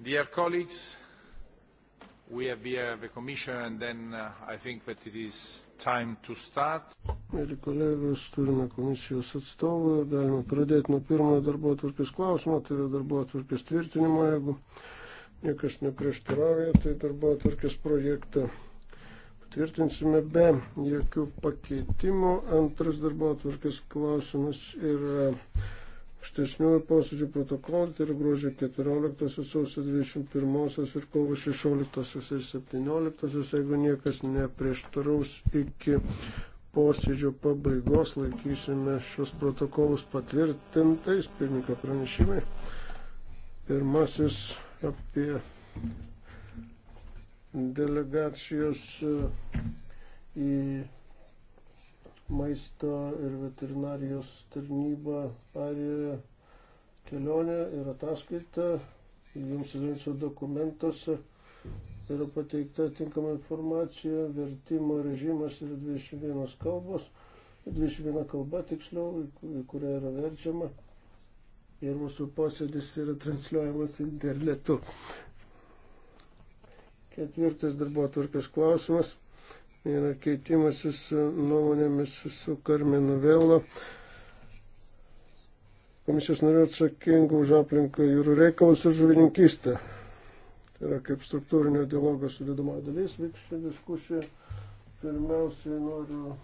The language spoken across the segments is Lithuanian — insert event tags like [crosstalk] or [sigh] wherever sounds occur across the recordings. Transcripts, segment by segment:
Dear colleagues, we have here the Commission and then uh, I think that it is time to start. Mėly kolegos, turime komisijos atstovą, galime pradėti nuo pirmojo darbo atvarkės klausimo, tai yra darbo atvarkės tvirtinimo, jeigu niekas neprieštaravė, tai darbo atvarkės projektą tvirtinsime be jokių pakeitimų. Antras darbo atvarkės klausimas yra Aštesniųjų posėdžių protokolai tai yra gruodžio 14, sausio 21 ir kovo 16 ir 17, jeigu niekas neprieštaraus iki posėdžio pabaigos, laikysime šios protokolus patvirtintais, pirmininko pranešimai. Pirmasis apie delegacijos e, į maisto ir veterinarijos tarnyba Arijoje kelionė ir ataskaita jums linksio dokumentuose yra pateikta tinkama informacija, vertimo režimas yra 21 kalbos, 21 kalba tiksliau, į kurią yra verčiama ir mūsų posėdis yra transliuojamas internetu. Ketvirtas darbo tvarkės klausimas yra keitimasis nuomonėmis su Karminu Vėlo. Komisijos nariu atsakingų už aplinką jūrų reikalus ir žuvininkystę. Tai yra kaip struktūrinio dialogo sudėdama dalis vyksta diskusija. Pirmiausiai noriu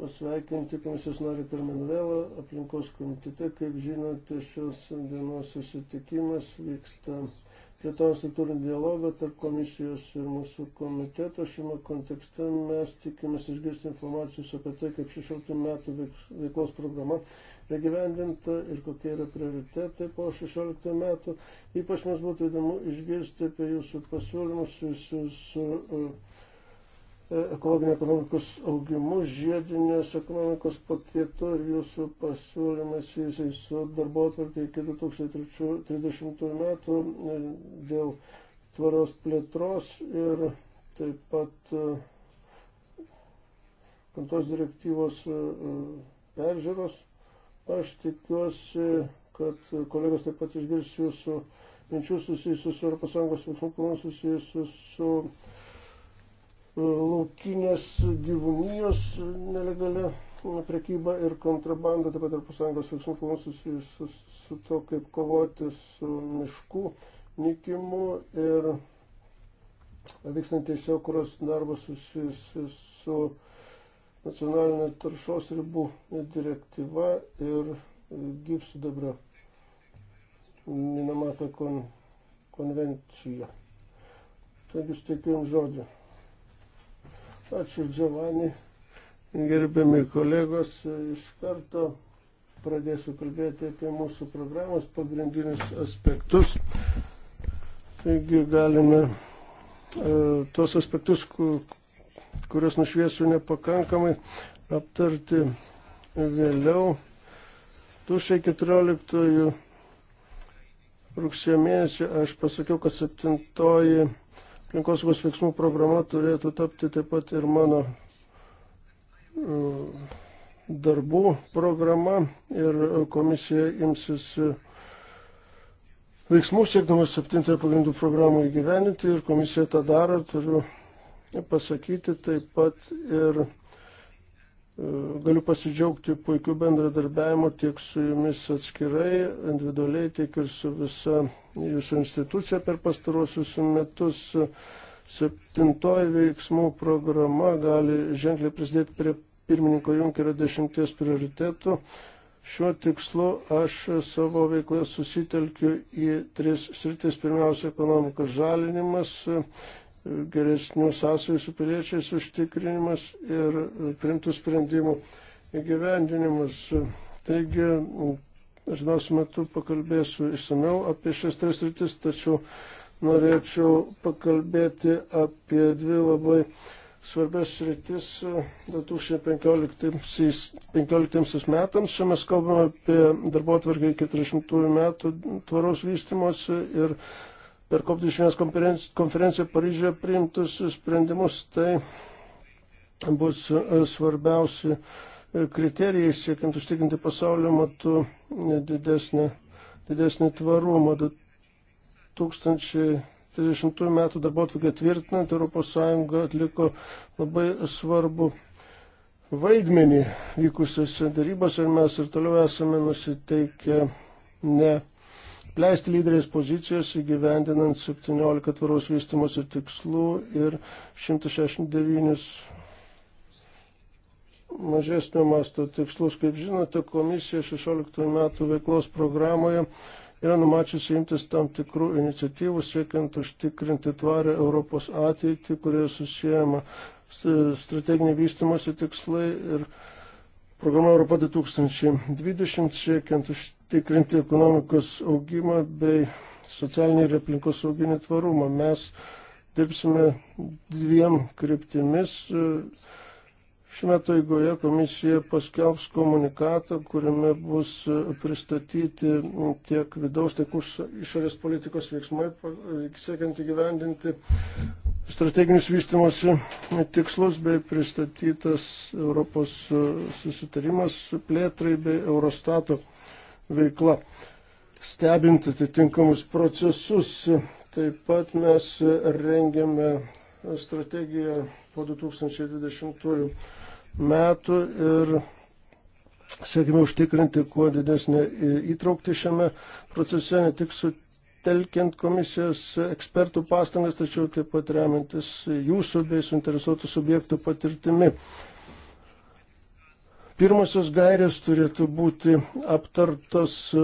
pasveikinti komisijos narį Karmenvelą aplinkos komitete. Kaip žinote, šios dienos susitikimas vyksta plėtojant struktūrinį dialogą tarp komisijos ir mūsų komiteto. Šiame kontekste mes tikimės išgirsti informacijos apie tai, kaip 16 metų veiklos programa yra gyvendinta ir kokie yra prioritetai po 16 metų. Ypač mums būtų įdomu išgirsti apie jūsų pasiūlymus susijusius su. Uh, E, ekologinio ekonomikos augimu, žiedinės ekonomikos paketu ir jūsų pasiūlymais jisai su darbo atvarkė iki 2030 metų e, dėl tvarios plėtros ir taip pat kantos e, direktyvos peržiūros. Aš tikiuosi, kad kolegos taip pat išgirs jūsų minčių susijusius su ES veiksmų planu, susijusius su, su laukinės gyvūnijos nelegalia prekyba ir kontrabanda, taip pat ir pasangos veiksmų planus susijusius su, su, su to, kaip kovoti su miškų nikimu ir vykstant tiesiog, kurios darbas susijusius su nacionalinė taršos ribų direktyva ir gyvsidabrio Minamata kon, konvencija. Taigi, steikiu jums žodį. Ačiū Giovanni, gerbiami kolegos. Iš karto pradėsiu kalbėti apie mūsų programos pagrindinius aspektus. Taigi galime e, tos aspektus, kuriuos nušviesiu nepakankamai, aptarti vėliau. 2014 rugsėjo mėnesį aš pasakiau, kad septintoji aplinkosaugos veiksmų programa turėtų tapti taip pat ir mano e, darbų programa ir komisija imsis e, veiksmų siekdamas septintąją pagrindų programą įgyveninti ir komisija tą daro, turiu pasakyti taip pat ir E, galiu pasidžiaugti puikiu bendradarbiavimu tiek su jumis atskirai, individualiai, tiek ir su visa jūsų institucija per pastaruosius metus. Septintoji veiksmų programa gali ženkliai prisidėti prie pirmininko Junkerio dešimties prioritetų. Šiuo tikslu aš savo veiklą susitelkiu į tris sritis. Pirmiausia, ekonomikos žalinimas, geresnių sąsajų su piliečiais užtikrinimas ir primtų sprendimų įgyvendinimas. Taigi, artimiausiu metu pakalbėsiu išsameu apie šias tris rytis, tačiau norėčiau pakalbėti apie dvi labai svarbias rytis 2015 metams. Čia mes kalbame apie darbo atvarkį 40 metų tvaraus vystimosi ir per COP21 konferenciją, konferenciją Paryžioje priimtus sprendimus, tai bus e, svarbiausi e, kriterijai siekiant užtikrinti pasaulio matu e, didesnį, didesnį tvarumą. 2030 metų darbo atvykę tvirtinant, ES atliko labai svarbu vaidmenį vykusiuose darybose ir mes ir toliau esame nusiteikę ne plėsti lyderės pozicijas įgyvendinant 17 tvaros vystimosi tikslų ir 169 mažesnio masto tikslus. Kaip žinote, komisija 16 metų veiklos programoje yra numačiusi imtis tam tikrų iniciatyvų siekiant užtikrinti tvarę Europos ateitį, kurioje susijęma strateginiai vystimosi tikslai ir programa Europa 2020 siekiant užtikrinti užtikrinti ekonomikos augimą bei socialinį ir aplinkos sauginį tvarumą. Mes dirbsime dviem kryptimis. Šiuo metu eigoje komisija paskelbs komunikatą, kuriame bus pristatyti tiek vidaus, tiek už išorės politikos veiksmai, siekiant įgyvendinti strateginius vystimosi tikslus bei pristatytas Europos susitarimas plėtrai bei Eurostato veikla, stebint atitinkamus procesus. Taip pat mes rengiame strategiją po 2020 metų ir siekime užtikrinti kuo didesnį įtraukti šiame procese, ne tik su telkiant komisijos ekspertų pastangas, tačiau taip pat remiantis jūsų bei suinteresuotų subjektų patirtimi. Pirmasis gairės turėtų būti aptartas e,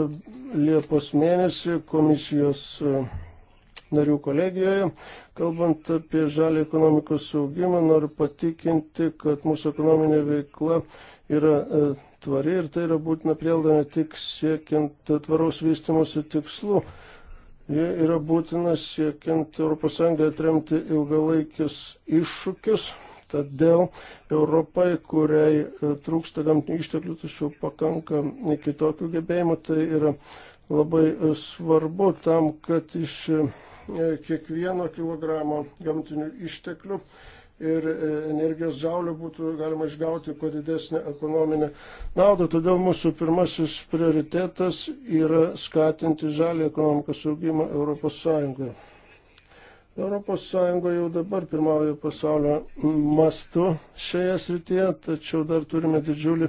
Liepos mėnesį komisijos e, narių kolegijoje. Kalbant apie žalį ekonomikos saugimą, noriu patikinti, kad mūsų ekonominė veikla yra e, tvari ir tai yra būtina prielda ne tik siekiant tvaraus vystimosi tikslų, ji yra būtina siekiant ES atremti ilgalaikius iššūkius Todėl Europai, kuriai e, trūksta gamtinių išteklių, tačiau pakanka kitokių gebėjimų, tai yra labai e, svarbu tam, kad iš e, kiekvieno kilogramo gamtinių išteklių ir energijos žaulio būtų galima išgauti kuo didesnį ekonominę naudą. Todėl mūsų pirmasis prioritetas yra skatinti žalį ekonomikos augimą Europos Sąjungoje. Europos Sąjunga jau dabar pirmauja pasaulio mastu šioje srityje, tačiau dar turime didžiulį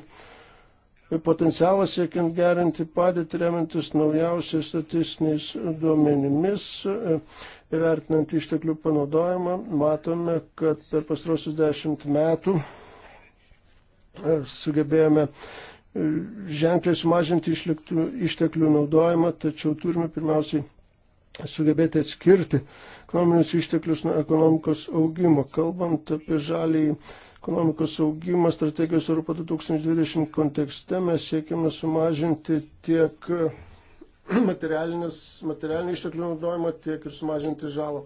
potencialą siekiant gerinti padėtį remiantis naujausiais statistiniais duomenimis ir vertinant išteklių panaudojimą. Matome, kad per pastarosius dešimt metų e, sugebėjome e, ženkliai sumažinti išteklių naudojimą, tačiau turime pirmiausiai sugebėti atskirti ekonominius išteklius nuo ekonomikos augimo. Kalbant apie žalį ekonomikos augimą strategijos Europo 2020 kontekste, mes siekime sumažinti tiek materialinį išteklių naudojimą, tiek ir sumažinti žalą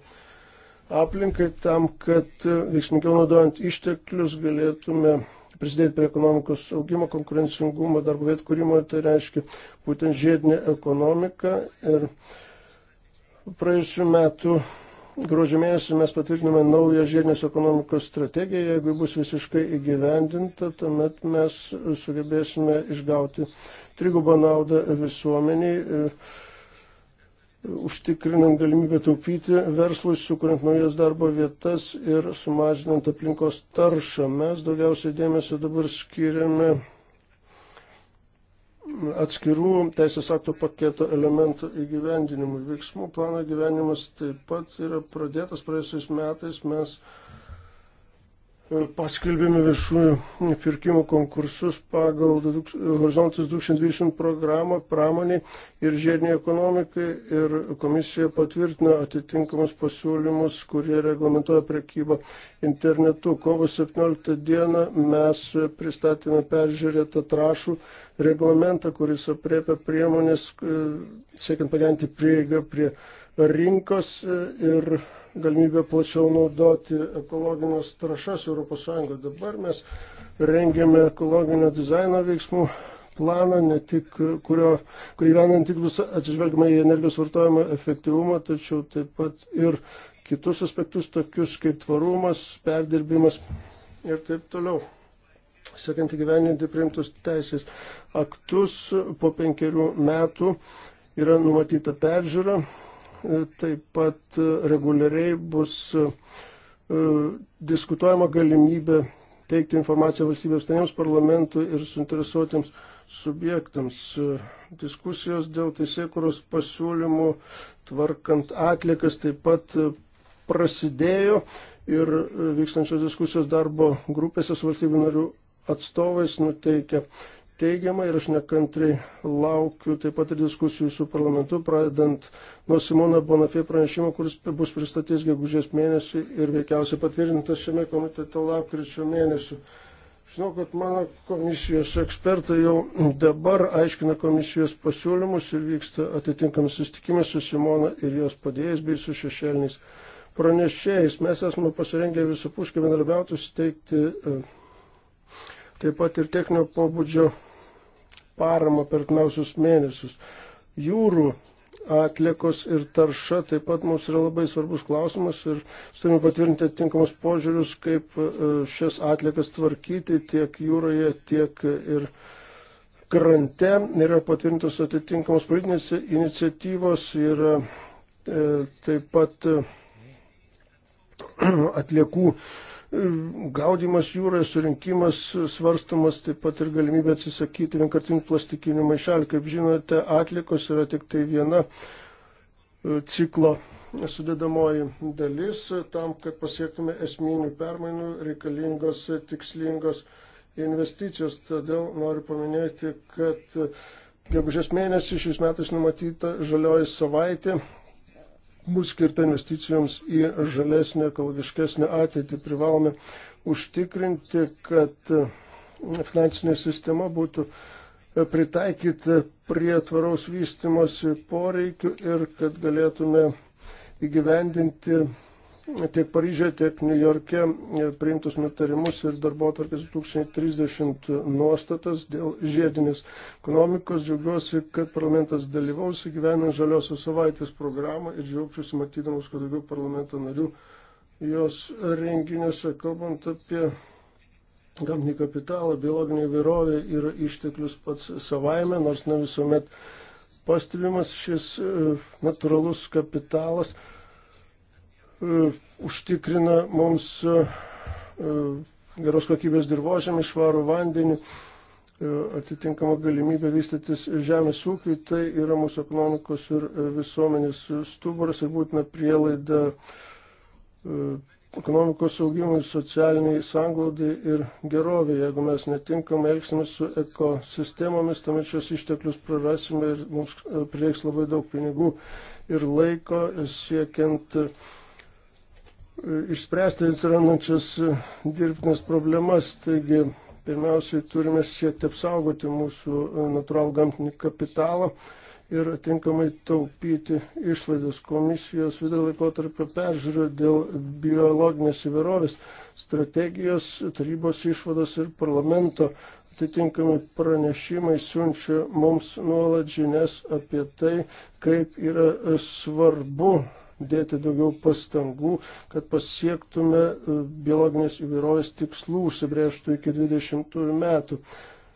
aplinkai tam, kad veiksmingiau naudojant išteklius galėtume prisidėti prie ekonomikos augimo, konkurencingumo, darbo vietų kūrimo, tai reiškia būtent žiedinė ekonomika ir Praėjusiu metu gruodžio mėnesį mes patvirtinome naują žiedinės ekonomikos strategiją. Jeigu ji bus visiškai įgyvendinta, tuomet mes sugebėsime išgauti trigubą naudą visuomeniai užtikrinant galimybę taupyti verslui, sukuriant naujas darbo vietas ir sumažinant aplinkos taršą. Mes daugiausiai dėmesio dabar skiriame atskirų teisės aktų paketo elementų įgyvendinimui. Veiksmų plano gyvenimas taip pat yra pradėtas praėjusiais metais. Mes e, paskelbėme viešųjų pirkimų konkursus pagal Horizontas 2020 programą pramoniai ir žiediniai ekonomikai ir komisija patvirtino atitinkamus pasiūlymus, kurie reglamentoja prekybą internetu. Kovo 17 dieną mes pristatėme peržiūrėtą trašų reglamentą, kuris apriepia priemonės, e, siekiant pagerinti prieigą prie rinkos e, ir galimybę plačiau naudoti ekologinės trašas ES. Dabar mes rengiame ekologinio dizaino veiksmų planą, ne tik, e, kurio, kurį venant tik bus atsižvelgiama į energijos vartojimo efektyvumą, tačiau taip pat ir kitus aspektus, tokius kaip tvarumas, perdirbimas ir taip toliau siekiant įgyveninti priimtus teisės aktus po penkerių metų yra numatyta peržiūra, e, taip pat e, reguliariai bus e, diskutuojama galimybė teikti informaciją valstybės tarnėms, parlamentui ir suinteresuotiems subjektams. Diskusijos dėl teisėkuros pasiūlymų tvarkant atlikas taip pat prasidėjo ir vykstančios diskusijos darbo grupėse su valstybių narių atstovais nuteikia teigiamai ir aš nekantriai laukiu taip pat ir diskusijų su parlamentu, pradedant nuo Simono Bonafė pranešimo, kuris bus pristatys gegužės mėnesį ir veikiausiai patvirtintas šiame komitete lapkričio mėnesį. Žinau, kad mano komisijos ekspertai jau dabar aiškina komisijos pasiūlymus ir vyksta atitinkamas susitikimas su Simona ir jos padėjais bei su šešėliniais pranešėjais. Mes esame pasirengę visapuškai bendradarbiauti, suteikti e, taip pat ir techninio pobūdžio paramą per atmiausius mėnesius. Jūrų atlikos ir tarša taip pat mums yra labai svarbus klausimas ir turime patvirtinti atitinkamus požiūrius, kaip e, šias atlikas tvarkyti tiek jūroje, tiek ir krante. Yra patvirtintos atitinkamos politinės iniciatyvos ir e, taip pat e, [clears throat] atliekų gaudimas jūroje, surinkimas svarstomas, taip pat ir galimybė atsisakyti vienkartinių plastikinių maišelių. Kaip žinote, atlikos yra tik tai viena e, ciklo sudėdamoji dalis. Tam, kad pasiektume esminių permainų, reikalingos tikslingos investicijos. Todėl noriu paminėti, kad gegužės mėnesį šiais metais numatyta žalioji savaitė bus skirta investicijoms į žalesnę, ekologiškesnę ateitį. Privalome užtikrinti, kad finansinė sistema būtų pritaikyta prie tvaraus vystimosi poreikių ir kad galėtume įgyvendinti tiek Paryžioje, tiek New York'e e, priimtus nutarimus ir darbo atvarkės 2030 nuostatas dėl žiedinės ekonomikos. Džiaugiuosi, kad parlamentas dalyvaus įgyvenant žaliosios savaitės programą ir džiaugčiausi matydamas, kad daugiau parlamento narių jos renginiuose, kalbant apie gamtinį kapitalą, biologinį įvairovę ir išteklius pats savaime, nors ne visuomet pastebimas šis e, natūralus kapitalas E, užtikrina mums e, e, geros kokybės dirbožėmį, švarų vandenį, atitinkamą galimybę vystytis žemės ūkiui, tai yra mūsų ekonomikos ir visuomenės stuburas ir būtina prielaida ekonomikos augimui, socialiniai sanglaudai ir geroviai. Jeigu mes netinkamai elgsimės su ekosistemomis, tuomet šios išteklius prarasime ir mums prireiks labai daug pinigų ir laiko siekiant uh, išspręsti atsirandančias e, dirbtinės problemas. Taigi, pirmiausiai turime siekti apsaugoti mūsų e, natūralų gamtinį kapitalą ir atinkamai taupyti išlaidas. Komisijos vidurio laikotarpio peržiūrė dėl biologinės įvairovės strategijos, tarybos išvados ir parlamento atitinkami pranešimai siunčia mums nuolat žinias apie tai, kaip yra svarbu dėti daugiau pastangų, kad pasiektume e, biologinės įvairovės tikslų užsibrėžtų iki 20 metų.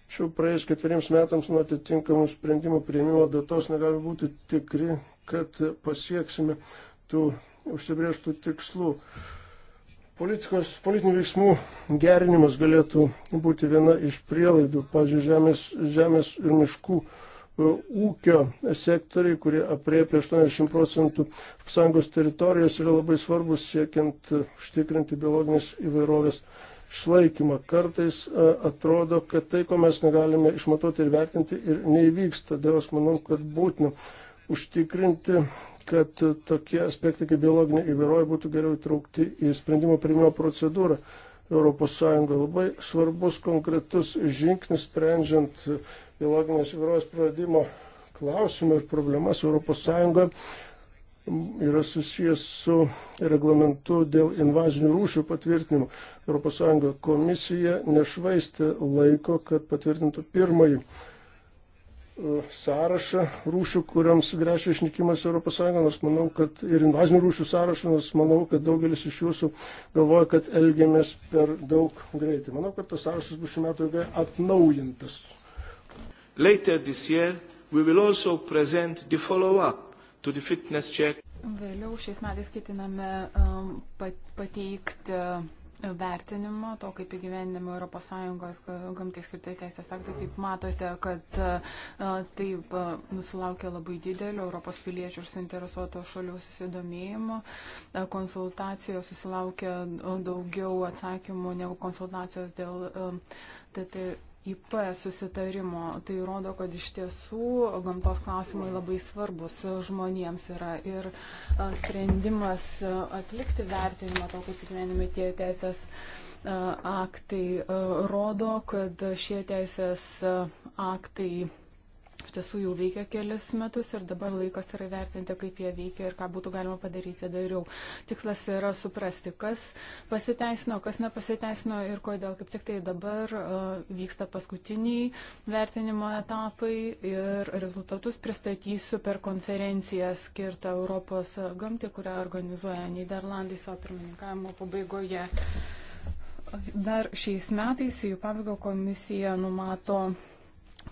Šių praėjus ketveriems metams nuo atitinkamų sprendimų prieimimo datos negali būti tikri, kad pasieksime tų užsibrėžtų tikslų. Politikos, politinių veiksmų gerinimas galėtų būti viena iš prielaidų, pavyzdžiui, žemės, žemės ir miškų ūkio sektoriai, kurie apriepia 80 procentų sąjungos teritorijos, yra labai svarbus siekiant užtikrinti biologinės įvairovės išlaikymą. Kartais e, atrodo, kad tai, ko mes negalime išmatuoti ir vertinti, ir neįvyksta. Todėl aš manau, kad būtina užtikrinti kad tokie aspektai kaip biologinė įvairovė būtų geriau įtraukti į sprendimo priimimo procedūrą. ES labai svarbus konkretus žingsnis sprendžiant biologinės įvairovės praradimo klausimai ir problemas ES yra susijęs su reglamentu dėl invazinių rūšių patvirtinimo. ES komisija nešvaistė laiko, kad patvirtintų pirmąjį e, sąrašą rūšių, kuriams grešia išnykimas ES, nors manau, kad ir invazinių rūšių sąrašą, nors manau, kad daugelis iš jūsų galvoja, kad elgiamės per daug greitai. Manau, kad tas sąrašas bus šių metų atnaujintas. Later this year, we will also present the follow-up to the fitness check. Vėliau šiais metais ketiname um, pateikti uh, vertinimo to, kaip įgyvendinama ES uh, gamtai skirtai teisės aktai, kaip matote, kad uh, taip sulaukė labai didelio Europos piliečių ir suinteresuoto šalių susidomėjimo. Konsultacijos susilaukė daugiau atsakymų negu konsultacijos dėl um, TTIP. IP susitarimo. Tai rodo, kad iš tiesų gamtos klausimai labai svarbus žmonėms yra ir sprendimas atlikti vertinimą to, kaip gyvenime tie teisės aktai rodo, kad šie teisės aktai iš tiesų jau veikia kelias metus ir dabar laikas yra vertinti, kaip jie veikia ir ką būtų galima padaryti dariau. Tikslas yra suprasti, kas pasiteisino, kas nepasiteisino ir kodėl kaip tik tai dabar uh, vyksta paskutiniai vertinimo etapai ir rezultatus pristatysiu per konferenciją skirtą Europos gamtai, kurią organizuoja Niderlandai savo pirmininkavimo pabaigoje. Dar šiais metais į pabaigą komisija numato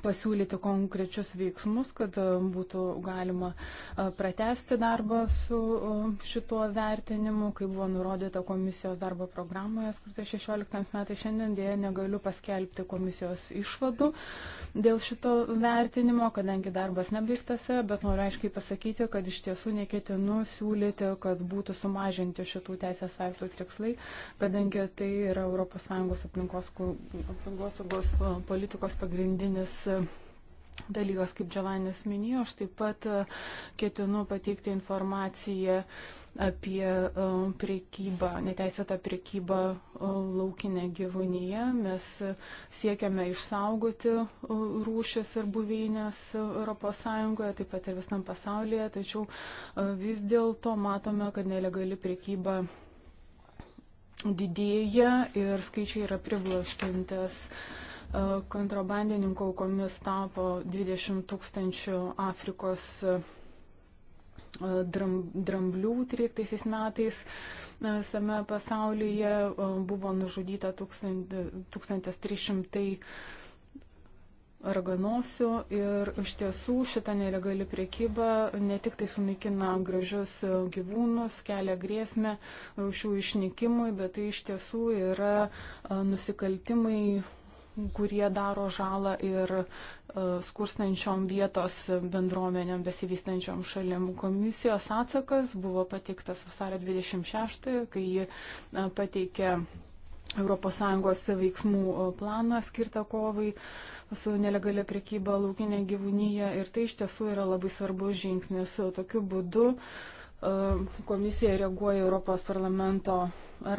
pasiūlyti konkrečius veiksmus, kad e, būtų galima e, pratesti darbą su e, šituo vertinimu, kaip buvo nurodyta komisijos darbo programoje skirta 16 metai. Šiandien dėja negaliu paskelbti komisijos išvadų dėl šito vertinimo, kadangi darbas nebaigtasi, bet noriu aiškiai pasakyti, kad iš tiesų neketinu siūlyti, kad būtų sumažinti šitų teisės aktų tikslai, kadangi tai yra ES aplinkos, aplinkos politikos pagrindinis dalykas, kaip Džavanis minėjo, aš taip pat e, ketinu pateikti informaciją apie e, priekybą, neteisėtą priekybą e, laukinę gyvūnyje. Mes siekiame išsaugoti rūšis ir buveinės ES, taip pat ir visam pasaulyje, tačiau vis dėlto matome, kad nelegali priekyba didėja ir skaičiai yra priblaškintis. Uh, E, kontrabandininkų aukomis tapo 20 tūkstančių Afrikos e, dramblių 13 metais e, visame pasaulyje buvo nužudyta 1300 raganosių ir iš tiesų šita nelegali priekyba ne tik tai sunaikina gražius gyvūnus, kelia grėsmę rūšių išnykimui, bet tai iš tiesų yra nusikaltimai kurie daro žalą ir e, skurstančiom vietos bendruomenėm besivystančiom šalim. Komisijos atsakas buvo pateiktas vasario 26, kai ji e, pateikė ES veiksmų e, planą skirtą kovai su nelegalia priekyba laukinė gyvūnyje ir tai iš tiesų yra labai svarbus žingsnis. Tokiu būdu uh, E, komisija reaguoja Europos parlamento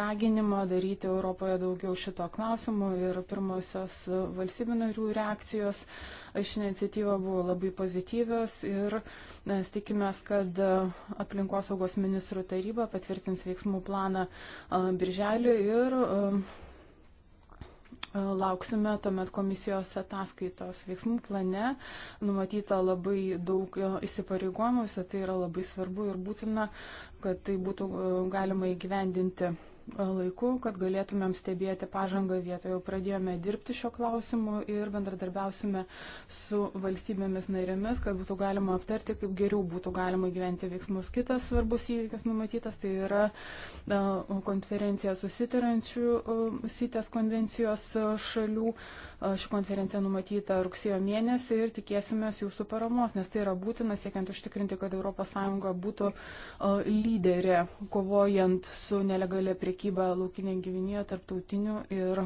raginimą daryti Europoje daugiau šito klausimu ir pirmosios valstybių narių reakcijos ši iniciatyva buvo labai pozityvios ir mes tikimės, kad e, aplinkosaugos ministrų taryba patvirtins veiksmų planą e, birželį ir E, lauksime tuomet komisijos ataskaitos veiksmų plane, numatyta labai daug e, įsipareigojimų, visą tai yra labai svarbu ir būtina, kad tai būtų e, galima įgyvendinti laiku, kad galėtumėm stebėti pažangą vietoje. Jau pradėjome dirbti šio klausimu ir bendradarbiausime su valstybėmis narėmis, kad būtų galima aptarti, kaip geriau būtų galima gyventi veiksmus. Kitas svarbus įvykis numatytas tai yra konferencija susitarančių sitės e, konvencijos e, šalių Ši konferencija numatyta rugsėjo mėnesį ir tikėsimės jūsų paramos, nes tai yra būtina siekiant užtikrinti, kad ES būtų lyderė kovojant su nelegalia priekyba laukinė gyvinėje tarptautiniu ir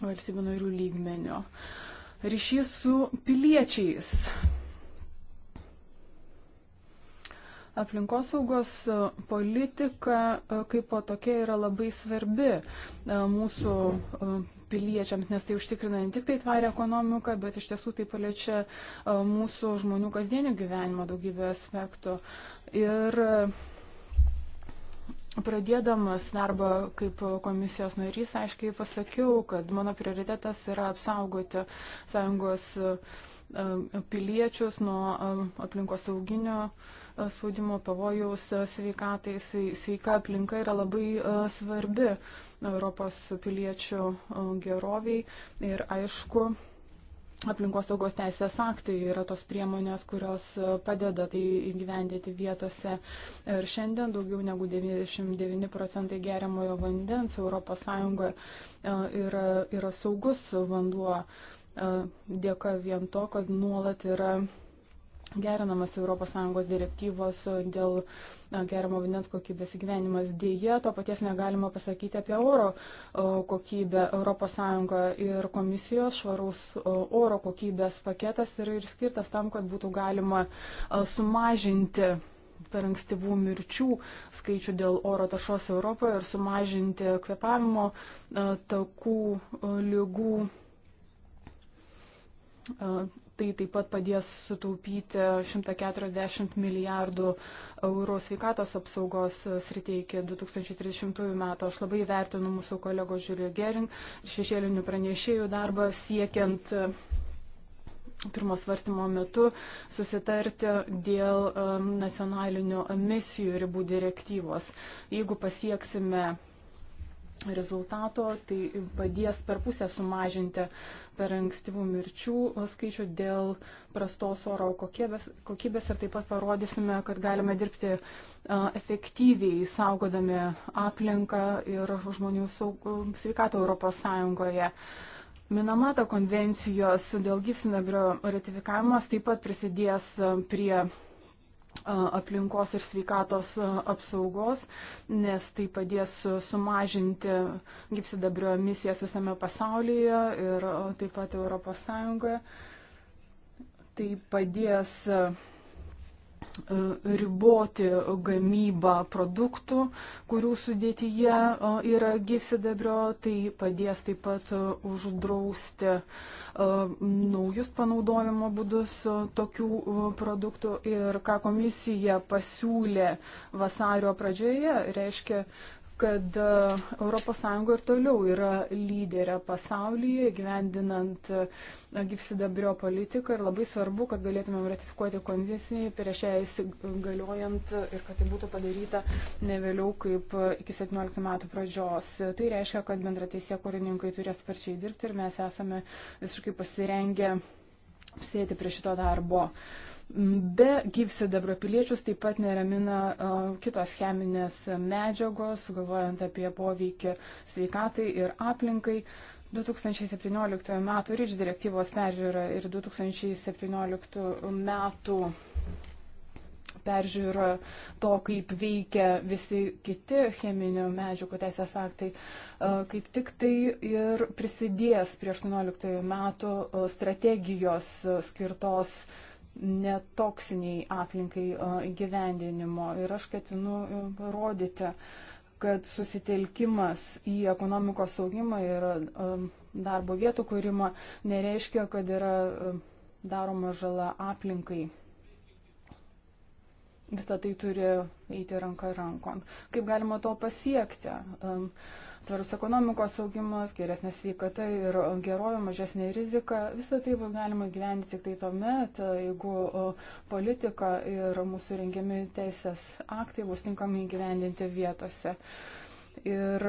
valstybių narių lygmenio. Ryšys su piliečiais Aplinkosaugos e, politika e, kaip po tokia yra labai svarbi e, mūsų piliečiams, nes tai užtikrina ne tik tai tvarę ekonomiką, bet iš tiesų tai paliečia mūsų žmonių kasdienio gyvenimo daugybę aspektų. Ir Pradėdamas darbą kaip komisijos narys, aiškiai pasakiau, kad mano prioritetas yra apsaugoti sąjungos uh, E, piliečius nuo e, aplinkosauginio e, spaudimo pavojaus sveikatai. Sveika aplinka yra labai svarbi Europos piliečių geroviai ir aišku, aplinkosaugos teisės aktai yra tos priemonės, kurios padeda tai įgyvendyti vietose. Ir šiandien daugiau negu 99 procentai geriamojo vandens ES yra, yra saugus vanduo. E, dėka vien to, kad nuolat yra gerinamas ES direktyvos dėl e, geriamo vandens kokybės įgyvenimas. Dėje to paties negalima pasakyti apie oro e, kokybę ES ir komisijos švaraus oro kokybės paketas yra ir skirtas tam, kad būtų galima sumažinti per ankstyvų mirčių skaičių dėl oro taršos Europoje ir sumažinti kvepavimo takų lygų Tai taip pat padės sutaupyti 140 milijardų eurų sveikatos apsaugos srityje iki 2030 metų. Aš labai vertinu mūsų kolego Žiūrių Gering, šešėlinių pranešėjų darbą siekiant pirmo svarstymo metu susitarti dėl nacionalinių emisijų ribų direktyvos. Jeigu pasieksime rezultato, tai padės per pusę sumažinti per ankstyvų mirčių skaičių dėl prastos oro kokybės, kokybės ir taip pat parodysime, kad galime dirbti e, efektyviai saugodami aplinką ir žmonių saug, sveikatą Europos Sąjungoje. Minamata konvencijos dėl gyvsidabrio ratifikavimas taip pat prisidės e, prie aplinkos ir sveikatos apsaugos, nes tai padės sumažinti gypsidabrio emisijas visame pasaulyje ir taip pat ES. Tai padės E, riboti gamybą produktų, kurių sudėtyje e, yra gysidabrio, tai padės taip pat e, uždrausti naujus panaudojimo būdus tokių produktų. Ir ką komisija pasiūlė vasario pradžioje, reiškia, kad ES ir toliau yra lyderė pasaulyje, gyvendinant e, gyvsidabrio politiką ir labai svarbu, kad galėtumėm ratifikuoti konvenciją prieš ją įsigaliojant ir kad tai būtų padaryta ne vėliau kaip e, iki 17 metų pradžios. Tai reiškia, kad bendrateisė kūrininkai turės sparčiai dirbti ir mes esame visiškai pasirengę sėti prie šito darbo. Uh, Be gyvsidabro piliečius taip pat neramina kitos cheminės medžiagos, galvojant apie poveikį sveikatai ir aplinkai. 2017 m. RIČ direktyvos peržiūra ir 2017 m. peržiūra to, kaip veikia visi kiti cheminių medžiagų teisės aktai, kaip tik tai ir prisidės prie 2018 m. strategijos skirtos uh, netoksiniai aplinkai įgyvendinimo. Ir aš ketinu parodyti, kad susitelkimas į ekonomikos saugimą ir darbo vietų kūrimą nereiškia, kad yra daroma žala aplinkai visą tai turi eiti ranka rankon. Kaip galima to pasiekti? Um, tvarus ekonomikos augimas, geresnė sveikata ir gerovė, mažesnė rizika. Visą tai bus galima gyventi tik tai tuomet, jeigu politika ir mūsų rengiami teisės aktai bus tinkami gyvendinti vietose. Ir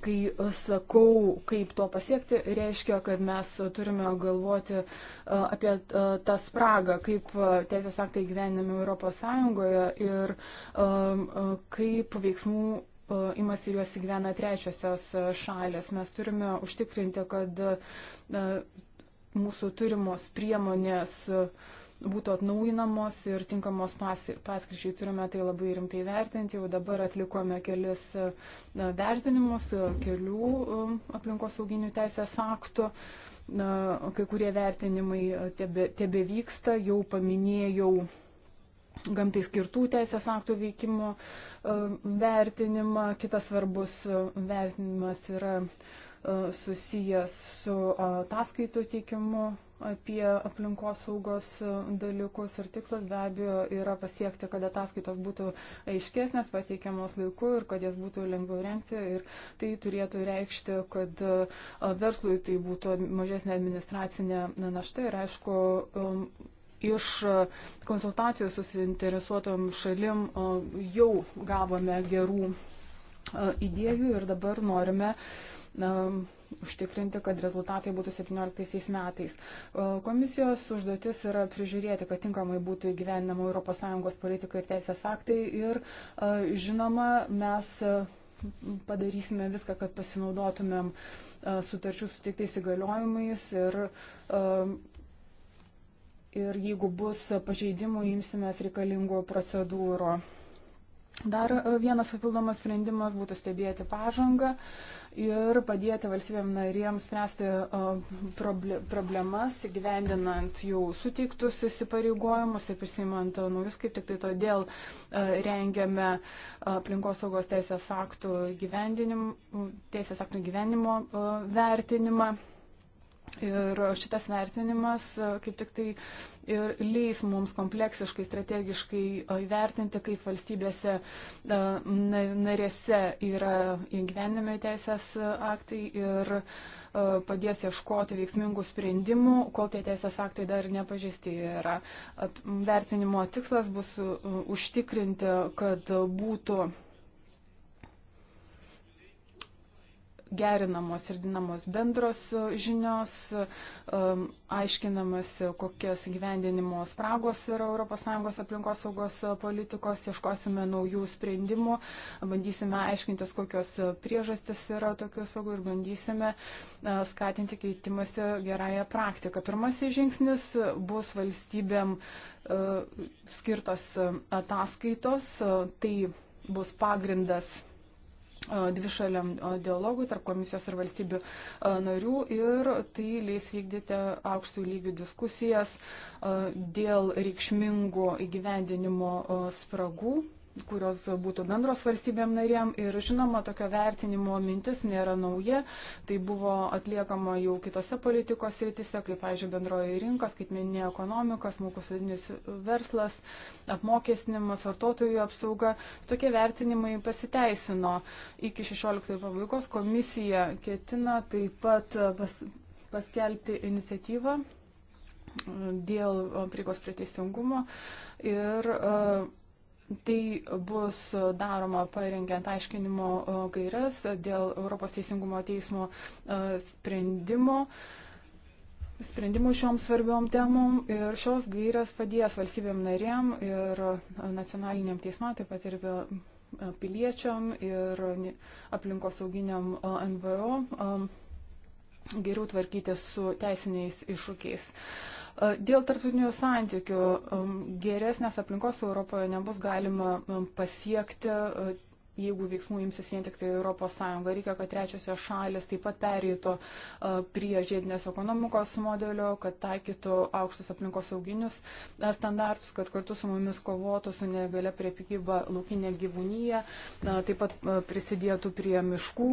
kai sakau, kaip to pasiekti, reiškia, kad mes turime galvoti apie tą spragą, kaip teisės aktai gyvenime Europos Sąjungoje ir kaip veiksmų imasi ir juos įgyvena trečiosios šalės. Mes turime užtikrinti, kad mūsų turimos priemonės uh, būtų atnaujinamos ir tinkamos paskirčiai. Turime tai labai rimtai vertinti. Jau dabar atlikome kelis e, vertinimus e, kelių e, aplinkosauginių teisės aktų. Kai kurie vertinimai tebe, tebe vyksta, jau paminėjau gamtai skirtų teisės aktų veikimo vertinimą. Kitas svarbus vertinimas yra susijęs su ataskaitų teikimu apie aplinkosaugos dalykus ir tikslas be abejo yra pasiekti, kad ataskaitos būtų aiškesnės, pateikiamos laiku ir kad jas būtų lengviau renkti ir tai turėtų reikšti, kad verslui tai būtų mažesnė administracinė našta ir aišku um, iš konsultacijų susinteresuotom šalim jau gavome gerų idėjų ir dabar norime uh, um, užtikrinti, kad rezultatai būtų 17 metais. Komisijos užduotis yra prižiūrėti, kad tinkamai būtų įgyvenama ES politika ir teisės aktai ir žinoma, mes padarysime viską, kad pasinaudotumėm sutarčių sutiktais įgaliojimais ir ir jeigu bus pažeidimų, imsimės reikalingų procedūrų. Dar e, vienas papildomas sprendimas būtų stebėti pažangą ir padėti valstybėm narėms spręsti e, problemas, gyvendinant jau suteiktus įsipareigojimus ir prisimant e, naujus, kaip tik tai todėl rengiame aplinkosaugos teisės aktų gyvendinimo, teisės aktų gyvenimo vertinimą. Ir šitas vertinimas e, kaip tik tai ir leis mums kompleksiškai, strategiškai e, įvertinti, kaip valstybėse e, narėse yra įgyvenime teisės aktai ir padės ieškoti veiksmingų sprendimų, kol tie teisės aktai dar nepažįsti yra. Vertinimo tikslas bus užtikrinti, kad būtų gerinamos ir dinamos bendros žinios, um, aiškinamas, kokias gyvendinimo spragos yra ES aplinkos saugos politikos, ieškosime naujų sprendimų, bandysime aiškintis, kokios priežastis yra tokių spragų ir bandysime uh, skatinti keitimąsi gerąją praktiką. Pirmasis žingsnis bus valstybėm uh, skirtos uh, ataskaitos, tai bus pagrindas dvišaliam dialogui tarp komisijos ir valstybių narių ir tai leis vykdyti aukštų lygių diskusijas dėl reikšmingų įgyvendinimo spragų kurios būtų bendros valstybėm narėm. Ir žinoma, tokio vertinimo mintis nėra nauja. Tai buvo atliekama jau kitose politikos rytise, kaip, pavyzdžiui, bendroji rinka, skaitmeninė ekonomika, smulkus vidinis verslas, apmokestinimas, vartotojų apsauga. Tokie vertinimai pasiteisino. Iki 16 pabaigos komisija ketina taip pat pas, paskelbti iniciatyvą dėl prieigos prie teisingumo ir uh, Tai bus daroma parengiant aiškinimo e, gairias dėl Europos Teisingumo teismo e, sprendimo sprendimų šiom svarbiom temom ir šios gairias padės valstybėm narėm ir nacionaliniam teismam, taip pat ir e, piliečiam ir aplinkosauginiam NVO geriau tvarkyti su teisiniais iššūkiais. Uh, E, dėl tarptautinių santykių e, geresnės aplinkos Europoje nebus galima e, pasiekti, jeigu veiksmų imsis vien tik tai ES. Reikia, kad trečiosios šalis taip pat perėtų prie žiedinės ekonomikos modelio, kad taikytų aukštus aplinkos sauginius standartus, kad kartu su mumis kovotų su negale prie pykyba laukinė gyvūnyje, taip pat prisidėtų prie miškų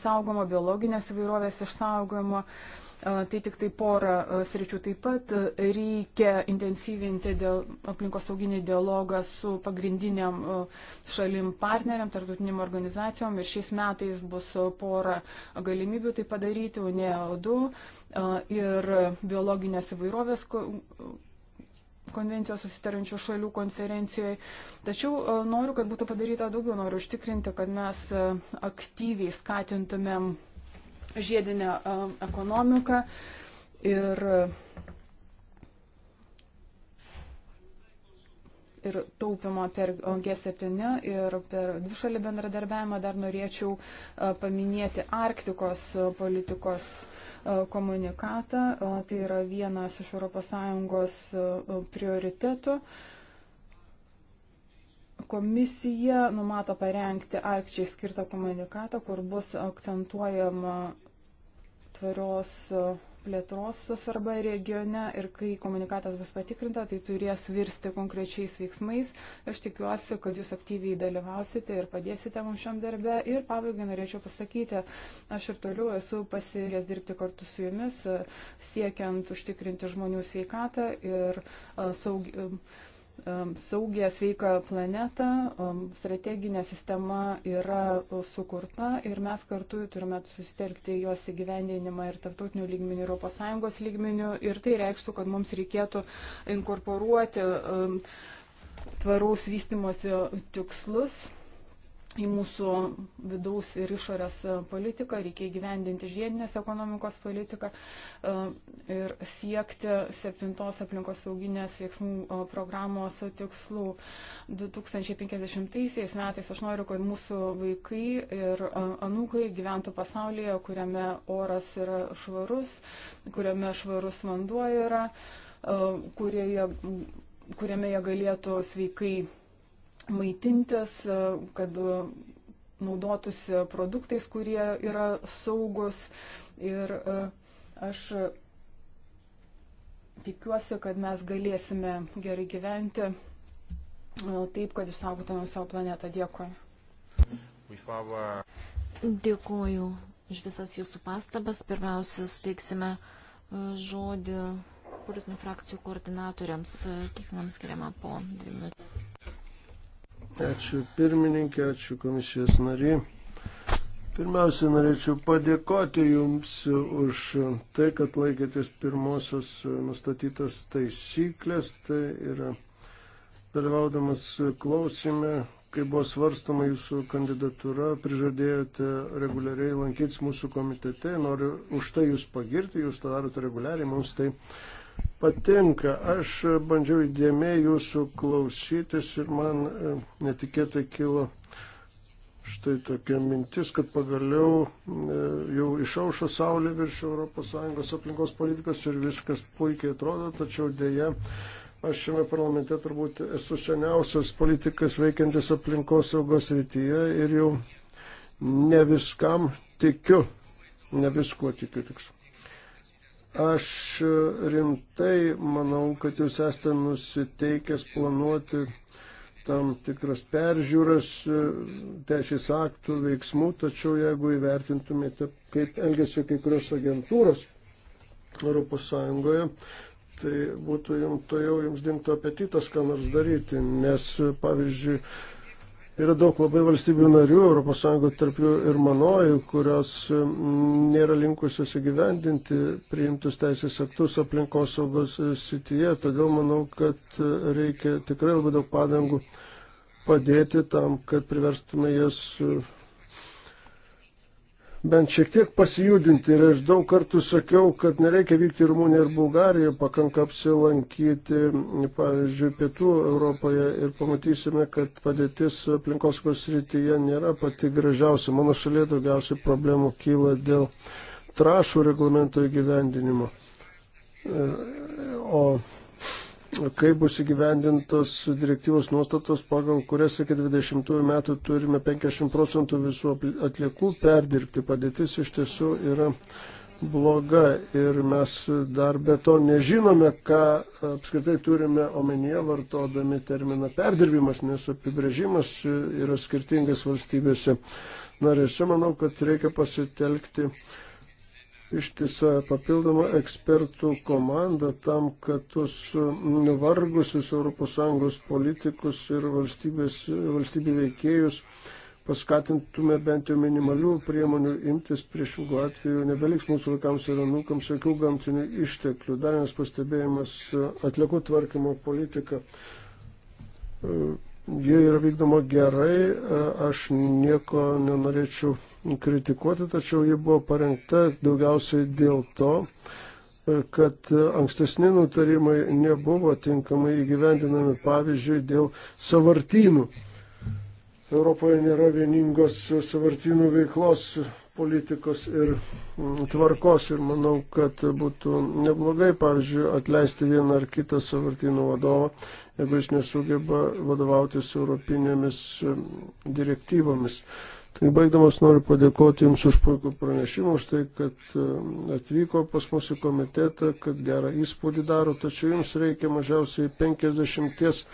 saugomo, biologinės įvairovės išsaugojimo. Uh, Tai tik tai porą sričių taip pat reikia intensyvinti dėl aplinkosauginį dialogą su pagrindiniam šalim partneriam, tarptautinim organizacijom ir šiais metais bus pora galimybių tai padaryti, UNEO2 ir biologinės įvairovės konvencijos susitarančių šalių konferencijoje. Tačiau noriu, kad būtų padaryta daugiau, noriu užtikrinti, kad mes aktyviai skatintumėm žiedinę ekonomiką ir, ir taupimo per G7 ir per dvišalį bendradarbiavimą dar norėčiau paminėti Arktikos politikos komunikatą. Tai yra vienas iš ES prioritetų. Komisija numato parengti Arkčiai skirtą komunikatą, kur bus akcentuojama tvarios plėtros svarba regione ir kai komunikatas bus patikrinta, tai turės virsti konkrečiais veiksmais. Aš tikiuosi, kad jūs aktyviai dalyvausite ir padėsite mums šiam darbę. Ir pabaigai norėčiau pasakyti, aš ir toliau esu pasirengęs dirbti kartu su jumis, siekiant užtikrinti žmonių sveikatą ir saugį Um, saugę, sveiką planetą, um, strateginė sistema yra sukurta ir mes kartu turime susitelkti jos įgyvendinimą ir tarptautinių lygmenių, ir ES lygmenių. Ir tai reikštų, kad mums reikėtų inkorporuoti um, tvaraus vystimosi tikslus į mūsų vidaus ir išorės politiką, reikia įgyvendinti žiedinės ekonomikos politiką e, ir siekti septintos aplinkos sauginės veiksmų e, programos tikslų 2050 metais. Aš noriu, kad mūsų vaikai ir e, anūkai gyventų pasaulyje, kuriame oras yra švarus, kuriame švarus vanduo yra, kurie, kuriame jie galėtų sveikai maitintis, e, kad e, naudotųsi produktais, kurie yra saugus. Ir e, aš tikiuosi, kad mes galėsime gerai gyventi taip, kad išsaugotume savo planetą. Dėkui. Dėkuoju už visas jūsų pastabas. Pirmiausia, suteiksime žodį politinių frakcijų koordinatoriams, kiekvienam skiriama po dvi minutės. Ačiū pirmininkė, ačiū komisijos nariai. Pirmiausia, norėčiau padėkoti Jums už tai, kad laikėtės pirmosios nustatytos taisyklės. Tai yra dalyvaudamas klausime, kai buvo svarstama Jūsų kandidatūra, prižadėjote reguliariai lankytis mūsų komitete. Noriu už tai Jūs pagirti, Jūs tą darote reguliariai, mums tai patinka. Aš bandžiau įdėmiai jūsų klausytis ir man e, netikėtai kilo štai tokia mintis, kad pagaliau e, jau išaušo saulė virš ES aplinkos politikos ir viskas puikiai atrodo, tačiau dėja. Aš šiame parlamente turbūt esu seniausias politikas veikiantis aplinkos saugos rytyje ir jau ne viskam tikiu, ne viskuo tikiu tiksliau. Aš rimtai manau, kad jūs esate nusiteikęs planuoti tam tikras peržiūras teisės aktų veiksmų, tačiau jeigu įvertintumėte, kaip elgesi kai kurios agentūros ES, tai būtų jums, to jau jums dinktų apetitas, ką nors daryti, nes, pavyzdžiui, Yra daug labai valstybių narių, ES tarp jų ir manoji, kurios nėra linkusios įgyvendinti priimtus teisės aktus aplinkos saugos e, sityje. Todėl manau, kad e, reikia tikrai labai daug padangų padėti tam, kad priverstume jas e, bent šiek tiek pasijudinti. Ir aš daug kartų sakiau, kad nereikia vykti į Rumuniją ir Bulgariją, pakanka apsilankyti, pavyzdžiui, Pietų Europoje ir pamatysime, kad padėtis aplinkosaugos srityje nėra pati gražiausia. Mano šalyje daugiausiai problemų kyla dėl trašų reglamento įgyvendinimo. E, o kaip bus įgyvendintos direktyvos nuostatos, pagal kurias iki 20 metų turime 50 procentų visų atliekų perdirbti. Padėtis iš tiesų yra bloga ir mes dar be to nežinome, ką apskritai turime omenyje vartodami terminą perdirbimas, nes apibrėžimas yra skirtingas valstybėse narėse. Manau, kad reikia pasitelkti ištisą papildomą ekspertų komandą tam, kad tuos nuvargusius ES politikus ir valstybių veikėjus paskatintume bent jau minimalių priemonių imtis priešingų atveju, nebeliks mūsų vaikams ir anūkams jokių gamtinių išteklių. Dar vienas pastebėjimas - atliekų tvarkymo politika. Jie yra vykdoma gerai, aš nieko nenorėčiau kritikuoti, tačiau ji buvo parengta daugiausiai dėl to, kad ankstesni nutarimai nebuvo tinkamai įgyvendinami, pavyzdžiui, dėl savartynų. Europoje nėra vieningos savartynų veiklos politikos ir mm, tvarkos ir manau, kad būtų neblogai, pavyzdžiui, atleisti vieną ar kitą savartynų vadovą, jeigu jis nesugeba vadovautis europinėmis mm, direktyvomis. Tai baigdamas noriu padėkoti Jums už puikų pranešimą, už tai, kad e, atvyko pas mūsų komitetą, kad gerą įspūdį daro, tačiau Jums reikia mažiausiai 50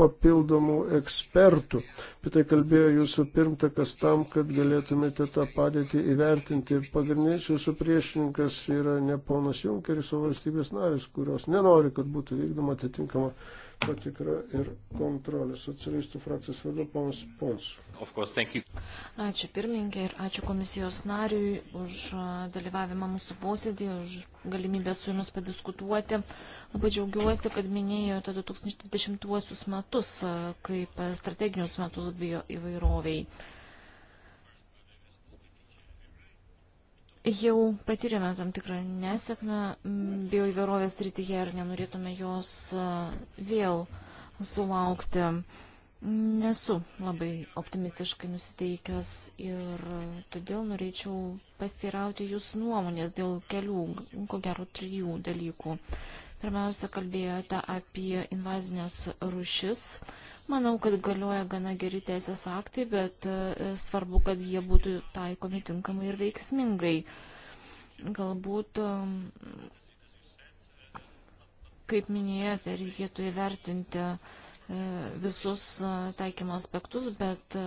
papildomų ekspertų. Apie tai kalbėjo Jūsų pirmtakas tam, kad galėtumėte tą padėtį įvertinti. Ir pagrindinis Jūsų priešininkas yra ne ponas Junkeris, o valstybės narės, kurios nenori, kad būtų vykdoma atitinkama patikra ir kontrolė. Socialistų frakcijos vadu ponas Pons. Ačiū pirmininkė ir ačiū komisijos nariui už dalyvavimą mūsų posėdį, už galimybę su jumis padiskutuoti. Labai džiaugiuosi, kad minėjote 2020 metus kaip strateginius metus bio įvairoviai. jau patyrėme tam tikrą nesėkmę bioįvairovės rytyje ir nenorėtume jos vėl sulaukti. Nesu labai optimistiškai nusiteikęs ir todėl norėčiau pastirauti jūsų nuomonės dėl kelių, ko gero trijų dalykų. Pirmiausia, kalbėjote apie invazinės rušis Manau, kad galioja gana geri teisės aktai, bet e, svarbu, kad jie būtų taikomi tinkamai ir veiksmingai. Galbūt, e, kaip minėjote, reikėtų įvertinti e, visus taikymo aspektus, bet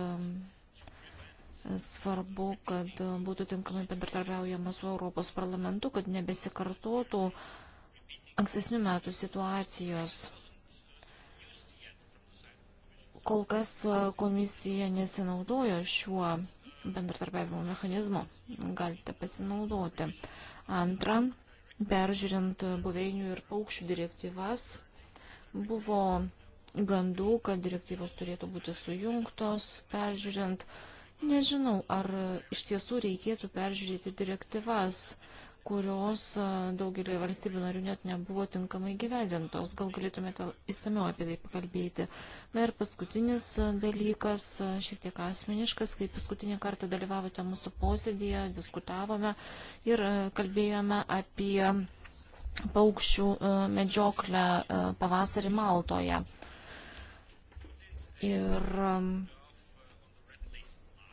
svarbu, kad būtų tinkamai bendradarbiaujama su Europos parlamentu, kad nebesikartotų ankstesnių metų situacijos. Kol kas e, komisija nesinaudojo šiuo bendratarpiavimo mechanizmu. Galite pasinaudoti. Antra, peržiūrint buveinių ir paukščių direktyvas, buvo gandų, kad direktyvos turėtų būti sujungtos, peržiūrint. Nežinau, ar iš tiesų reikėtų peržiūrėti direktyvas kurios daugelį valstybių narių net nebuvo tinkamai gyvendintos. Gal galėtumėte įsamiau apie tai pakalbėti. Na ir paskutinis dalykas, šiek tiek asmeniškas, kai paskutinį kartą dalyvavote mūsų posėdėje, diskutavome ir kalbėjome apie paukščių medžioklę pavasarį Maltoje. Ir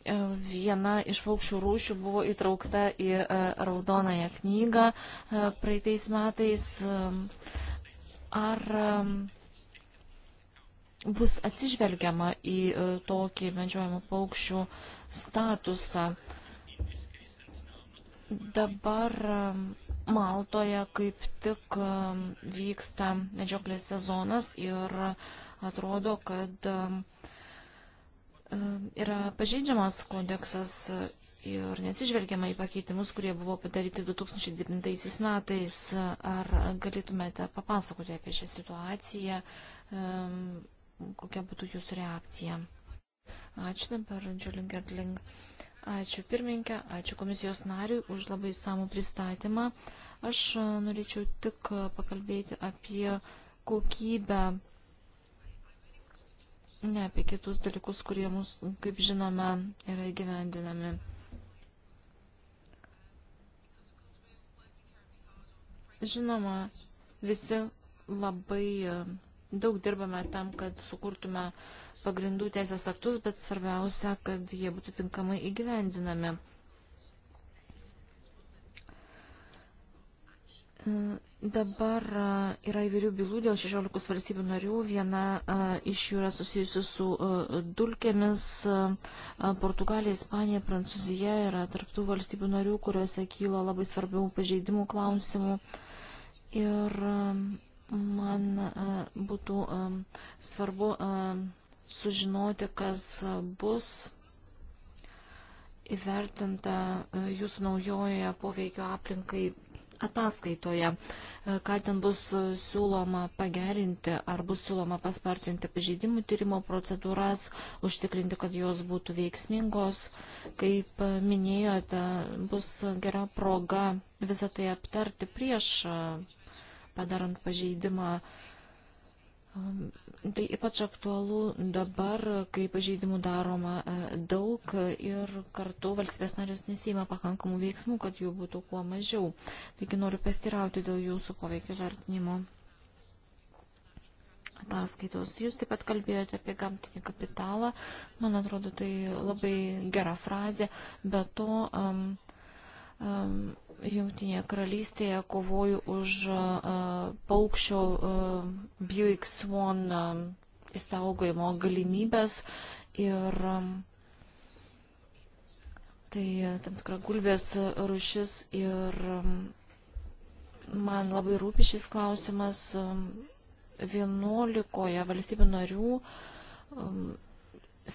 E, viena iš paukščių rūšių buvo įtraukta į e, raudonąją knygą e, praeitais metais. Ar bus atsižvelgiama į tokį medžiojimo paukščių statusą? Dabar Maltoje kaip tik vyksta medžioklės sezonas ir atrodo, kad yra pažeidžiamas kodeksas ir neatsižvelgiama į pakeitimus, kurie buvo padaryti 2009 metais. Ar galėtumėte papasakoti apie šią situaciją, kokia būtų jūsų reakcija? Ačiū dabar, Džiulin Gertling. Ačiū pirmininkė, ačiū komisijos nariui už labai samų pristatymą. Aš norėčiau tik pakalbėti apie kokybę ne apie kitus dalykus, kurie mūsų, kaip žinome, yra įgyvendinami. Žinoma, visi labai e, daug dirbame tam, kad sukurtume pagrindų teisės aktus, bet svarbiausia, kad jie būtų tinkamai įgyvendinami. Mm, dabar yra įvairių bylų dėl 16 valstybių narių. Viena iš jų yra susijusi su dulkėmis. Portugalija, Ispanija, Prancūzija yra tarptų valstybių narių, kuriuose kyla labai svarbių pažeidimų klausimų. Ir man būtų svarbu sužinoti, kas bus įvertinta jūsų naujoje poveikio aplinkai ataskaitoje, e, ką ten bus siūloma pagerinti, ar bus siūloma paspartinti pažeidimų tyrimo procedūras, užtikrinti, kad jos būtų veiksmingos. Kaip minėjote, bus gera proga visą tai aptarti prieš e, padarant pažeidimą Tai ypač aktualu dabar, kai pažeidimų daroma e, daug ir kartu valstybės narės nesima pakankamų veiksmų, kad jų būtų kuo mažiau. Taigi noriu pastirauti dėl jūsų poveikio vertinimo ataskaitos. Jūs taip pat kalbėjote apie gamtinį kapitalą. Man atrodo, tai labai gera frazė. Be to, um, um, Jungtinėje karalystėje kovoju už e, paukščio e, Buick Swan įsaugojimo e, galimybės ir tai tam tikra gulbės rušis ir man labai rūpi šis klausimas 11 valstybių narių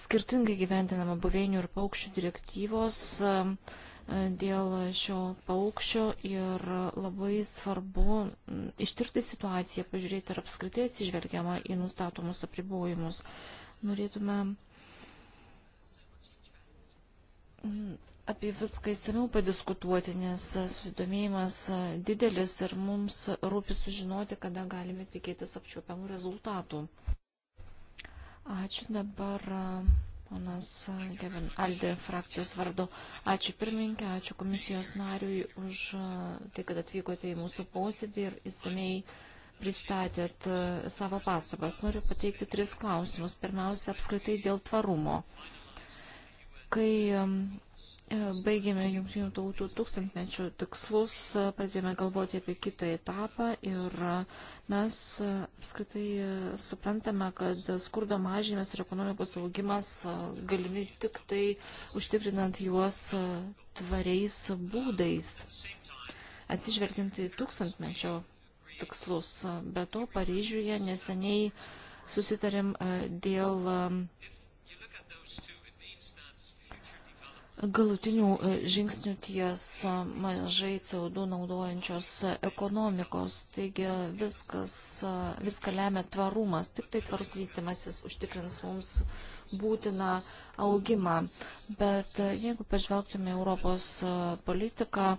skirtingai gyventinama buveinių ir paukščių direktyvos uh, dėl šio paukščio ir labai svarbu mm, ištirti situaciją, pažiūrėti ar apskritai atsižvelgiama į nustatomus apribojimus. Norėtume mm, apie viską įsimiau padiskutuoti, nes susidomėjimas didelis ir mums rūpi sužinoti, kada galime tikėtis apčiuopiamų rezultatų. Ačiū dabar. Uh... Ponas Kevin Aldi frakcijos vardu. Ačiū pirmininkė, ačiū komisijos nariui už e, tai, kad atvykote į mūsų posėdį ir įsamei pristatėt e, savo pastabas. Noriu pateikti tris klausimus. Pirmiausia, apskritai dėl tvarumo. Kai E, baigėme jungtinių tautų tūkstantmečių tikslus, e, pradėjome galvoti apie kitą etapą ir e, mes apskritai suprantame, kad skurdo mažinimas ir ekonomikos augimas galimi tik tai užtikrinant juos tvariais būdais, atsižvelgiant į tūkstantmečio tikslus. Be to, Paryžiuje neseniai susitarėm dėl galutinių e, žingsnių ties e, mažai CO2 naudojančios e, ekonomikos. Taigi viskas, viską lemia tvarumas. Tik tai tvarus vystimasis užtikrins mums būtiną augimą. Bet jeigu pažvelgtume Europos politiką,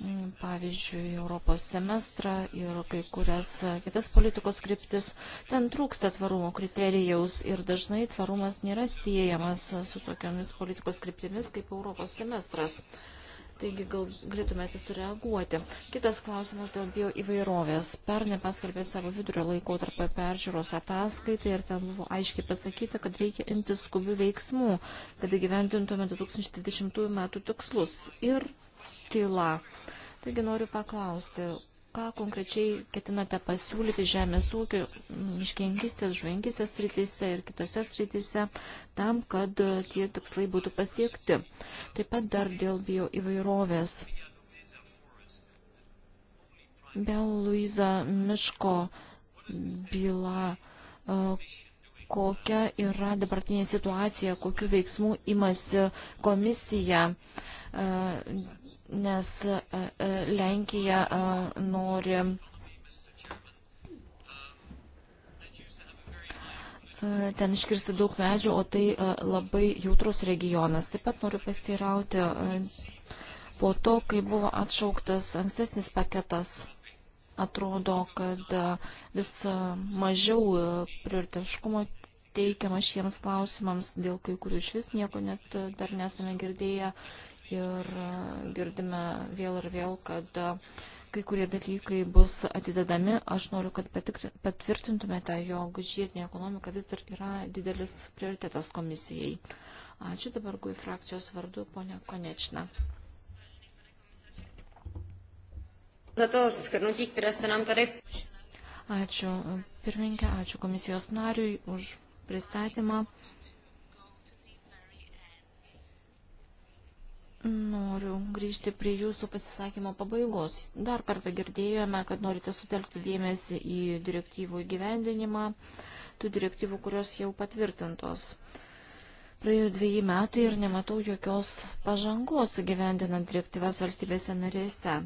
Mm, pavyzdžiui, Europos semestrą ir kai kurias e, kitas politikos kryptis, ten trūksta tvarumo kriterijaus ir dažnai tvarumas nėra siejamas e, su tokiamis politikos kryptimis kaip Europos semestras. Taigi gal galėtumėte sureaguoti. Kitas klausimas dėl bio įvairovės. Pernai paskelbė savo vidurio laiko tarp peržiūros ataskaitą ir ten buvo aiškiai pasakyta, kad reikia imtis skubių veiksmų, kad įgyventintume 2020 metų tikslus. Ir tyla. Taigi noriu paklausti, ką konkrečiai ketinate pasiūlyti žemės ūkio, miškininkistės, žuvininkistės srityse ir kitose srityse tam, kad tie tikslai būtų pasiekti. Taip pat dar dėl bio įvairovės. Bel Luiza Miško byla, kokia yra dabartinė situacija, kokiu veiksmu imasi komisija nes e, e, Lenkija e, nori ten iškirsti daug medžių, o tai labai jautrus regionas. Taip pat noriu pasteirauti po to, kai buvo atšauktas ankstesnis paketas. Atrodo, kad vis mažiau prioriteškumo teikiama šiems klausimams, dėl kai kurių iš vis nieko net dar nesame girdėję ir e, girdime vėl ir vėl, kad e, kai kurie dalykai bus atidedami. Aš noriu, kad patvirtintumėte, jog žiedinė ekonomika vis dar yra didelis prioritetas komisijai. Ačiū dabar GUI frakcijos vardu, ponia Konečna. Za to skrnutí, které jste nám tady... Ačiū pirmininkė, ačiū komisijos nariui už pristatymą. Noriu grįžti prie jūsų pasisakymo pabaigos. Dar kartą girdėjome, kad norite sutelkti dėmesį į direktyvų įgyvendinimą, tų direktyvų, kurios jau patvirtintos. Praėjo dviejį metai ir nematau jokios pažangos įgyvendinant direktyvas valstybėse narėse.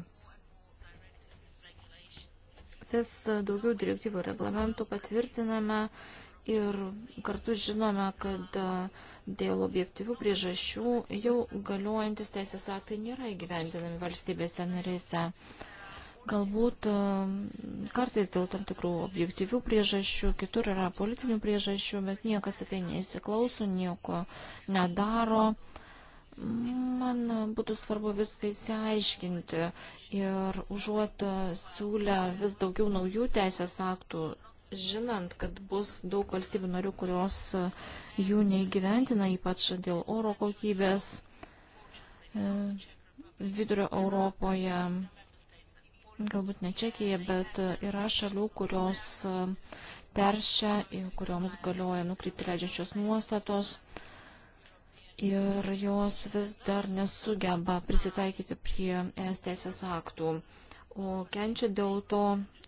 Vis daugiau direktyvų reglamentų patvirtiname ir kartu žinome, kad e, dėl objektyvių priežasčių jau galiojantis teisės aktai nėra įgyvendinami valstybėse narėse. Galbūt e, kartais dėl tam tikrų objektyvių priežasčių, kitur yra politinių priežasčių, bet niekas į tai neįsiklauso, nieko nedaro. Man būtų svarbu viską įsiaiškinti ir užuot e, siūlę vis daugiau naujų teisės aktų, žinant, kad bus daug valstybių narių, kurios e, jų neįgyventina, ypač dėl oro kokybės e, vidurio Europoje, galbūt ne Čekija, bet e, yra šalių, kurios teršia, kurioms galioja nukrypti leidžiančios nuostatos ir jos vis dar nesugeba prisitaikyti prie ES teisės aktų o kenčia dėl to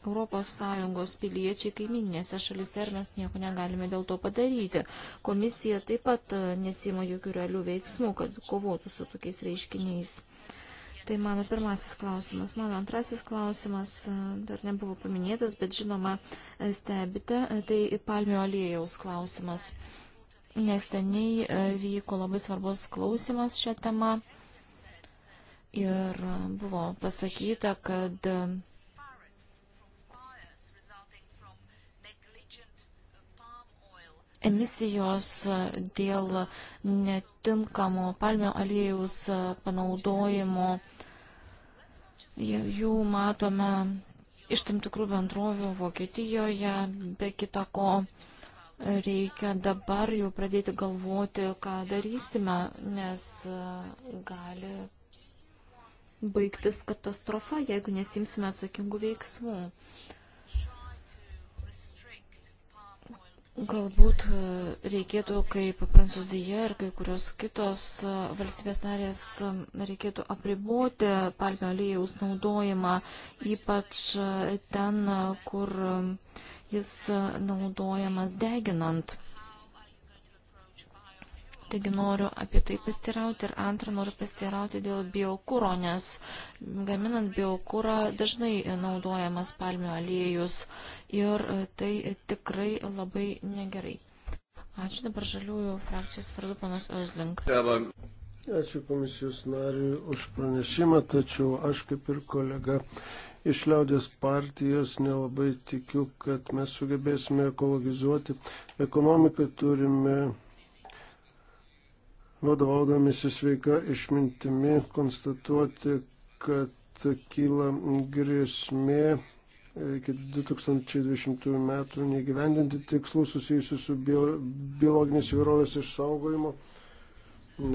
ES piliečiai kaiminėse šalise ir mes nieko negalime dėl to padaryti. Komisija taip pat e, nesima jokių realių veiksmų, kad kovotų su tokiais reiškiniais. Tai mano pirmasis klausimas. Mano antrasis klausimas e, dar nebuvo paminėtas, bet žinoma, e, stebite, tai palmių aliejaus klausimas. Neseniai vyko labai svarbus klausimas šią temą Ir buvo pasakyta, kad emisijos dėl netinkamo palmio aliejaus panaudojimo, jų matome iš tam tikrų bendrovių Vokietijoje, be kita ko reikia dabar jau pradėti galvoti, ką darysime, nes gali baigtis katastrofa, jeigu nesimsime atsakingų veiksmų. Galbūt e, reikėtų, kaip Prancūzija ir kai kurios kitos e, valstybės narės, e, reikėtų apriboti palmių aliejaus naudojimą, ypač ten, kur jis naudojamas deginant. Taigi noriu apie tai pastirauti ir antrą noriu pastirauti dėl biokūro, nes gaminant biokūrą dažnai naudojamas palmių aliejus ir tai tikrai labai negerai. Ačiū dabar žaliųjų frakcijos vardu panas Ozlink. Ačiū komisijos nariui už pranešimą, tačiau aš kaip ir kolega iš liaudės partijos nelabai tikiu, kad mes sugebėsime ekologizuoti ekonomiką, turime vadovaudamėsi sveika išmintimi konstatuoti, kad kyla grėsmė iki 2020 metų negyvendinti tikslų susijusių su bio, biologinės įvairovės išsaugojimu,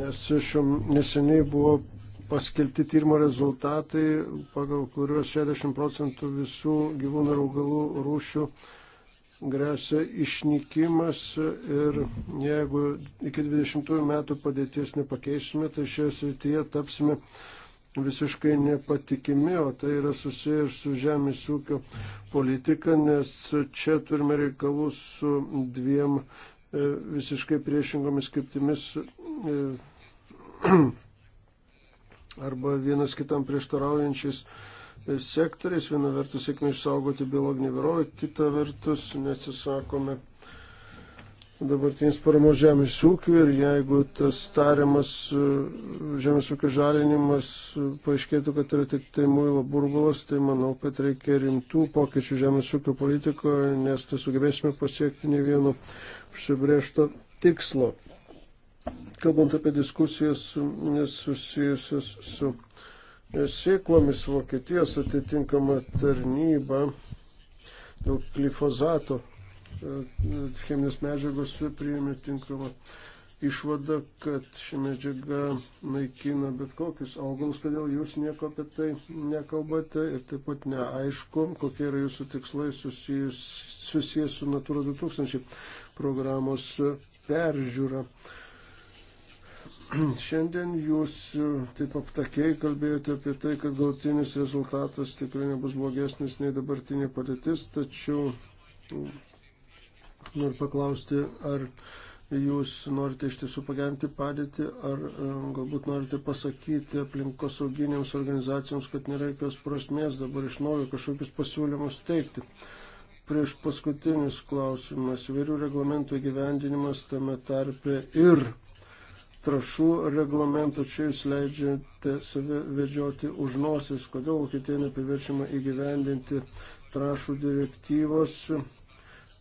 nes šiom neseniai buvo paskelbti tyrimo rezultatai, pagal kuriuos 60 procentų visų gyvūnų ir augalų rūšių grėsia išnykimas ir jeigu iki 20 metų padėties nepakeisime, tai šioje srityje tapsime visiškai nepatikimi, o tai yra susiję ir su žemės ūkio politika, nes čia turime reikalų su dviem e, visiškai priešingomis kryptimis e, [clears throat] arba vienas kitam prieštaraujančiais sektoriais. Viena vertus sėkmė išsaugoti biologinį vyrovę, kita vertus nesisakome dabartinis paramos žemės ūkiu ir jeigu tas tariamas e, žemės ūkio žalinimas e, paaiškėtų, kad yra tik tai muilo burbulas, tai manau, kad reikia rimtų pokyčių žemės ūkio politikoje, nes tai sugebėsime pasiekti ne vieno užsibriešto tikslo. Kalbant apie diskusijas susijusias su. su sėklomis Vokietijos atitinkama tarnyba dėl glifozato e, cheminės medžiagos priėmė tinkamą išvadą, kad ši medžiaga naikina bet kokius augalus, todėl jūs nieko apie tai nekalbate ir taip pat neaišku, kokie yra jūsų tikslai susijęs susiję su Natura 2000 programos peržiūra. [clears throat] Šiandien jūs e, taip aptakiai kalbėjote apie tai, kad galtinis rezultatas tikrai nebus blogesnis nei dabartinė padėtis, tačiau noriu paklausti, ar jūs norite iš tiesų pagerinti padėtį, ar e, galbūt norite pasakyti aplinkosauginėms organizacijoms, kad nėra jokios prasmės dabar iš naujo kažkokius pasiūlymus teikti. Prieš paskutinis klausimas, vairių reglamentų gyvendinimas tame tarpe ir trašų reglamentų, čia jūs leidžiate save vedžioti už nosis, kodėl Vokietija nepriverčiama įgyvendinti trašų direktyvos,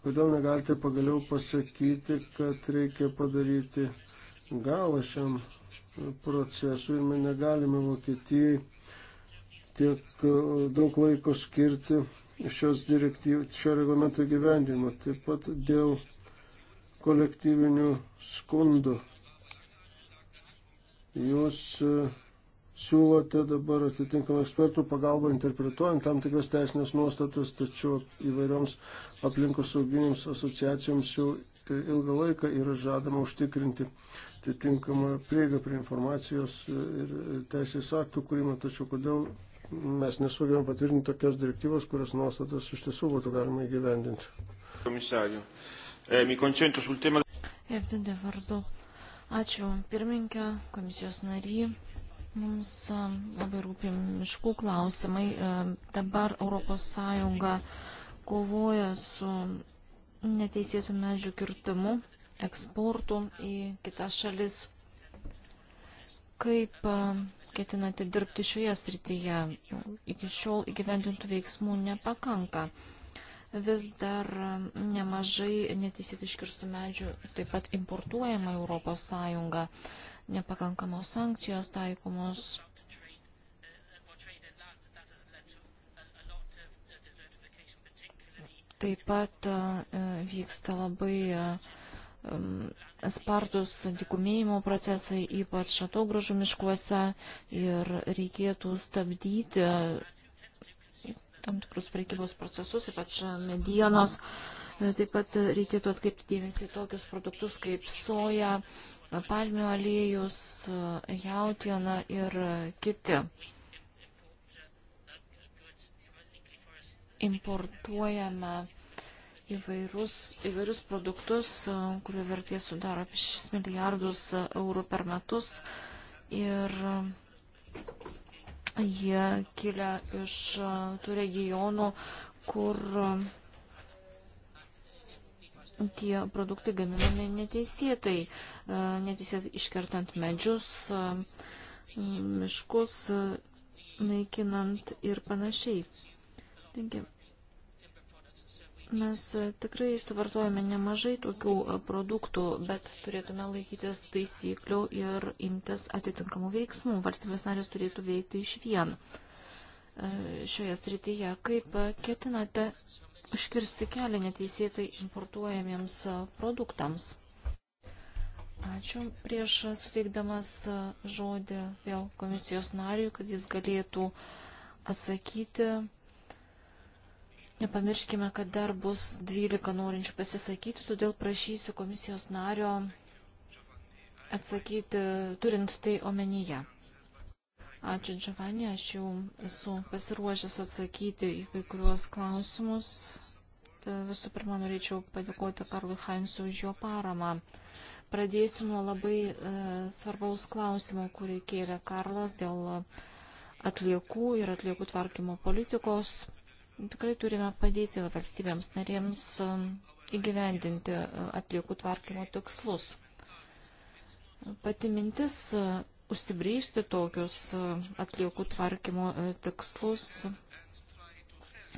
kodėl negalite pagaliau pasakyti, kad reikia padaryti galą šiam procesui ir mes negalime Vokietijai tiek e, daug laiko skirti šios direktyvos, šio reglamento gyvendimo, taip pat dėl kolektyvinių skundų Jūs e, siūlote dabar atitinkamą ekspertų pagalbą interpretuojant tam tikras teisinės nuostatas, tačiau įvairioms aplinkos sauginėms asociacijoms jau ilgą laiką yra žadama užtikrinti atitinkamą prieigą prie informacijos e, ir e, teisės aktų kūrimą, tačiau kodėl mes nesugebėjome patvirtinti tokios direktyvos, kurias nuostatas iš tiesų būtų galima įgyvendinti. Komisario, mi koncentro sul tema. FDD vardu. Ačiū pirmininkė, komisijos nary. Mums labai rūpi miškų klausimai. Dabar ES kovoja su neteisėtų medžių kirtimu, eksportu į kitas šalis. Kaip ketinate dirbti šioje srityje? Iki šiol įgyvendintų veiksmų nepakanka vis dar nemažai neteisėtai iškirstų medžių taip pat importuojama Europos Sąjunga, nepakankamos sankcijos taikomos. Taip pat e, vyksta labai e, spartus dikumėjimo procesai, ypač atogražų miškuose, ir reikėtų stabdyti tam tikrus prekybos procesus, ypač medienos. E, taip pat reikėtų atkreipti dėmesį į tokius produktus kaip soja, palmių aliejus, e, jautiena ir kiti. Importuojame įvairus, įvairius produktus, e, kurių vertė sudaro apie 6 milijardus eurų per metus. Ir Jie kilia iš e, tų regionų, kur e, tie produktai gaminami neteisėtai, e, neteisėtai iškertant medžius, miškus, naikinant ir panašiai. Taigi, Mes e, tikrai suvartojame nemažai tokių e, produktų, bet turėtume laikytis taisyklių ir imtis atitinkamų veiksmų. Valstybės narės turėtų veikti iš vien e, šioje srityje. Kaip ketinate užkirsti kelią neteisėtai importuojamiems produktams? Ačiū. Prieš suteikdamas žodį vėl komisijos nariui, kad jis galėtų atsakyti Nepamirškime, kad dar bus 12 norinčių pasisakyti, todėl prašysiu komisijos nario atsakyti, turint tai omenyje. Ačiū, Giovanni, aš jau esu pasiruošęs atsakyti į kai kuriuos klausimus. Ta, visų pirma, norėčiau padėkoti Karlui Hainsu už jo paramą. Pradėsiu nuo labai e, svarbaus klausimo, kurį kėlė Karlas dėl atliekų ir atliekų tvarkymo politikos. Tikrai turime padėti valstybėms narėms um, įgyvendinti uh, atliekų tvarkymo tikslus. Pati mintis uh, užsibrėžti tokius uh, atliekų tvarkymo tikslus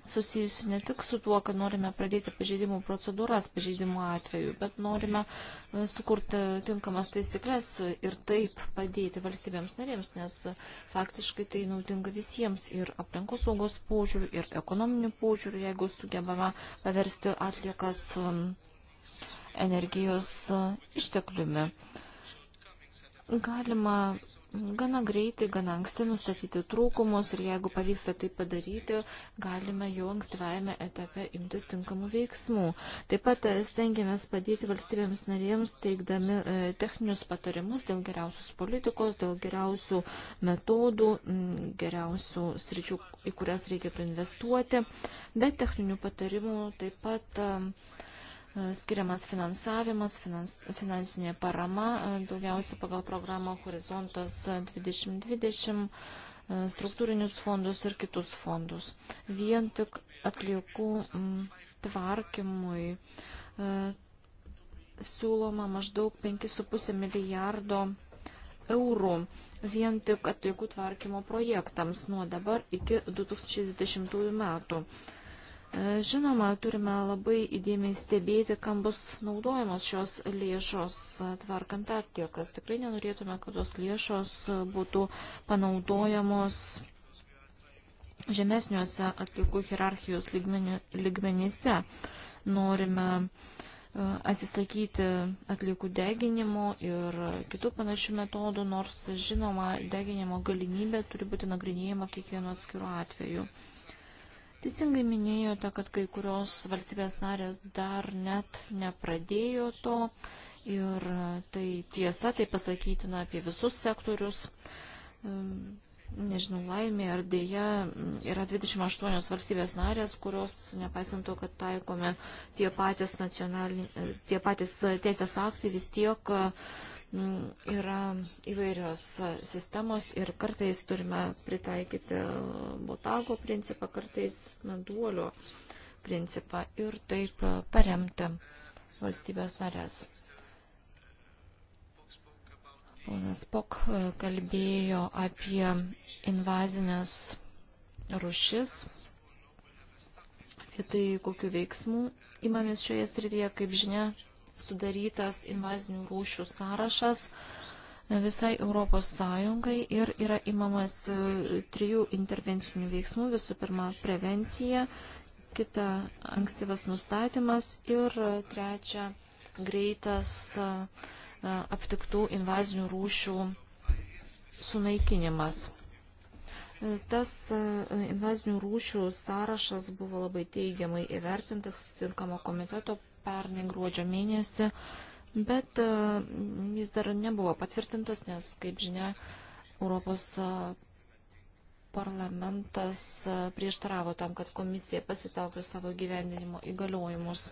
susijusi ne tik su tuo, kad norime pradėti pažeidimų procedūras pažeidimų atveju, bet norime e, sukurti tinkamas taisyklės ir taip padėti valstybėms narėms, nes faktiškai tai naudinga visiems ir aplinkos saugos požiūrių, ir ekonominių požiūrių, jeigu sugebame paversti atliekas energijos e, ištekliumi galima gana greitai, gana anksti nustatyti trūkumus ir jeigu pavyksta tai padaryti, galime jau ankstyvajame etape imtis tinkamų veiksmų. Taip pat e, stengiamės padėti valstybėms narėms, teikdami e, techninius patarimus dėl geriausios politikos, dėl geriausių metodų, geriausių sričių, į kurias reikėtų investuoti, bet techninių patarimų taip pat e, E, skiriamas finansavimas, finans, finansinė parama, e, daugiausia pagal programą Horizontas 2020, e, struktūrinius fondus ir kitus fondus. Vien tik atliekų tvarkymui siūloma maždaug 5,5 milijardo eurų vien tik atliekų tvarkymo projektams nuo dabar iki 2020 metų. E, žinoma, turime labai įdėmiai stebėti, kam bus naudojamos šios lėšos e, tvarkant atliekas. Tikrai nenorėtume, kad tos lėšos būtų panaudojamos žemesniuose atliekų hierarchijos lygmenyse. Norime uh, atsisakyti atliekų deginimo ir kitų panašių metodų, nors žinoma, deginimo galimybė turi būti nagrinėjama kiekvienu atskiru atveju. Teisingai minėjote, kad kai kurios valstybės narės dar net nepradėjo to ir tai tiesa, tai pasakytina apie visus sektorius. Uh, nežinau, laimė ar dėja, yra 28 valstybės narės, kurios, nepaisant to, kad taikome tie patys, tie patys teisės aktai, vis tiek yra įvairios sistemos ir kartais turime pritaikyti botago principą, kartais meduolio principą ir taip paremti valstybės narės. Ponas Pok e, kalbėjo apie invazinės rušis, apie tai, kokiu veiksmu įmamis šioje srityje, kaip žinia, sudarytas invazinių rūšių sąrašas e, visai Europos Sąjungai ir yra įmamas e, trijų intervencinių veiksmų. Visų pirma, prevencija, kita ankstyvas nustatymas ir trečia, greitas uh, aptiktų invazinių rūšių sunaikinimas. E, tas e, invazinių rūšių sąrašas buvo labai teigiamai įvertintas tinkamo komiteto pernai gruodžio mėnesį, bet e, jis dar nebuvo patvirtintas, nes, kaip žinia, Europos parlamentas prieštaravo tam, kad komisija pasitelktų savo gyvendinimo įgaliojimus.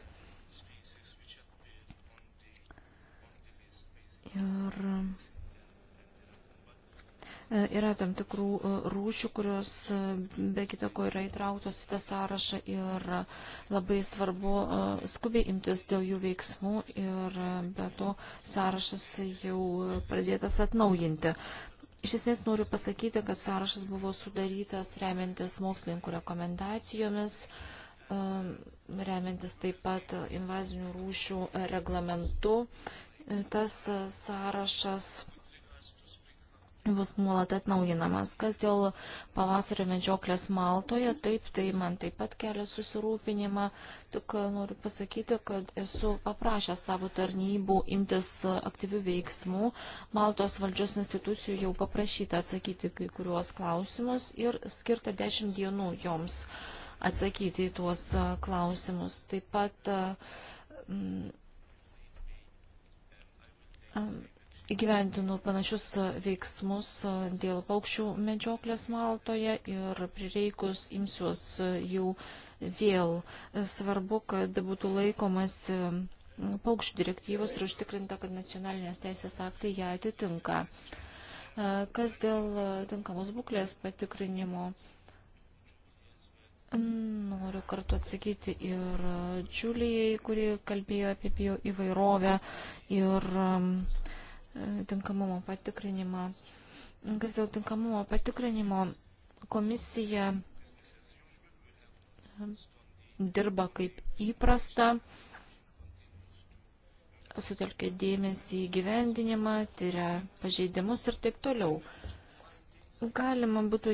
Ir e, yra tam tikrų e, rūšių, kurios e, be kitako yra įtrauktos į tą sąrašą ir labai svarbu skubiai imtis dėl jų veiksmų ir be to sąrašas jau pradėtas atnaujinti. Iš esmės noriu pasakyti, kad sąrašas buvo sudarytas remiantis mokslininkų rekomendacijomis, remiantis taip pat invazinių rūšių reglamentu tas sąrašas bus nuolat atnaujinamas. Kas dėl pavasario medžioklės Maltoje, taip, tai man taip pat kelia susirūpinimą. Tik noriu pasakyti, kad esu paprašęs savo tarnybų imtis aktyvių veiksmų. Maltos valdžios institucijų jau paprašyta atsakyti kai kuriuos klausimus ir skirta 10 dienų joms atsakyti į tuos klausimus. Taip pat mm, įgyventinu panašius veiksmus dėl paukščių medžioklės Maltoje ir prireikus imsiuos jų vėl. Svarbu, kad būtų laikomas paukščių direktyvos ir užtikrinta, kad nacionalinės teisės aktai ją atitinka. Kas dėl tinkamos būklės patikrinimo? Mm, noriu kartu atsakyti ir Džiulijai, kuri kalbėjo apie bio įvairovę ir um, tinkamumo patikrinimą. Kas dėl tinkamumo patikrinimo, komisija um, dirba kaip įprasta, sutelkia dėmesį į gyvendinimą, tyria pažeidimus ir taip toliau. Galima būtų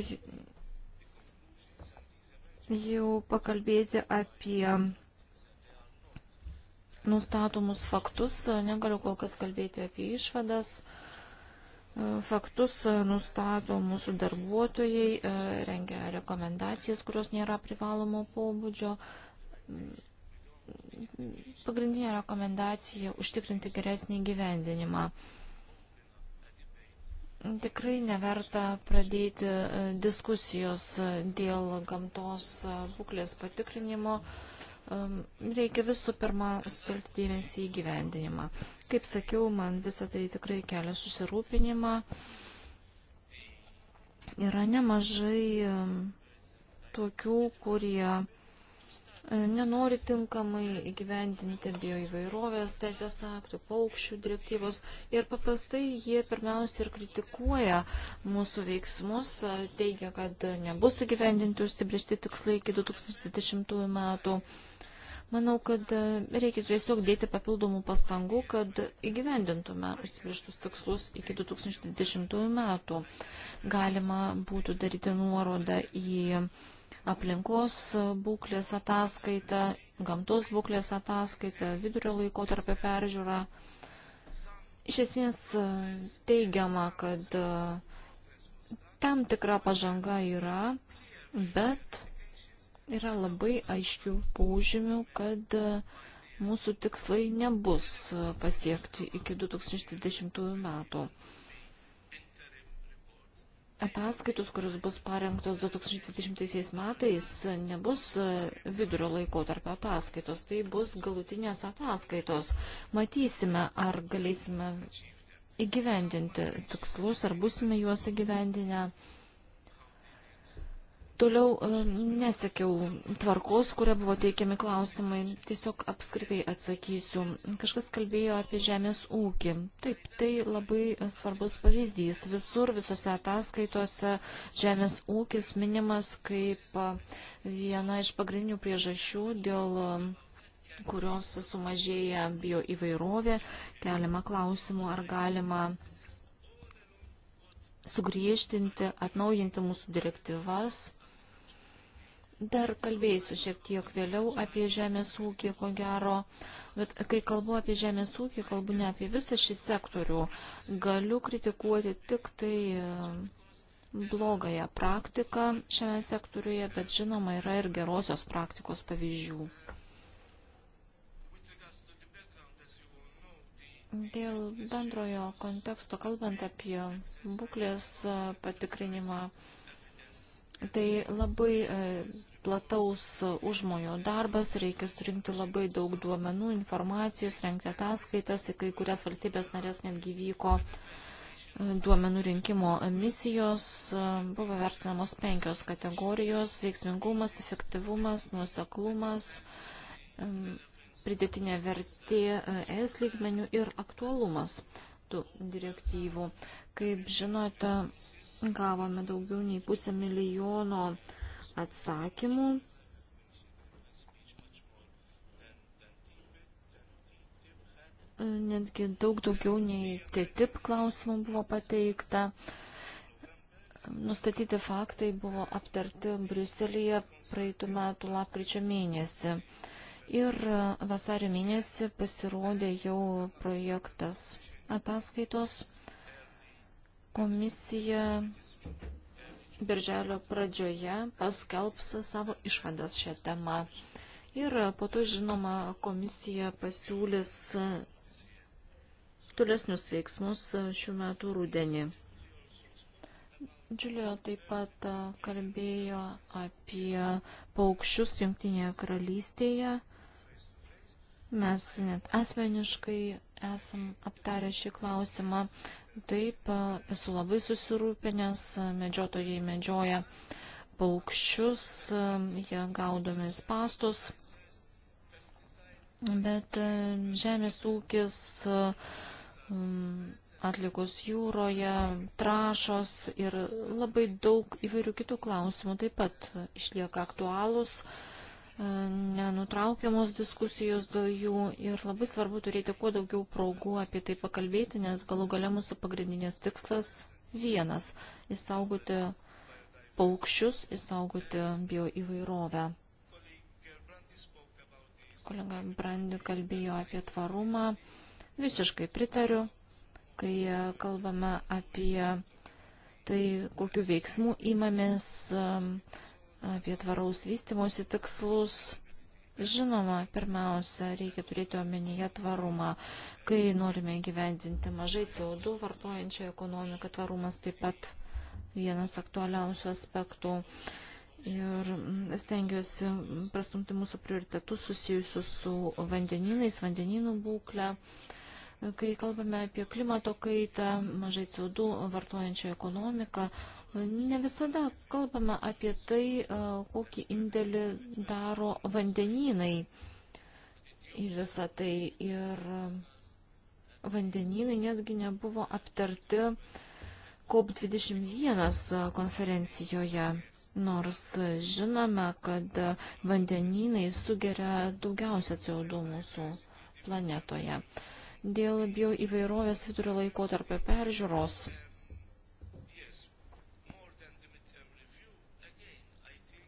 jau pakalbėti apie nustatomus faktus, negaliu kol kas kalbėti apie išvadas. Faktus nustato mūsų darbuotojai, e, rengia rekomendacijas, kurios nėra privalomo pobūdžio. Pagrindinė rekomendacija - užtikrinti geresnį gyvendinimą. Tikrai neverta pradėti e, diskusijos e, dėl gamtos e, būklės patikrinimo. Reikia visų pirma sutelkti dėmesį į gyvendinimą. Kaip sakiau, man visą tai tikrai kelia susirūpinimą. Yra nemažai tokių, kurie nenori tinkamai įgyvendinti bioįvairovės teisės aktų, paukščių direktyvos ir paprastai jie pirmiausia ir kritikuoja mūsų veiksmus, teigia, kad nebus įgyvendinti užsibriežti tikslai iki 2020 metų. Manau, kad reikia tiesiog dėti papildomų pastangų, kad įgyvendintume užsibrieštus tikslus iki 2020 metų. Galima būtų daryti nuorodą į aplinkos būklės ataskaita, gamtos būklės ataskaita, vidurio laiko tarp peržiūra. Iš esmės e, teigiama, kad e, tam tikra pažanga yra, bet yra labai aiškių paužymių, kad e, mūsų tikslai nebus pasiekti iki 2020 metų ataskaitos, kurios bus parengtos 2020 metais, nebus e, vidurio laiko tarp ataskaitos, tai bus galutinės ataskaitos. Matysime, ar galėsime įgyvendinti tikslus, ar būsime juos įgyvendinę. Toliau e, nesakiau tvarkos, kuria buvo teikiami klausimai. Tiesiog apskritai atsakysiu. Kažkas kalbėjo apie žemės ūkį. Taip, tai labai svarbus pavyzdys. Visur, visose ataskaitose žemės ūkis minimas kaip e, viena iš pagrindinių priežasčių dėl e, kurios sumažėja bio įvairovė, keliama klausimų, ar galima sugriežtinti, atnaujinti mūsų direktyvas Dar kalbėsiu šiek tiek vėliau apie žemės ūkį, ko gero, bet kai kalbu apie žemės ūkį, kalbu ne apie visą šį sektorių. Galiu kritikuoti tik tai e, blogąją praktiką šiame sektoriuje, bet žinoma yra ir gerosios praktikos pavyzdžių. Dėl bendrojo konteksto, kalbant apie būklės e, patikrinimą, Tai labai e, plataus užmojo darbas, reikia surinkti labai daug duomenų, informacijos, renkti ataskaitas, į kai kurias valstybės narės netgi vyko e, duomenų rinkimo misijos, e, buvo vertinamos penkios kategorijos - veiksmingumas, efektyvumas, nuoseklumas, pridėtinė vertė es lygmenių ir aktualumas tų direktyvų. Kaip žinote, Gavome daugiau nei pusę milijono atsakymų. Netgi daug daugiau nei TTIP klausimų buvo pateikta. Nustatyti faktai buvo aptarti Briuselėje praeitų metų lapkričio mėnesį. Ir vasario mėnesį pasirodė jau projektas ataskaitos Komisija birželio pradžioje paskelbs savo išvadas šią temą. Ir po to, žinoma, komisija pasiūlys tolesnius veiksmus šių metų rūdienį. Džiulio taip pat kalbėjo apie paukščius Junktinėje karalystėje. Mes net asmeniškai esam aptarę šį klausimą. Taip, esu labai susirūpinęs, medžiotojai medžioja paukščius, jie gaudomi spastus, bet e, žemės ūkis mm, atlikus jūroje, trašos ir labai daug įvairių kitų klausimų taip pat išlieka aktualūs nenutraukiamos diskusijos dėl jų ir labai svarbu turėti kuo daugiau progų apie tai pakalbėti, nes galų gale mūsų pagrindinės tikslas vienas - įsaugoti paukščius, įsaugoti bio įvairovę. Kolega Brandi kalbėjo apie tvarumą. Visiškai pritariu, kai kalbame apie tai, kokiu veiksmu įmamės apie tvaraus vystimosi tikslus. Žinoma, pirmiausia, reikia turėti omenyje tvarumą. Kai norime gyventinti mažai CO2 vartojančią ekonomiką, tvarumas taip pat vienas aktualiausių aspektų. Ir mm, stengiuosi prastumti mūsų prioritetus susijusius su vandeninais, vandeninų būklę. Kai kalbame apie klimato kaitą, mažai CO2 vartojančią ekonomiką, Ne visada kalbame apie tai, kokį indėlį daro vandenynai į visą tai. Ir vandenynai netgi nebuvo aptarti COP21 konferencijoje. Nors žinome, kad vandenynai sugeria daugiausia CO2 mūsų planetoje. Dėl bioįvairovės vidurio laiko tarp peržiūros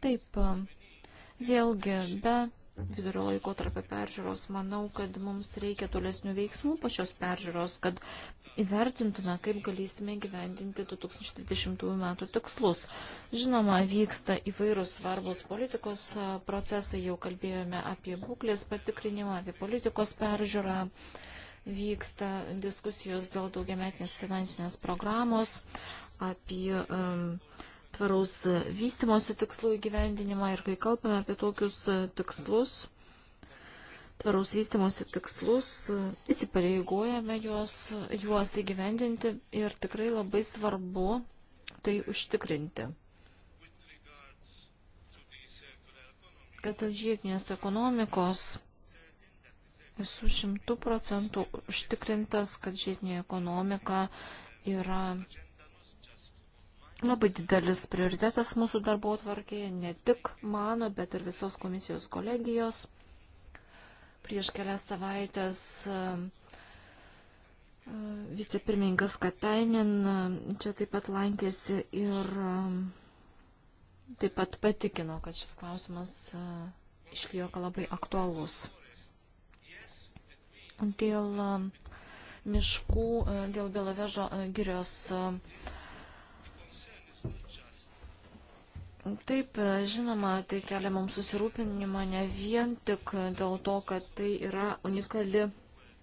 Taip, vėlgi be vidurio laiko tarp peržiūros manau, kad mums reikia tolesnių veiksmų po šios peržiūros, kad įvertintume, kaip galėsime gyvendinti 2020 metų tikslus. Žinoma, vyksta įvairūs svarbus politikos procesai, jau kalbėjome apie būklės patikrinimą, apie politikos peržiūrą vyksta diskusijos dėl daugiametinės finansinės programos, apie um, tvaraus vystimosi tikslų įgyvendinimą ir kai kalbame apie tokius e, tikslus, tvaraus vystimosi tikslus, e, įsipareigojame juos, juos įgyvendinti ir tikrai labai svarbu tai užtikrinti. Kas dėl žiedinės ekonomikos, esu šimtų procentų užtikrintas, kad žiedinė ekonomika yra labai didelis prioritetas mūsų darbo tvarkėje, ne tik mano, bet ir visos komisijos kolegijos. Prieš kelias savaitės e, e, vicepirmininkas Katainin e, čia taip pat lankėsi ir taip pat patikino, kad šis klausimas išlieka labai aktualus. Dėl miškų, dėl Belovežo girios Taip, e, žinoma, tai kelia mums susirūpinimą ne vien tik dėl to, kad tai yra unikali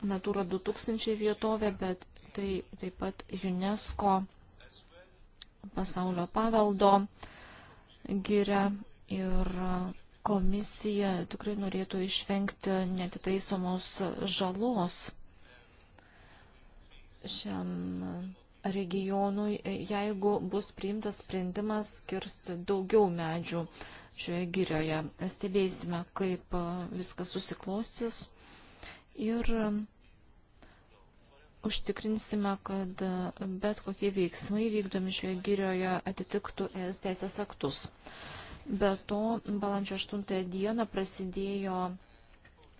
Natura 2000 vietovė, bet tai taip pat UNESCO pasaulio paveldo giria ir komisija tikrai norėtų išvengti netitaisomos žalos šiam regionui, e, jeigu bus priimtas sprendimas kirsti daugiau medžių šioje girioje. Stebėsime, kaip e, viskas susiklostys ir e, užtikrinsime, kad bet kokie veiksmai vykdomi šioje girioje atitiktų ES teisės aktus. Be to, balandžio 8 dieną prasidėjo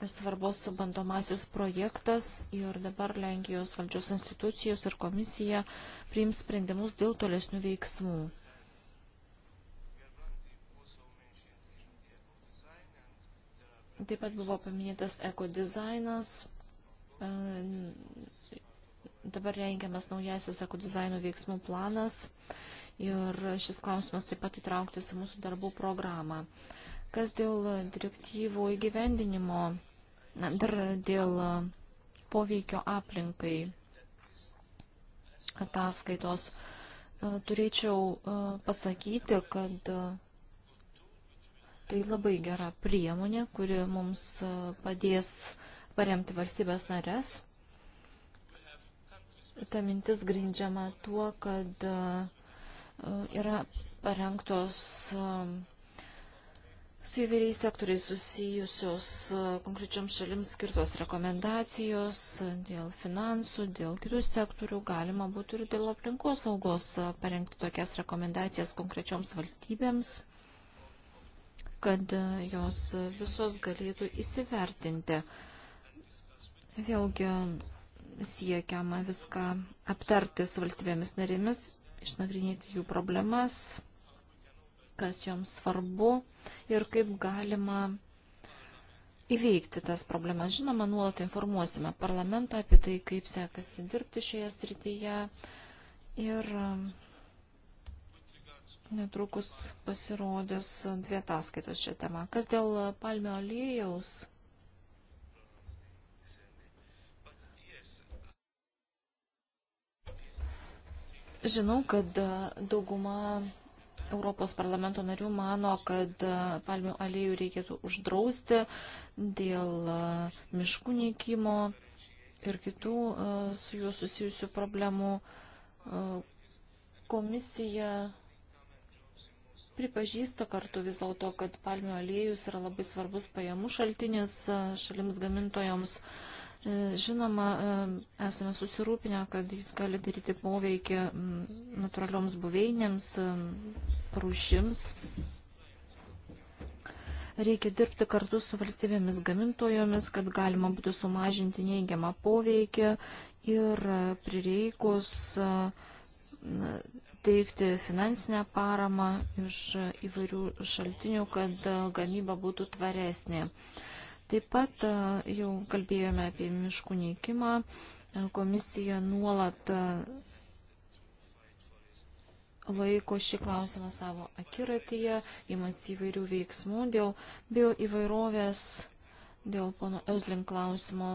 svarbus bandomasis projektas ir dabar Lenkijos valdžios institucijos ir komisija priims sprendimus dėl tolesnių veiksmų. Taip pat buvo paminėtas ekodizainas. Dabar rengiamas naujasis ekodizaino veiksmų planas ir šis klausimas taip pat įtrauktas į mūsų darbų programą. Kas dėl direktyvų įgyvendinimo, dar dėl poveikio aplinkai ataskaitos, e, turėčiau e, pasakyti, kad e, tai labai gera priemonė, kuri mums padės paremti valstybės narės. Ta mintis grindžiama tuo, kad yra parengtos su įvairiais sektoriais susijusios konkrečioms šalims skirtos rekomendacijos dėl finansų, dėl kitų sektorių, galima būtų ir dėl aplinkos saugos parengti tokias rekomendacijas konkrečioms valstybėms, kad jos visos galėtų įsivertinti. Vėlgi siekiama viską aptarti su valstybėmis narėmis, išnagrinėti jų problemas kas joms svarbu ir kaip galima įveikti tas problemas. Žinoma, nuolat informuosime parlamentą apie tai, kaip sekasi dirbti šioje srityje ir um, netrukus pasirodys dvi ataskaitos šią temą. Kas dėl palmio aliejaus? Žinau, kad dauguma Europos parlamento narių mano, kad e, palmių aliejų reikėtų uždrausti dėl e, miškų nykimo ir kitų e, su juo susijusių problemų. Komisija pripažįsta kartu vis dėlto, kad palmių aliejus yra labai svarbus pajamų šaltinis šalims gamintojams. E, žinoma, e, esame susirūpinę, kad jis gali daryti poveikį natūralioms buveinėms, rūšims. Reikia dirbti kartu su valstybėmis gamintojomis, kad galima būtų sumažinti neigiamą poveikį ir prireikus e, teikti finansinę paramą iš įvairių šaltinių, kad gamyba būtų tvaresnė. Taip pat e, jau kalbėjome apie miškų neikimą. E, komisija nuolat e, laiko šį klausimą savo akiratyje, imasi įvairių veiksmų dėl bioįvairovės. Dėl pono Euslin klausimo,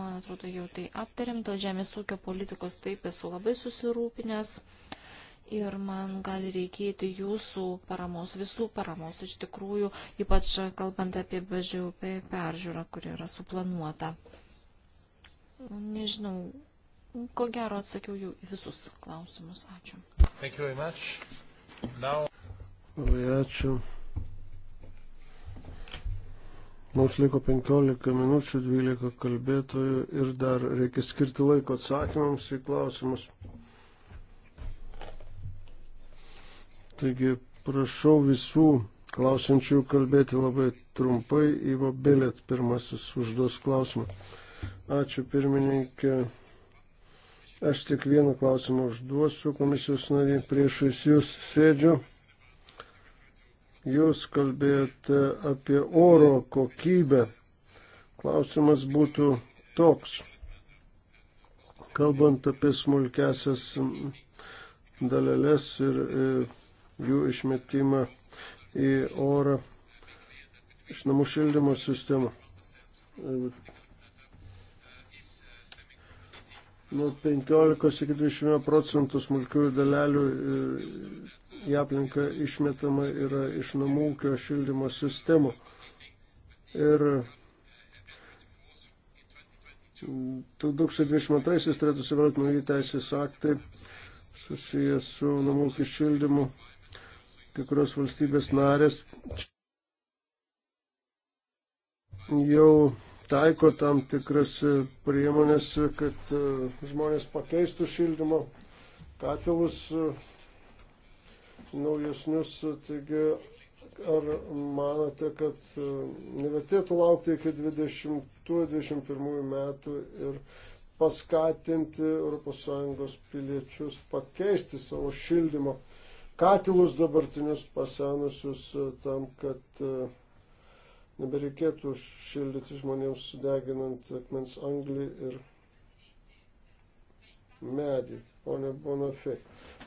man atrodo, jau tai aptarėm, dėl žemės ūkio politikos taip esu labai susirūpinęs. Uh, ir man gali reikėti jūsų paramos, visų paramos, iš tikrųjų, ypač kalbant apie BŽUP peržiūrą, kuri yra suplanuota. Nežinau, ko gero atsakiau jau visus klausimus. Ačiū. Now... Labai ačiū. Mums liko 15 minučių, 12 kalbėtojų ir dar reikia skirti laiko atsakymams į klausimus. Taigi prašau visų klausančių kalbėti labai trumpai. Ivo Bilėt pirmasis užduos klausimą. Ačiū pirmininkė. Aš tik vieną klausimą užduosiu komisijos nariai. Priešais jūs sėdžiu. Jūs kalbėjote apie oro kokybę. Klausimas būtų toks. Kalbant apie smulkesias dalelės ir, ir jų išmetimą į orą iš namų šildymo sistemų. Nuo 15 iki 20 procentų smulkiųjų dalelių e, į aplinką išmetama yra iš namų ūkio šildymo sistemų. Ir 2022 turėtų įsigalioti nauji teisės aktai susijęs su namų ūkio šildymu kai kurios valstybės narės jau taiko tam tikras priemonės, kad e, žmonės pakeistų šildymo katilus e, naujesnius. Taigi, ar manote, kad e, nevertėtų laukti iki 2021 metų ir paskatinti ES piliečius pakeisti savo šildymo katilus? katilus dabartinius pasenusius e, tam, kad e, nebereikėtų šildyti žmonėms sudeginant akmens anglį ir medį, o ne bonafė.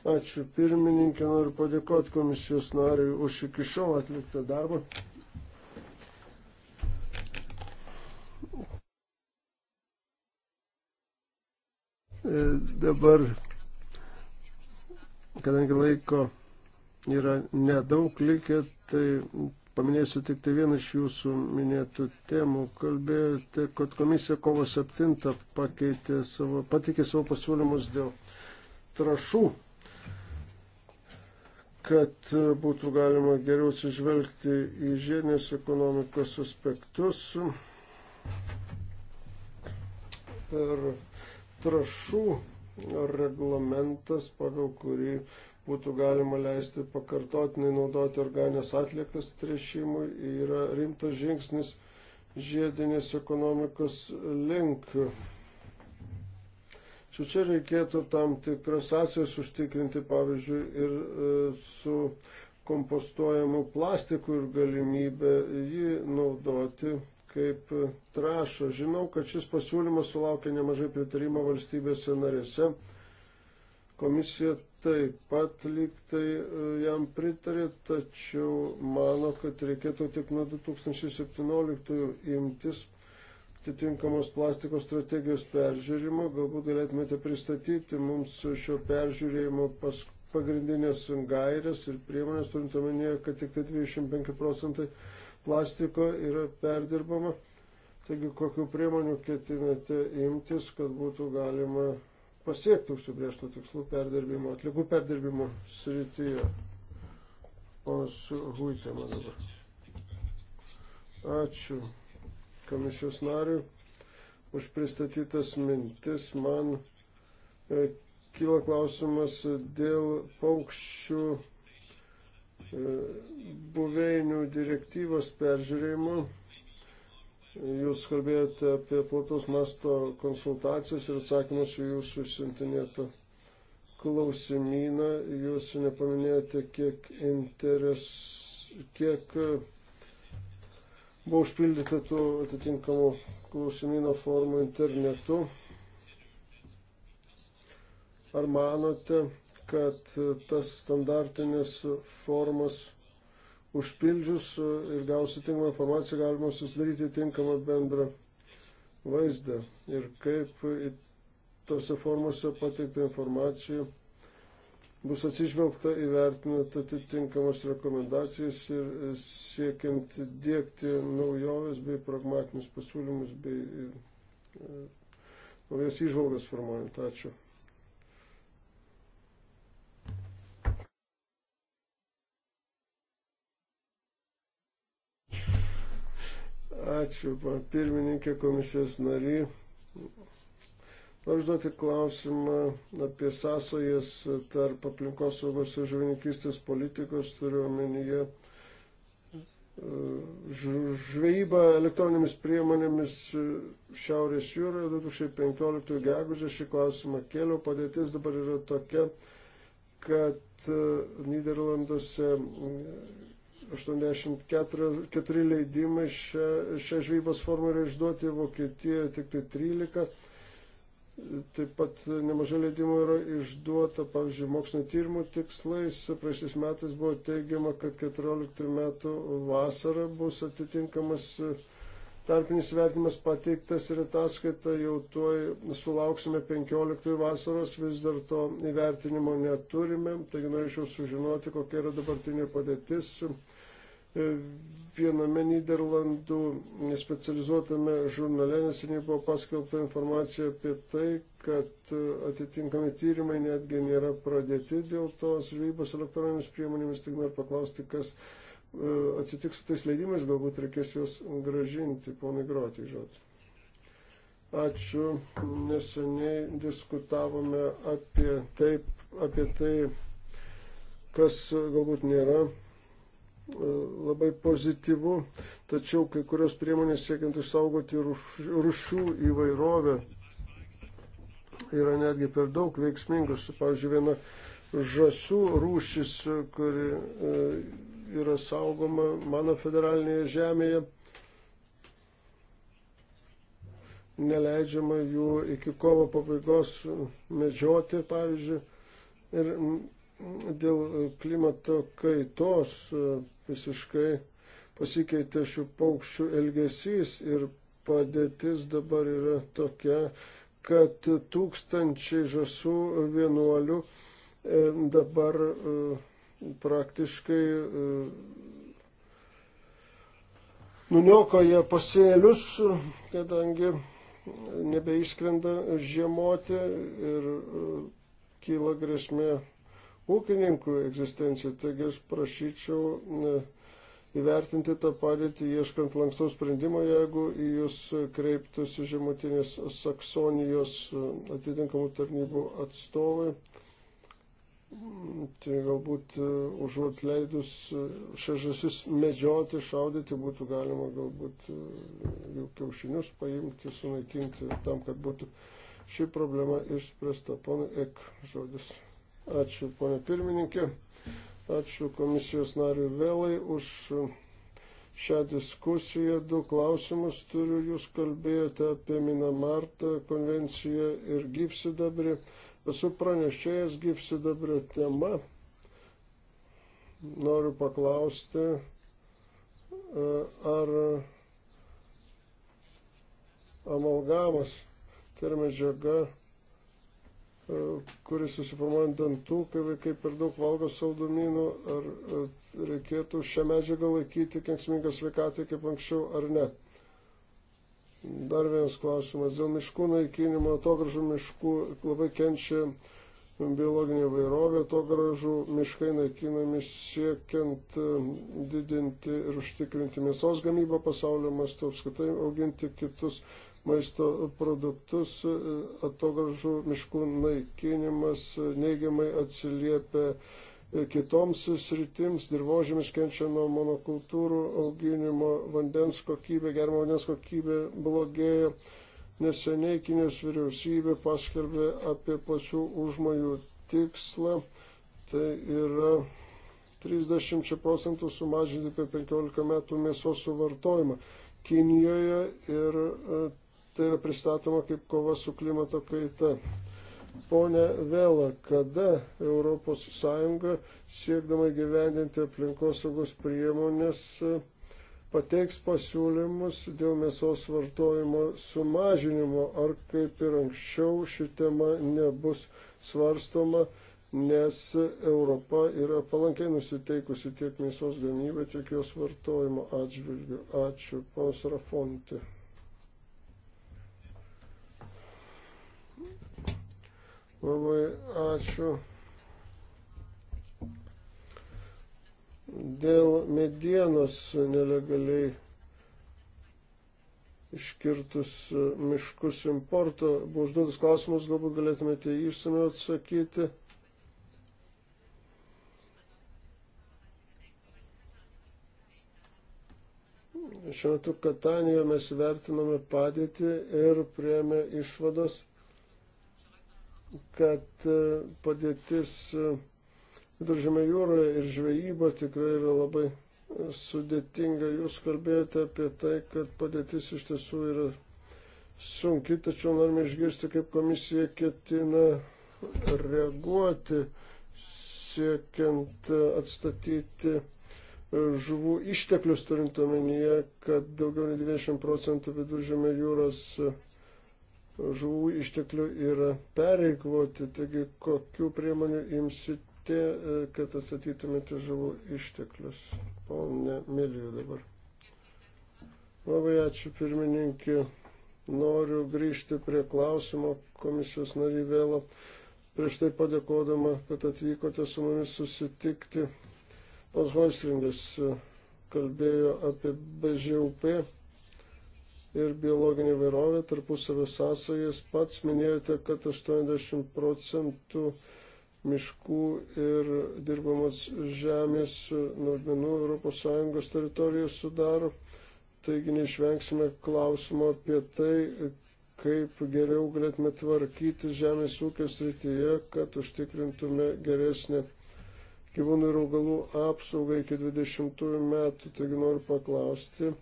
Ačiū pirmininkė, noriu padėkoti komisijos nariui už iki šiol atliktą darbą. E, dabar Kadangi laiko yra nedaug likę, tai paminėsiu tik tai vieną iš jūsų minėtų temų. Kalbėjote, kad komisija kovo 7 pakeitė savo, patikė savo pasiūlymus dėl trašų, kad būtų galima geriau atsižvelgti į žiedinės ekonomikos aspektus. Ir trašų reglamentas, pagal kurį būtų galima leisti pakartotinai naudoti organės atliekas trešimui, yra rimtas žingsnis žiedinės ekonomikos link. Čia čia reikėtų tam tikras sąsajas užtikrinti, pavyzdžiui, ir e, su kompostuojamu plastiku ir galimybę jį naudoti kaip trašo. Žinau, kad šis pasiūlymas sulaukė nemažai pritarimo valstybėse narėse. Komisija taip pat lygtai e, jam pritarė, tačiau mano, kad reikėtų tik nuo 2017 imtis atitinkamos plastikos strategijos peržiūrimo. Galbūt galėtumėte pristatyti mums šio peržiūrėjimo pas, pagrindinės gairės ir priemonės, turint omenyje, kad tik tai 25 procentai plastiko yra perdirbama. Taigi, kokiu priemoniu ketinate imtis, kad būtų galima pasiekti užsibrieštų tikslų perdirbimo, atlikų perdirbimo srityje. O su Huitema dabar. Ačiū komisijos nariu už pristatytas mintis. Man e, kyla klausimas dėl paukščių E, buveinių direktyvos peržiūrėjimu. Jūs kalbėjote apie plataus masto konsultacijas ir atsakymus į jūsų išsintinėtą klausimyną. Jūs nepaminėjote, kiek, interes, kiek e, buvo užpildyta tų atitinkamų klausimyno formų internetu. Ar manote, kad tas standartinės formas užpildžius ir gausi tinkamą informaciją galima susidaryti tinkamą bendrą vaizdą ir kaip tose formose pateikta informacija bus atsižvelgta įvertinant atitinkamas rekomendacijas ir siekiant dėkti naujoves bei pragmatinius pasiūlymus bei e, naujas įžvalgas formuojant. Ačiū. Ačiū, pan pirmininkė, komisijos nary. Noriu užduoti klausimą apie sąsajas tarp aplinkos saugos ir žuvininkystės politikos, turiu omenyje e, žvejybą elektroninėmis priemonėmis Šiaurės jūroje 2015 gegužę šį klausimą kėliau. Padėtis dabar yra tokia, kad e, Niderlanduose 84 leidimai šią, šią žvybos formą yra išduoti, Vokietijoje tik tai 13. Taip pat nemažai leidimų yra išduota, pavyzdžiui, mokslinio tyrimų tikslais. Praeisiais metais buvo teigiama, kad 14 metų vasara bus atitinkamas tarpinis vertinimas pateiktas ir ataskaita jau tuoj sulauksime 15 vasaros, vis dar to įvertinimo neturime. Taigi norėčiau sužinoti, kokia yra dabartinė padėtis Viename Niderlandų specializuotame žurnale neseniai buvo paskelbta informacija apie tai, kad atitinkami tyrimai netgi nėra pradėti dėl tos žvejybos elektroninėmis priemonėmis. Tik noriu paklausti, kas e, atsitiks su tais leidimais, galbūt reikės juos gražinti. Ponai Groti, žodžiu. Ačiū. Neseniai diskutavome apie, taip, apie tai, kas galbūt nėra labai pozityvu, tačiau kai kurios priemonės siekiant išsaugoti rušių įvairovę yra netgi per daug veiksmingos. Pavyzdžiui, viena žasų rūšis, kuri e, yra saugoma mano federalinėje žemėje, neleidžiama jų iki kovo pabaigos medžioti, pavyzdžiui. Ir dėl klimato kaitos visiškai pasikeitė šių paukščių elgesys ir padėtis dabar yra tokia, kad tūkstančiai žasų vienuolių e, dabar e, praktiškai e, nuniokoja pasėlius, kadangi nebeišskrenda žiemoti ir kyla grėsmė ūkininkų egzistenciją. Taigi aš prašyčiau e, įvertinti tą padėtį, ieškant lankstaus sprendimo, jeigu į jūs kreiptųsi žemutinės Saksonijos e, atitinkamų tarnybų atstovai. Tai galbūt e, užuot leidus šežasis medžioti, šaudyti, būtų galima galbūt jų kiaušinius paimti, sunaikinti tam, kad būtų ši problema išspręsta. Pana Ek, žodis. Ačiū, ponė pirmininkė. Ačiū komisijos nariui Vėlai už šią diskusiją. Du klausimus turiu. Jūs kalbėjote apie Minamartą konvenciją ir gypsidabrį. Esu pranešėjęs gypsidabrio tema. Noriu paklausti, e, ar amalgamas tai yra medžiaga E, kuris susiformuoja ant dantų, kai vaikai per daug valgo saldumynų, ar e, reikėtų šią medžiagą laikyti kenksmingą sveikatą kaip anksčiau ar ne. Dar vienas klausimas. Dėl miškų naikinimo, atogražų miškų labai kenčia biologinė vairovė, atogražų miškai naikinami siekiant e, didinti ir užtikrinti mėsos gamybą pasaulio mastu, apskaitai auginti kitus maisto produktus, e, atogražų miškų naikinimas e, neigiamai atsiliepia e, kitoms sritims, dirbožėmis kenčia nuo monokultūrų auginimo, vandens kokybė, germo vandens kokybė blogėja. Neseniai Kinijos vyriausybė paskelbė apie plačių užmojų tikslą, tai yra 30 procentų sumažinti per 15 metų mėsos suvartojimą Kinijoje ir tai yra pristatoma kaip kova su klimato kaita. Pone Vela, kada ES siekdama gyvendinti aplinkosaugos priemonės e, pateiks pasiūlymus dėl mėsos vartojimo sumažinimo, ar kaip ir anksčiau ši tema nebus svarstoma, nes Europa yra palankiai nusiteikusi tiek mėsos gamybą, tiek jos vartojimo atžvilgių. Ačiū, ponas Rafonti. Labai ačiū. Dėl medienos nelegaliai iškirtus miškus importo, buvo užduotas klausimas, galbūt galėtumėte jį išsamiau atsakyti. Šiuo metu Katanijoje mes vertiname padėtį ir prieėmė išvados kad e, padėtis e, viduržėme jūroje ir žvejyba tikrai yra labai e, sudėtinga. Jūs kalbėjote apie tai, kad padėtis iš tiesų yra sunki, tačiau norime išgirsti, kaip komisija ketina reaguoti siekiant atstatyti žuvų išteklius turint omenyje, kad daugiau nei 20 procentų viduržėme jūros žuvų išteklių yra pereikvoti. Taigi, kokiu priemoniu imsite, e, kad atsatytumėte žuvų išteklius? Pone Milijų dabar. Labai ačiū pirmininkė. Noriu grįžti prie klausimo komisijos naryvėlo. Prieš tai padėkodama, kad atvykote su mumis susitikti. Pons Hoislingas e, kalbėjo apie BŽUP ir biologinė vairovė tarpusavio sąsajas. Pats minėjote, kad 80 procentų miškų ir dirbamos žemės naudmenų ES teritorijos sudaro. Taigi neišvengsime klausimo apie tai, kaip geriau galėtume tvarkyti žemės ūkio srityje, kad užtikrintume geresnę gyvūnų ir augalų apsaugą iki 20 metų. Taigi noriu paklausti,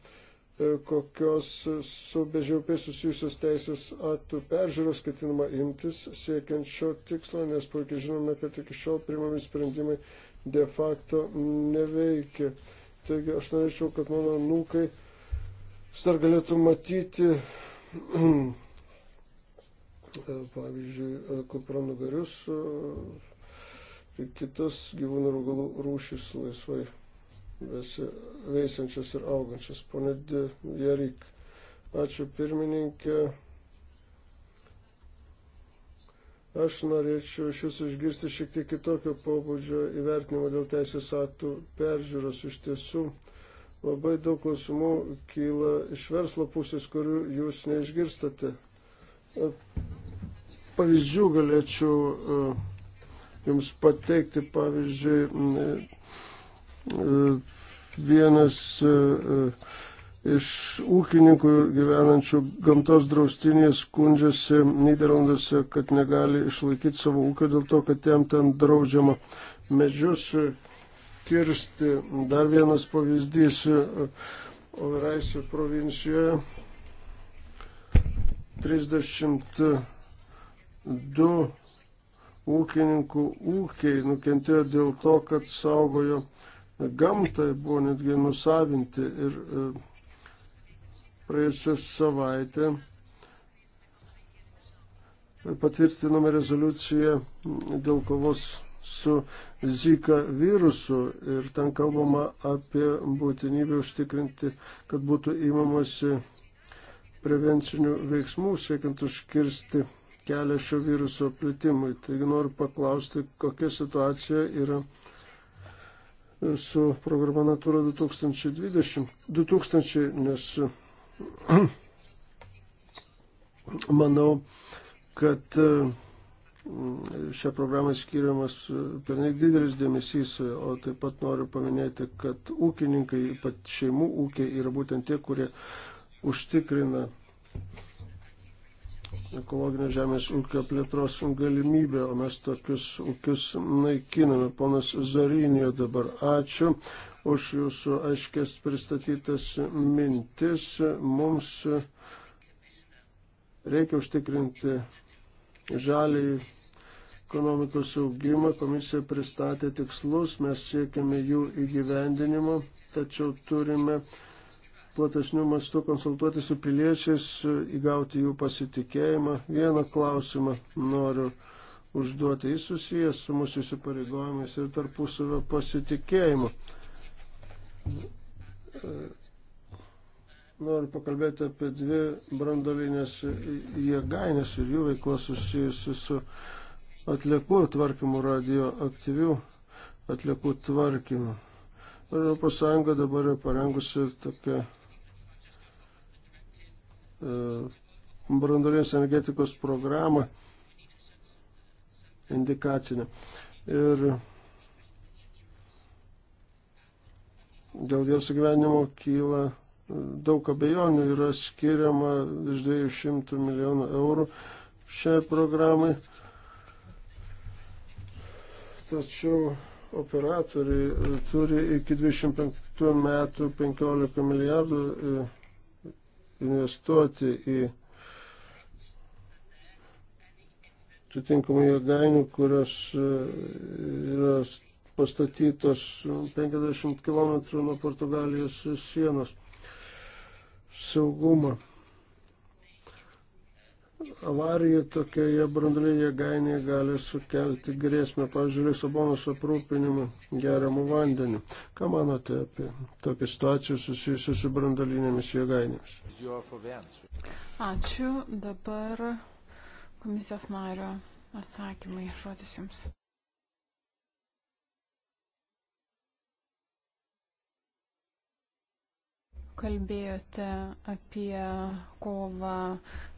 E, kokios su bežiaupiai susijusios teisės aktų peržiūros ketinama imtis siekiant šio tikslo, nes puikiai žinome, kad iki šiol primami sprendimai de facto neveikia. Taigi aš norėčiau, kad mano nūkai dar galėtų matyti, [clears throat] e, pavyzdžiui, e, kupranugarius ir kitas gyvūnų rūšis laisvai veisančius ir augančius. Pone Jarik, ačiū pirmininkė. Aš norėčiau iš jūsų išgirsti šiek tiek kitokio pobūdžio įvertinimo dėl teisės aktų peržiūros. Iš tiesų labai daug klausimų kyla iš verslo pusės, kurių jūs neišgirstate. E, pavyzdžių galėčiau e, jums pateikti, pavyzdžiui, vienas e, e, iš ūkininkų gyvenančių gamtos draustinėje skundžiasi Niderlanduose, kad negali išlaikyti savo ūkio dėl to, kad jam ten draudžiama medžius kirsti. Dar vienas pavyzdys e, Overaisio provincijoje 32 ūkininkų ūkiai nukentėjo dėl to, kad saugojo gamtai buvo netgi nusavinti ir e, praėjusią savaitę patvirtinome rezoliuciją dėl kovos su Zika virusu ir ten kalbama apie būtinybę užtikrinti, kad būtų įmamasi prevencinių veiksmų, siekiant užkirsti kelią šio viruso plitimui. Taigi noriu paklausti, kokia situacija yra su programa Natura 2020, 2000, nes [clears throat] manau, kad e, šią programą skiriamas e, pernelik didelis dėmesys, o taip pat noriu paminėti, kad ūkininkai, ypač šeimų ūkiai, yra būtent tie, kurie užtikrina ekologinio žemės ūkio plėtros galimybė, o mes tokius ūkius naikiname. Ponas Zarinio dabar ačiū už jūsų aiškės pristatytas mintis. Mums reikia užtikrinti žalį ekonomikos augimą, komisija pristatė tikslus, mes siekiame jų įgyvendinimo, tačiau turime platesnių mastų konsultuoti su piliečiais, įgauti jų pasitikėjimą. Vieną klausimą noriu užduoti. Jis susijęs su mūsų įsipareigojimais ir tarpusavio pasitikėjimu. Noriu pakalbėti apie dvi brandolinės jėgainės ir jų veikla susijusi su atliekų tvarkymu, radioaktyvių atliekų tvarkymu. Europos Sąjunga dabar parengusi tokią E, brandolinės energetikos programą indikacinę. Ir dėl jos gyvenimo kyla e, daug abejonių, yra skiriama iš 200 milijonų eurų šiai programai. Tačiau operatoriai turi iki 25 metų 15 milijardų e, investuoti į atitinkamų jėgainių, kurios e, yra pastatytos 50 km nuo Portugalijos sienos saugumą avarija tokioje brandulinėje gainėje gali sukelti grėsmę, pavyzdžiui, Lisabonos aprūpinimą geriamų vandenių. Ką manote apie tokią situaciją susijusią su brandulinėmis jėgainėmis? Ačiū. Dabar komisijos nario atsakymai. Žodis jums. kalbėjote apie kovą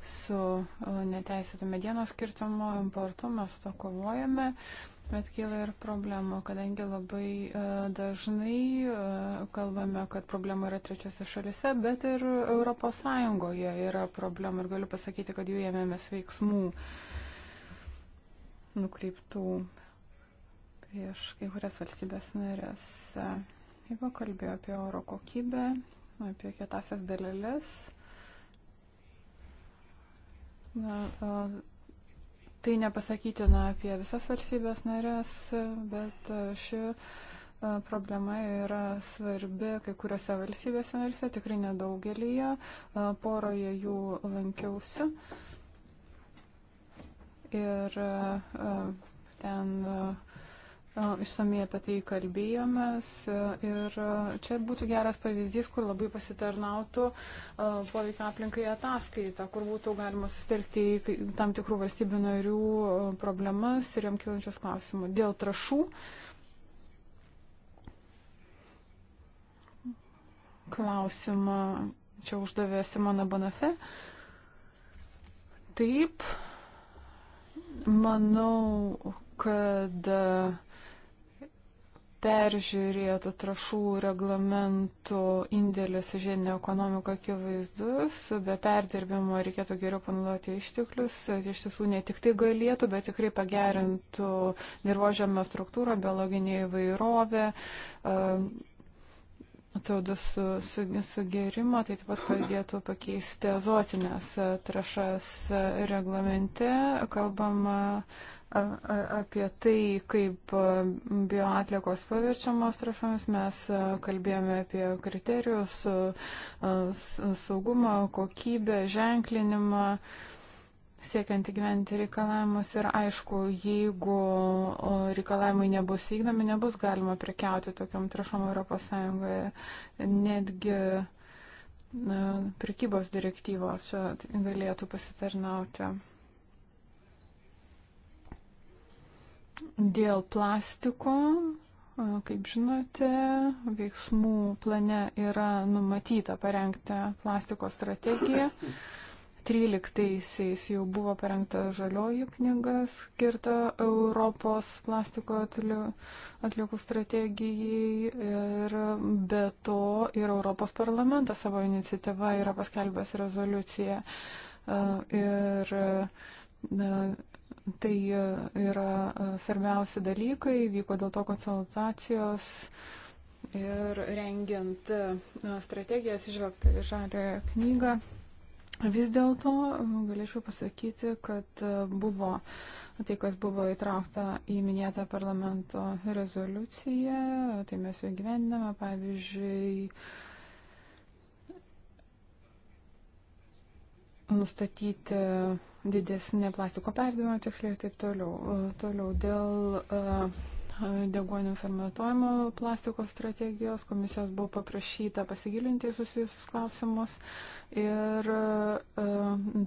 su e, neteisėtų medienos skirtumu importu, mes to kovojame, bet kyla ir problemų, kadangi labai e, dažnai e, kalbame, kad problemų yra trečiose šalise, bet ir ES yra problemų ir galiu pasakyti, kad jų ėmėmės veiksmų nukreiptų prieš kai kurias valstybės narės. Jeigu kalbėjau apie oro kokybę, apie kietasias dalelės. Na, o, tai nepasakytina apie visas valstybės narės, bet ši problema yra svarbi kai kuriuose valstybėse narėse, tikrai nedaugelyje, poroje jų lankiausi. Ir ten uh, išsamei apie tai kalbėjomės ir čia būtų geras pavyzdys, kur labai pasitarnautų poveikio aplinkai ataskaita, kur būtų galima sustelkti į tam tikrų valstybių narių problemas ir jam kilančios klausimų. Dėl trašų. Klausimą čia uždavė Simona Bonafe. Taip, manau, kad uh, peržiūrėtų trašų reglamentų indėlis į žiedinę ekonomiką akivaizdus, be perdirbimo reikėtų geriau panaudoti išteklius, tai iš tiesų ne tik tai galėtų, bet tikrai pagerintų dirbožėmio struktūrą, biologinė įvairovė. Um, CO2 su, su, sugerimo, tai taip pat padėtų pakeisti azotinės uh, trašas uh, reglamente. Kalbama uh, apie tai, kaip bioatlikos paverčiamos trašomis. Mes kalbėjome apie kriterijus, saugumą, kokybę, ženklinimą siekiant įgyventi reikalavimus ir aišku, jeigu reikalavimai nebus vykdomi, nebus galima prekiauti tokiam trašom ES. Netgi prekybos direktyvos čia galėtų pasitarnauti. Dėl plastiko, kaip žinote, veiksmų plane yra numatyta parengti plastiko strategiją. 2013-aisiais jau buvo parengta žalioji knyga skirta Europos plastiko atliekų strategijai ir be to ir Europos parlamentas savo iniciatyva yra paskelbęs rezoliuciją. Ir Tai e, yra e, svarbiausi dalykai, vyko dėl to konsultacijos ir rengiant e, strategijas išvelgtą į žalę knygą. Vis dėlto galėčiau pasakyti, kad buvo tai, kas buvo įtraukta į minėtą parlamento rezoliuciją, tai mes jau gyvendame, pavyzdžiui, nustatyti didesnį plastiko perdavimą tiksliai ir taip toliau. E, toliau dėl e, deguonio fermentuojimo plastiko strategijos komisijos buvo paprašyta pasigilinti susijusius klausimus ir e,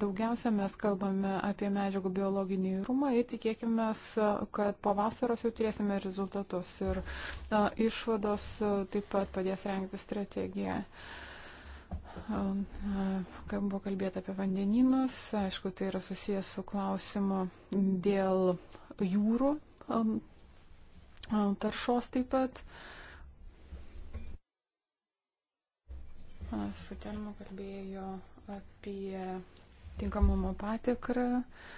daugiausia mes kalbame apie medžiagų biologinį įrumą ir tikėkime, kad po vasaros jau turėsime rezultatus ir išvados taip pat padės rengti strategiją. Uh, Kaip buvo kalbėta apie vandeninus, aišku, tai yra susijęs su klausimu dėl jūrų um, um, taršos taip pat. Sutelmo kalbėjo apie tinkamumo patikrą. Uh,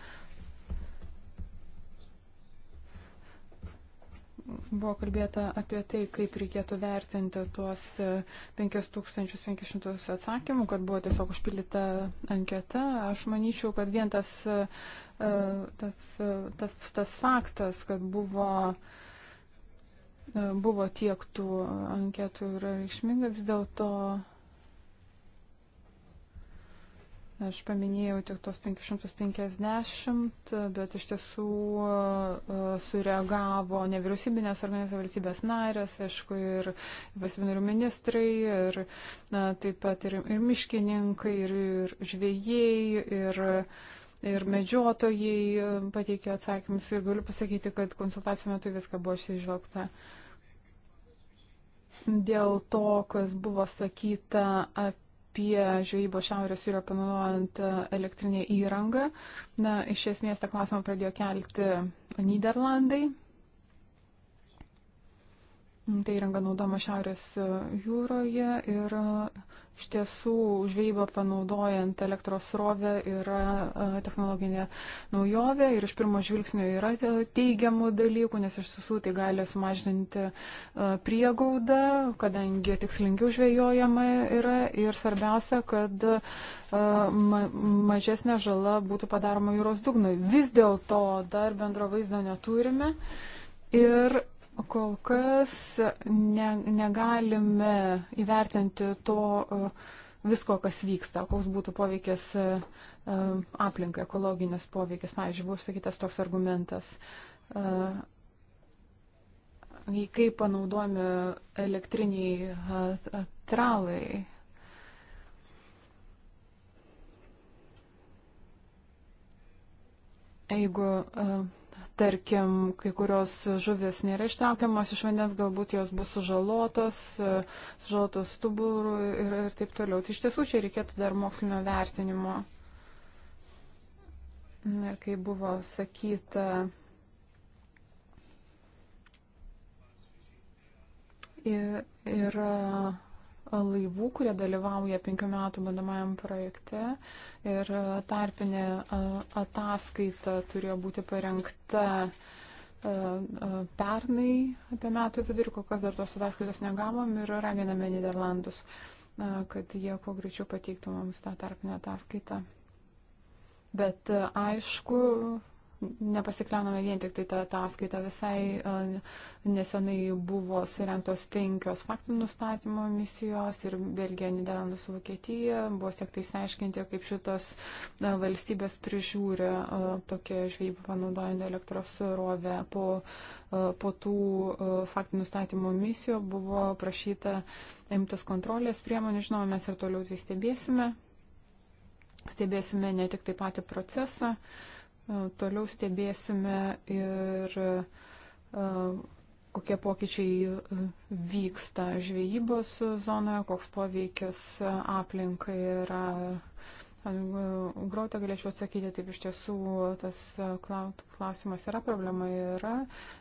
Buvo kalbėta apie tai, kaip reikėtų vertinti tuos 5500 e, atsakymų, kad buvo tiesiog užpildyta anketa. Aš manyčiau, kad vien tas, e, e, tas, tas, tas faktas, kad buvo, buvo tiek tų anketų yra reikšminga, vis dėlto Aš paminėjau tik tos 550, bet iš tiesų e, sureagavo nevyriausybinės organizacijos valstybės narės, aišku, ir valstybinarių ministrai, ir na, taip pat ir, ir miškininkai, ir, ir žvėjai, ir, ir medžiotojai e, pateikė atsakymus ir galiu pasakyti, kad konsultacijų metu viską buvo išžvelgta dėl to, kas buvo sakyta apie apie žvejybą Šiaurės jūroje panaudojant e, elektrinę įrangą. Na, iš esmės tą klausimą pradėjo kelti Niderlandai, Mm, tai įranga naudojama Šiaurės e, jūroje ir e, iš tiesų žvejybą panaudojant elektros srovę yra e, technologinė naujovė ir iš pirmo žvilgsnio yra teigiamų dalykų, nes iš tiesų tai gali sumažinti priegaudą, kadangi tikslingiau žvejojama yra ir svarbiausia, kad mažesnė žala būtų padaroma jūros dugnui. Vis dėlto dar bendro vaizdo neturime. Ir Kol kas ne, negalime įvertinti to e, visko, kas vyksta, koks būtų poveikis e, e, aplinkai, ekologinis poveikis. Pavyzdžiui, buvo sakytas toks argumentas, kaip panaudojami elektriniai tralai. Jeigu uh, tarkim, kai kurios žuvis nėra ištraukiamos iš vandens, galbūt jos bus sužalotos, sužalotos stuburų ir, ir taip toliau. Tai iš tiesų čia reikėtų dar mokslinio vertinimo. Ir kai buvo sakyta, yra. Ir laivų, kurie dalyvauja penkių metų bandomajam projekte ir e, tarpinė e, ataskaita turėjo būti parengta e, pernai apie metų vidurį, kol kas dar tos ataskaitos negavom ir raginame Niderlandus, kad jie kuo greičiau pateiktų mums tą tarpinę ataskaitą. Bet aišku, nepasikliauname vien tik tai tą ataskaitą. Visai e, nesenai buvo surinktos penkios faktų nustatymo misijos ir Belgija, Niderlandų su Vokietija. Buvo siekta išsiaiškinti, kaip šitos e, valstybės prižiūri e, tokią žvejybą panaudojant elektros rovę. Po, po tų faktų nustatymo misijų buvo prašyta imtas kontrolės priemonių. Žinoma, mes ir toliau tai stebėsime. Stebėsime ne tik tai patį procesą, uh, E, toliau stebėsime ir e, kokie pokyčiai e, vyksta žvejybos zonoje, koks poveikis aplinkai yra Grota galėčiau atsakyti, taip iš tiesų tas klausimas yra, problema yra.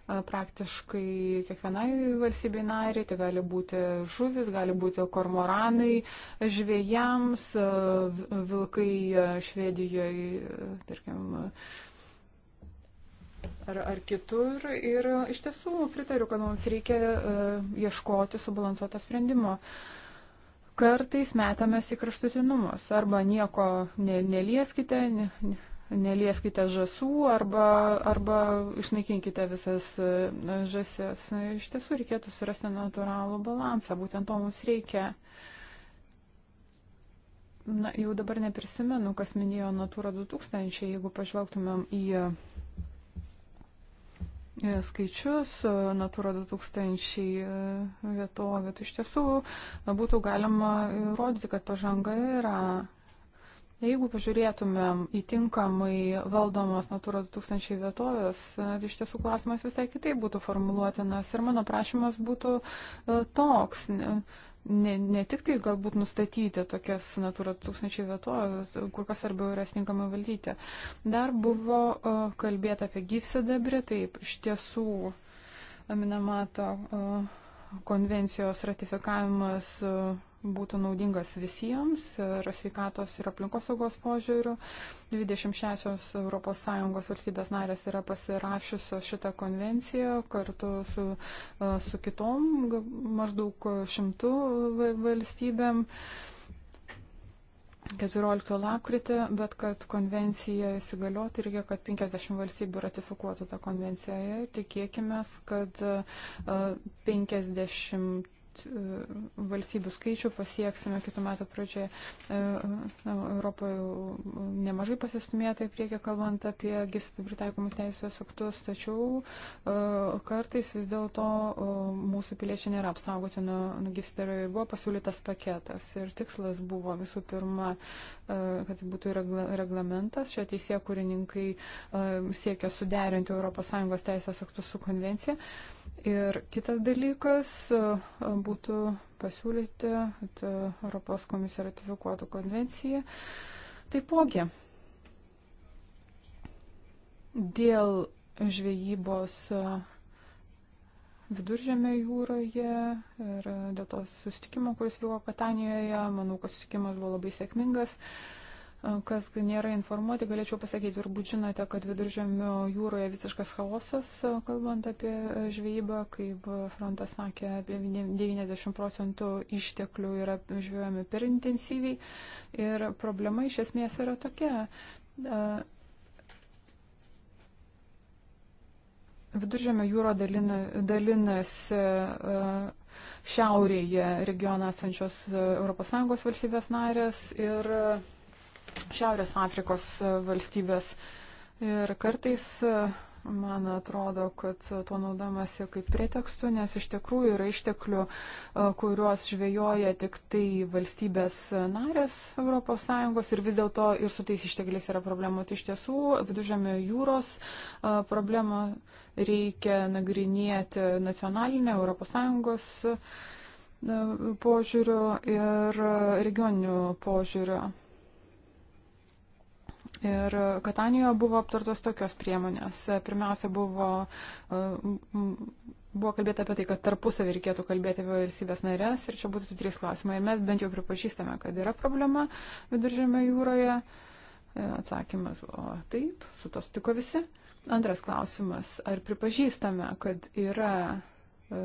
Praktiškai kiekvienai valstybei nariai, tai gali būti žuvis, gali būti kormoranai žvėjams, vilkai Švedijoje, tarkim, ar, ar kitur. Ir iš tiesų pritariu, kad mums reikia uh, ieškoti subalansuoto sprendimo. Uh, kartais metamės į kraštutinumus. Arba nieko ne, nelieskite, ne, ne, nelieskite žasų arba, arba išnaikinkite visas e, žasis. Iš tiesų reikėtų surasti natūralų balansą, būtent to mums reikia. Na, jau dabar neprisimenu, kas minėjo Natūra 2000, jeigu pažvelgtumėm į E, skaičius e, Natura 2000 e, vietovių, tai iš tiesų būtų galima įrodyti, kad pažanga yra. Jeigu pažiūrėtumėm į tinkamai valdomas Natura 2000 vietovės, tai iš tiesų klausimas visai kitaip būtų formuluotinas ir mano prašymas būtų toks. Ne, ne, ne tik tai galbūt nustatyti tokias Natura 2000 vietovės, kur kas svarbiau yra tinkamai valdyti. Dar buvo e, kalbėta apie gyvsidabrį, taip, iš tiesų, e, minamato e, konvencijos ratifikavimas būtų naudingas visiems ir sveikatos ir aplinkosaugos požiūrių. 26 ES valstybės narės yra pasirašiusios šitą konvenciją kartu su, e, su kitom maždaug šimtų valstybėm. 14 lapkritį, bet kad konvencija įsigaliotų, reikia, kad 50 valstybių ratifikuotų tą konvenciją. Ir tikėkime, kad 50 e, valstybių skaičių pasieksime kitų metų pradžioje. E, na, Europoje nemažai pasistumėta į priekį, kalbant apie gistą pritaikomus teisės aktus, tačiau e, kartais vis dėlto e, mūsų piliečiai nėra apsaugoti nuo gisterio tai ir buvo pasiūlytas paketas. Ir tikslas buvo visų pirma E, kad tai būtų regla, reglamentas. Šio teisė kūrininkai e, siekia suderinti ES teisės aktus su konvencija. Ir kitas dalykas e, būtų pasiūlyti, kad Europos komisija ratifikuotų konvenciją. Taipogi, dėl žvejybos Viduržėme jūroje ir e, dėl to sustikimo, kuris vyko Katanijoje, manau, kad sustikimas buvo labai sėkmingas. E, kas nėra informuoti, galėčiau pasakyti, turbūt žinote, kad viduržėmio jūroje visiškas chaosas, e, kalbant apie žvejybą, kaip frontas sakė, 90 procentų išteklių yra žvejojami per intensyviai. Ir problema iš esmės yra tokia Viduržėmio jūro dalina, dalinasi e, šiaurėje regioną esančios e, ES valstybės narės ir e, Šiaurės Afrikos valstybės. Ir kartais man atrodo, kad tuo naudamasi kaip pretekstu, nes iš tikrųjų yra išteklių, e, kuriuos žvejoja tik tai valstybės narės ES ir vis dėlto ir su tais ištekliais yra problemų. Tai iš tiesų viduržėmio jūros e, problemą reikia nagrinėti nacionalinę ES e, požiūriu ir regioniniu požiūriu. Ir Katanijoje buvo aptartos tokios priemonės. Pirmiausia, buvo, e, buvo kalbėta apie tai, kad tarpusavį reikėtų kalbėti apie valstybės narės ir čia būtų trys klausimai. Ir mes bent jau pripažįstame, kad yra problema viduržėme jūroje. E, atsakymas buvo taip, su to sutiko visi. Antras klausimas, ar pripažįstame, kad yra e,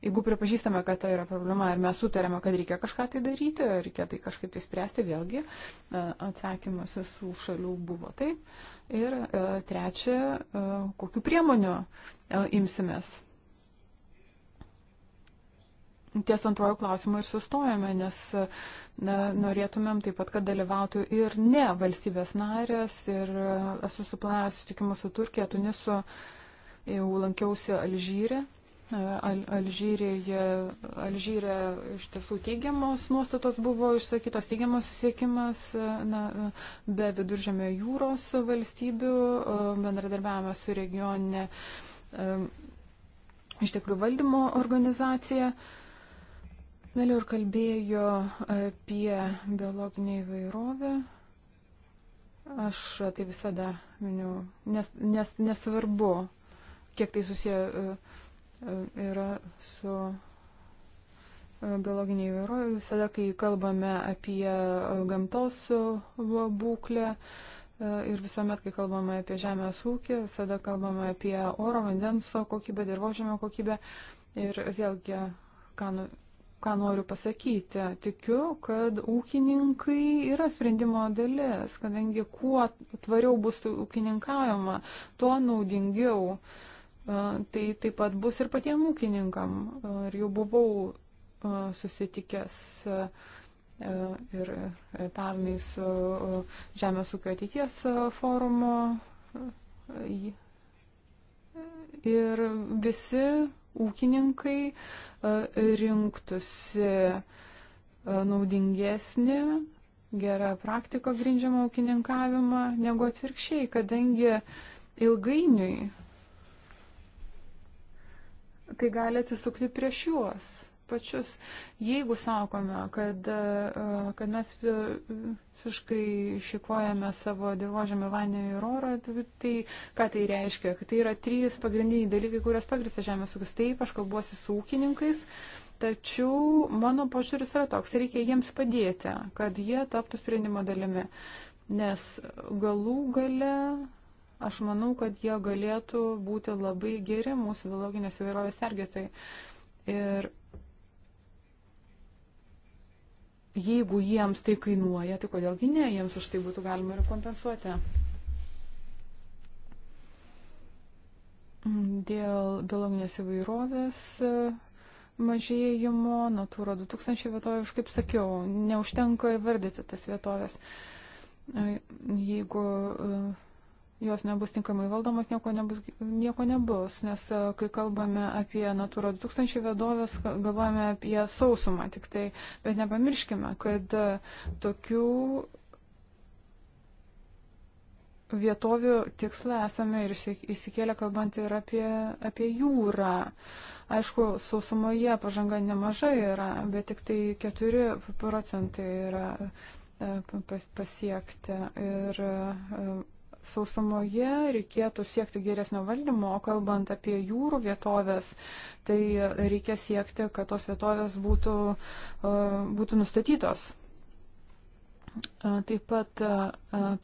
Jeigu pripažįstame, kad tai yra problema ir mes sutarėme, kad reikia kažką tai daryti, reikia tai kažkaip tai spręsti, vėlgi e, atsakymas visų šalių buvo taip. Ir e, trečia, e, kokiu priemoniu imsimės. Ties antrojo klausimu ir sustojame, nes na, norėtumėm taip pat, kad dalyvautų ir ne valstybės narės. Ir esu suplanavęs sutikimus su Turkija, Tunisu, jau lankiausi Alžyre. Al Alžyrėje, Alžyrė iš tiesų teigiamos nuostatos buvo išsakytos, teigiamas susiekimas na, be viduržėmio jūros valstybių, bendradarbiavimas su regioninė e, išteklių valdymo organizacija. Vėliau ir kalbėjo apie biologinį įvairovę. Aš tai visada miniu, nes, nes, nesvarbu, kiek tai susiję. Uh, yra su e, biologiniai įvairovė, visada, kai kalbame apie e, gamtos e, būklę ir visuomet, kai kalbame apie žemės ūkį, visada kalbame apie oro, vandens kokybę, dirbožėmio kokybę. Ir vėlgi, ką, nu, ką noriu pasakyti, tikiu, kad ūkininkai yra sprendimo dalis, kadangi kuo tvariau bus ūkininkaujama, tuo naudingiau uh, tai taip pat bus ir patiem ūkininkam. Ir jau buvau susitikęs ir pernai su Žemės ūkio ateities forumu. Ir visi ūkininkai rinktusi naudingesnį gerą praktiką grindžiamą ūkininkavimą negu atvirkščiai, kadangi ilgainiui tai gali atsisukti prieš juos pačius. Jeigu sakome, kad, e, kad mes visiškai šikuojame savo dirbožėmį vandenį ir orą, tai, tai ką tai reiškia? Kad tai yra trys pagrindiniai dalykai, kurias pagrįsta žemės ūkis. Taip, aš kalbuosi su ūkininkais. Tačiau mano požiūris yra toks, reikia jiems padėti, kad jie taptų sprendimo dalimi. Nes galų gale Aš manau, kad jie galėtų būti labai geri mūsų biologinės įvairovės sergėtojai. Ir jeigu jiems tai kainuoja, tai kodėlgi ne, jiems už tai būtų galima ir kompensuoti. Dėl biologinės įvairovės e, mažėjimo, Natūra 2000 vietovė, aš kaip sakiau, neužtenka įvardyti tas vietovės. E, jeigu uh, jos nebus tinkamai valdomos, nieko nebus, nieko nebus, nes e, kai kalbame apie Natūra 2000 vedovės, galvojame apie sausumą tik tai, bet nepamirškime, kad e, tokių vietovių tikslą esame ir įsikėlę kalbant ir apie, apie jūrą. Aišku, sausumoje pažanga nemaža yra, bet tik tai 4 procentai yra e, pasiekti. Ir, sausumoje reikėtų siekti geresnio valdymo, o kalbant apie jūrų vietovės, tai reikia siekti, kad tos vietovės būtų, e, būtų nustatytos. E, taip pat e,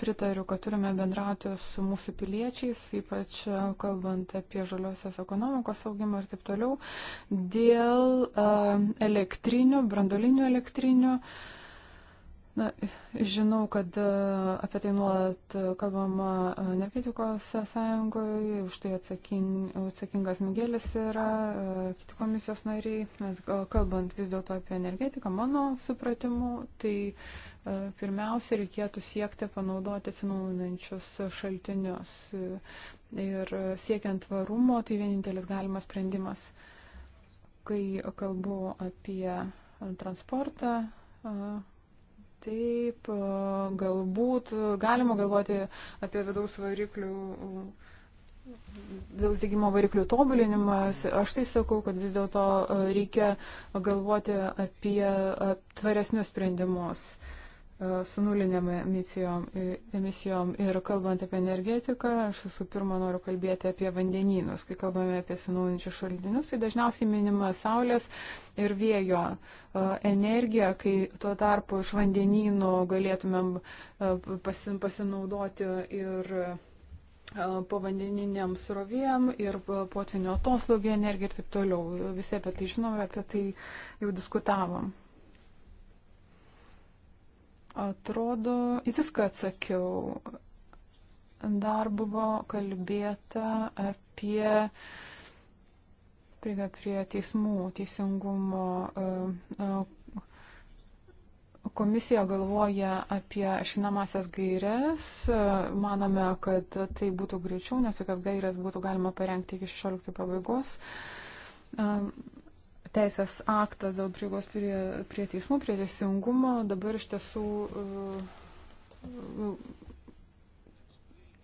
pritariu, kad turime bendrauti su mūsų piliečiais, ypač kalbant apie žaliosios ekonomikos augimą ir taip toliau, dėl elektrinių, brandolinių elektrinių. elektrinių Na, žinau, kad e, apie tai nuolat kalbama energetikos sąjungoje, už tai atsaking, atsakingas Migėlis yra, e, kiti komisijos nariai. Mes e, kalbant vis dėlto apie energetiką, mano supratimu, tai pirmiausia reikėtų siekti panaudoti atsinaujinančius šaltinius. Ir siekiant tvarumo, tai vienintelis galimas sprendimas. Kai kalbu apie transportą, Taip, galbūt galima galvoti apie vidaus variklių, vidaus degimo variklių tobulinimas. Aš tai sakau, kad vis dėlto reikia galvoti apie tvaresnius sprendimus su nulinėm emisijom, e, emisijom. Ir kalbant apie energetiką, aš visų pirma noriu kalbėti apie vandenynus. Kai kalbame apie sinūninčius šaltinius, tai dažniausiai minima saulės ir vėjo e, energija, kai tuo tarpu iš vandenynų galėtumėm e, pasinaudoti ir povandeniniam surovėm ir potvinio atoslūgio energija ir taip toliau. Visi apie tai žinom ir apie tai jau diskutavom. Atrodo, į viską atsakiau. Dar buvo kalbėta apie prieigą prie teismų, teisingumo. E, e, komisija galvoja apie šinamasias gairias. E, manome, kad tai būtų greičiau, nes tokias gairias būtų galima parengti iki 16 pabaigos teisės aktas dėl prieigos prie, prie teismų, prie teisingumo dabar iš tiesų e, e,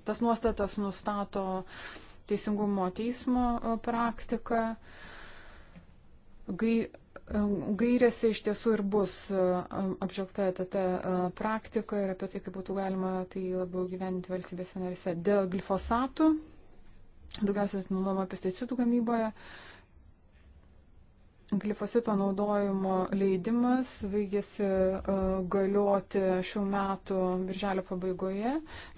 tas nuostatas nustato teisingumo teismo e, praktiką. Gai, gairėse iš tiesų ir bus apžiokta ta praktika ir apie tai, kaip būtų galima tai labiau gyventi valstybėse narise. Dėl glifosatų, daugiausiai nuoma pesticidų gamyboje. Uh, glifosito naudojimo leidimas baigėsi e, galioti šių metų birželio pabaigoje.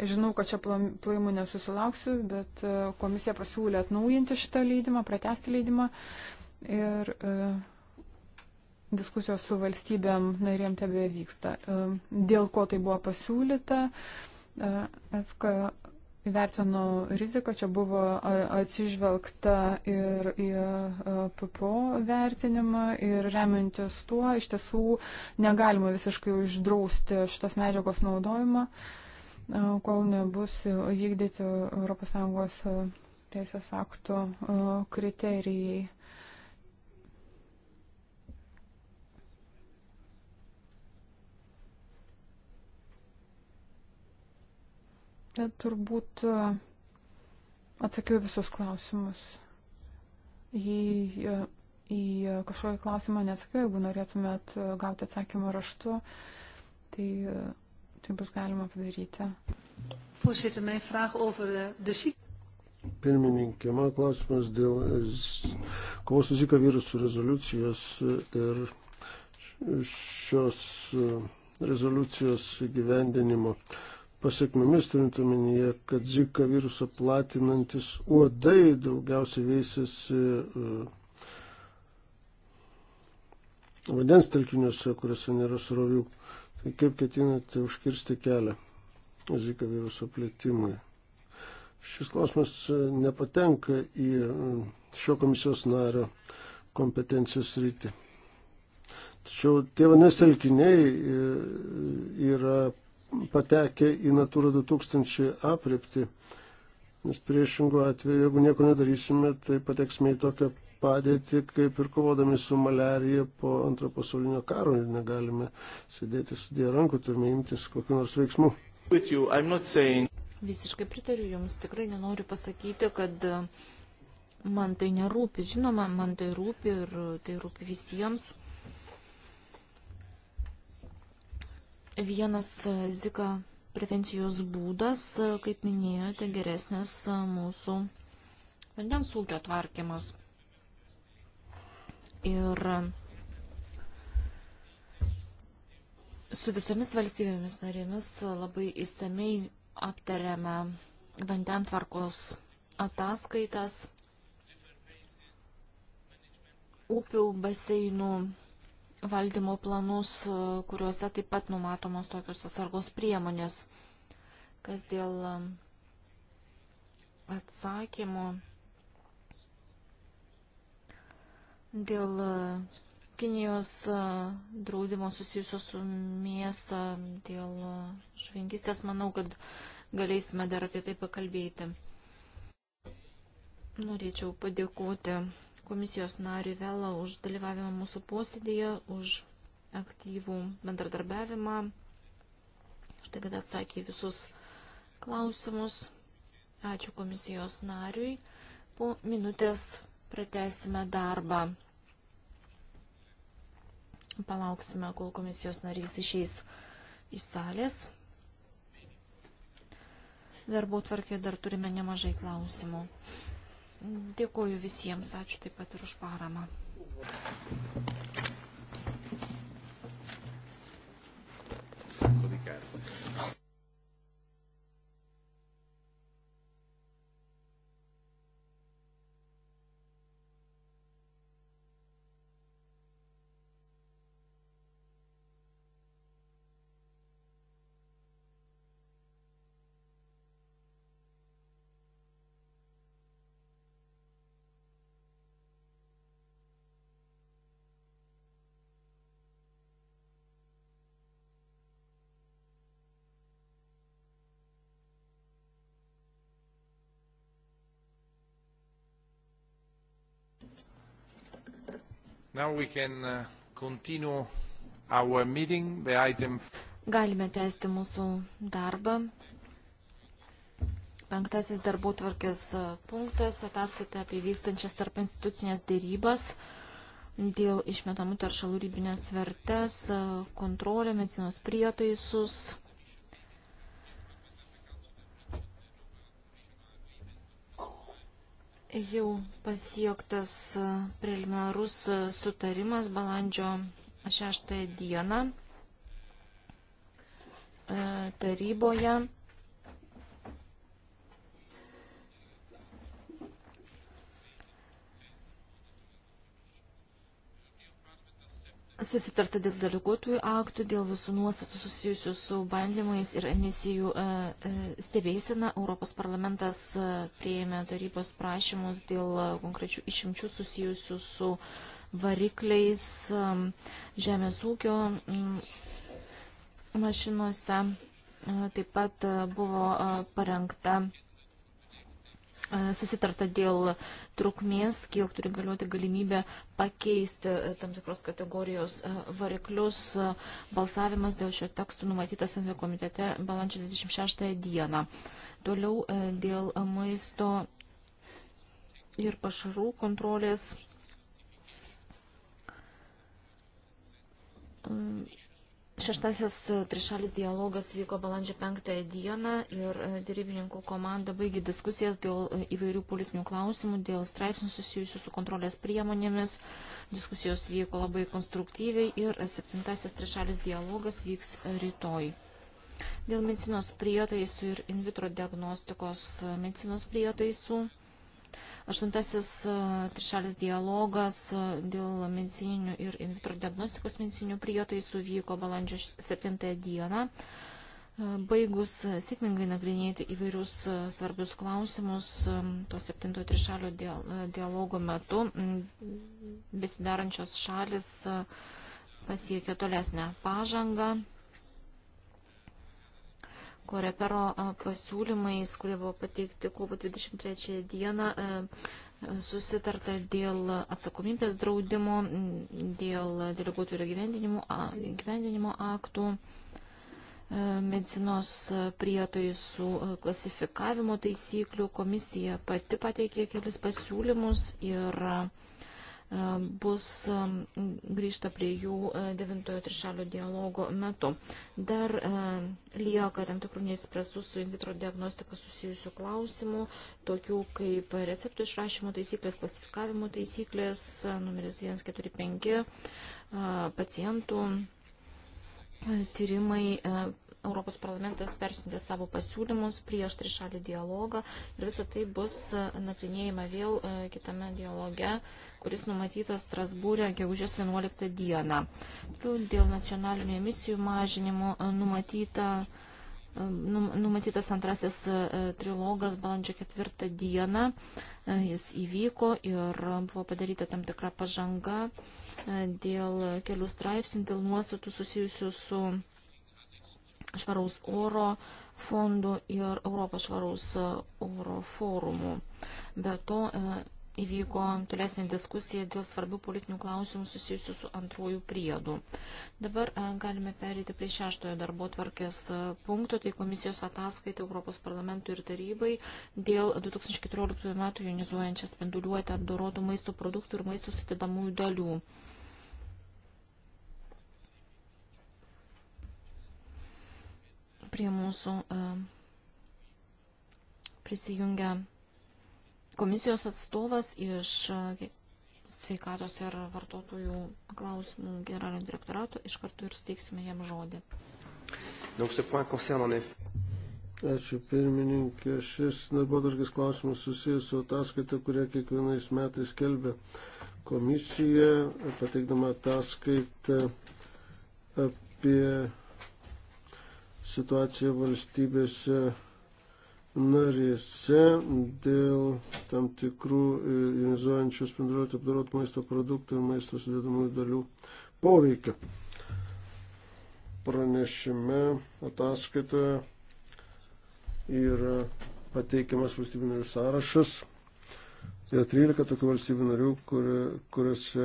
Žinau, kad čia plaimų nesusilauksiu, bet e, komisija pasiūlė atnaujinti šitą leidimą, pratesti leidimą. Ir e, diskusijos su valstybėm narėm tebe vyksta. Dėl ko tai buvo pasiūlyta? FK Įvertinu riziką, čia buvo atsižvelgta ir į PPO vertinimą ir remiantis tuo iš tiesų negalima visiškai uždrausti šitos medžiagos naudojimą, kol nebus vykdyti ES teisės aktų kriterijai. Turbūt e, atsakiau visus klausimus. Jei e, į kažkokį klausimą neatsakiau, jeigu norėtumėt e, gauti atsakymą raštu, tai, tai bus galima padaryti. Voorzitter, mijn vraag over eh, de ziekte. Pirmininkė, man klausimas dėl kovos su Zika virusu rezoliucijos ir šios rezoliucijos gyvendinimo. Uh, pasiekmėmis, turint omenyje, kad zika virusą platinantis uodai daugiausiai veisėsi e, vandens telkiniuose, kuriuose nėra srovių. Tai kaip ketinate užkirsti kelią zika viruso plėtimui? Šis klausimas e, nepatenka į e, šio komisijos nario kompetencijos rytį. Tačiau tie vandens telkiniai yra patekę į Natūra 2000 aprepti. Nes priešingų atveju, jeigu nieko nedarysime, tai pateksime į tokią padėtį, kaip ir kovodami su malerija po antro pasaulinio karo ir negalime sėdėti su dėl rankų, turime imtis kokiu nors veiksmu. Visiškai pritariu Jums, tikrai nenoriu pasakyti, kad uh, man tai nerūpi. Žinoma, man tai rūpi ir tai rūpi visiems. Vienas e, Zika prevencijos būdas, e, kaip minėjote, geresnis e, mūsų vandens ūkio tvarkymas. Ir su visomis valstybėmis narėmis labai įsamei aptariame vandentvarkos ataskaitas, upių baseinų valdymo planus, e, kuriuose taip pat numatomos tokios atsargos priemonės. Kas dėl e, atsakymo, dėl e, Kinijos draudimo susijusio su mėsa, dėl žvengistės, manau, kad galėsime dar apie tai pakalbėti. Norėčiau padėkoti komisijos narį Velą už dalyvavimą mūsų posėdėje, už aktyvų bendradarbiavimą. Štai kad atsakė visus klausimus. Ačiū komisijos nariui. Po minutės pratesime darbą. Palauksime, kol komisijos narys išeis iš salės. Darbų tvarkė dar turime nemažai klausimų. Dėkoju visiems, ačiū taip pat ir už paramą. Sacco di carte. Now we can uh, continue our meeting, the item... Galime tęsti mūsų darbą. Penktasis darbų tvarkės uh, punktas - ataskaita apie vykstančias tarp institucinės dėrybas dėl išmetamų taršalų rybinės vertės, uh, kontrolę, medicinos prietaisus Jau pasiektas preliminarus sutarimas balandžio 6 dieną e, taryboje Susitarta dėl deleguotųjų aktų, dėl visų nuostatų susijusių su bandymais ir emisijų e, e, stebėsena. Europos parlamentas e, prieėmė tarybos prašymus dėl konkrečių išimčių susijusių su varikliais žemės ūkio mašinuose. Taip pat buvo parengta E, susitarta dėl trukmės, kiek turi galioti galimybę pakeisti e, tam tikros kategorijos e, variklius. Balsavimas dėl šio teksto numatytas NV komitete balandžio 26 dieną. Toliau dėl maisto ir pašarų kontrolės. Šeštasis e, trišalis dialogas vyko balandžio penktąją dieną ir e, dėrybininkų komanda baigė diskusijas dėl e, įvairių politinių klausimų, dėl straipsnių susijusių su kontrolės priemonėmis. Diskusijos vyko labai konstruktyviai ir septintasis trišalis dialogas vyks rytoj. Dėl medicinos prietaisų ir in vitro diagnostikos medicinos prietaisų Aštuntasis e, trišalis dialogas e, dėl medicininių ir in vitro diagnostikos medicininių prietaisų vyko balandžio 7 dieną. E, baigus sėkmingai nagrinėti įvairius svarbius klausimus to septinto trišalio dialogo metu, besidarančios šalis pasiekė tolesnę pažangą korepero pasiūlymais, kurie buvo pateikti kovo 23 dieną, susitarta dėl atsakomybės draudimo, dėl deleguotų ir gyvendinimo aktų medicinos prietaisų klasifikavimo taisyklių. Komisija pati pateikė kelis pasiūlymus ir uh, bus grįžta prie jų devintojo trišalio dialogo metu. Dar lieka tam tikrų neįspręstų su in vitro diagnostika susijusių klausimų, tokių kaip receptų išrašymo taisyklės, klasifikavimo taisyklės, numeris 145, pacientų tyrimai Europos parlamentas persiuntė savo pasiūlymus prieš trišalį dialogą ir visa tai bus e, nagrinėjama vėl e, kitame dialoge, kuris numatytas Strasbūrė gegužės 11 dieną. Dėl nacionalinių emisijų mažinimo e, numatyta Numatytas antrasis trilogas balandžio ketvirtą dieną. Jis įvyko ir buvo padaryta tam tikra pažanga dėl kelių straipsnių, dėl nuostatų susijusių su švaraus oro fondu ir Europos švaraus oro forumu. Be to e, įvyko tolesnė diskusija dėl svarbių politinių klausimų susijusių su antrųjų priedų. Dabar e, galime perėti prie šeštojo darbo tvarkės e, punkto, tai komisijos ataskaita Europos parlamentui ir tarybai dėl 2014 metų jonizuojančią spinduliuotę apdorotų maisto produktų ir maisto sudedamųjų dalių. prie mūsų e, prisijungia komisijos atstovas iš e, sveikatos ir vartotojų klausimų generalinio direktorato. Iš karto ir suteiksime jam žodį. Ačiū pirmininkė. Šis darbotarkis klausimas susijęs su ataskaita, kurią kiekvienais metais kelbė komisija, pateikdama ataskaitą apie situaciją valstybėse narėse dėl tam tikrų e, jonizuojančių spinduliuotę apdorot maisto produktų ir maisto sudėdamųjų dalių poveikio. Pranešime ataskaitoje yra pateikiamas valstybinarių sąrašas Yra 13 tokių valstybių narių, kur, kuriuose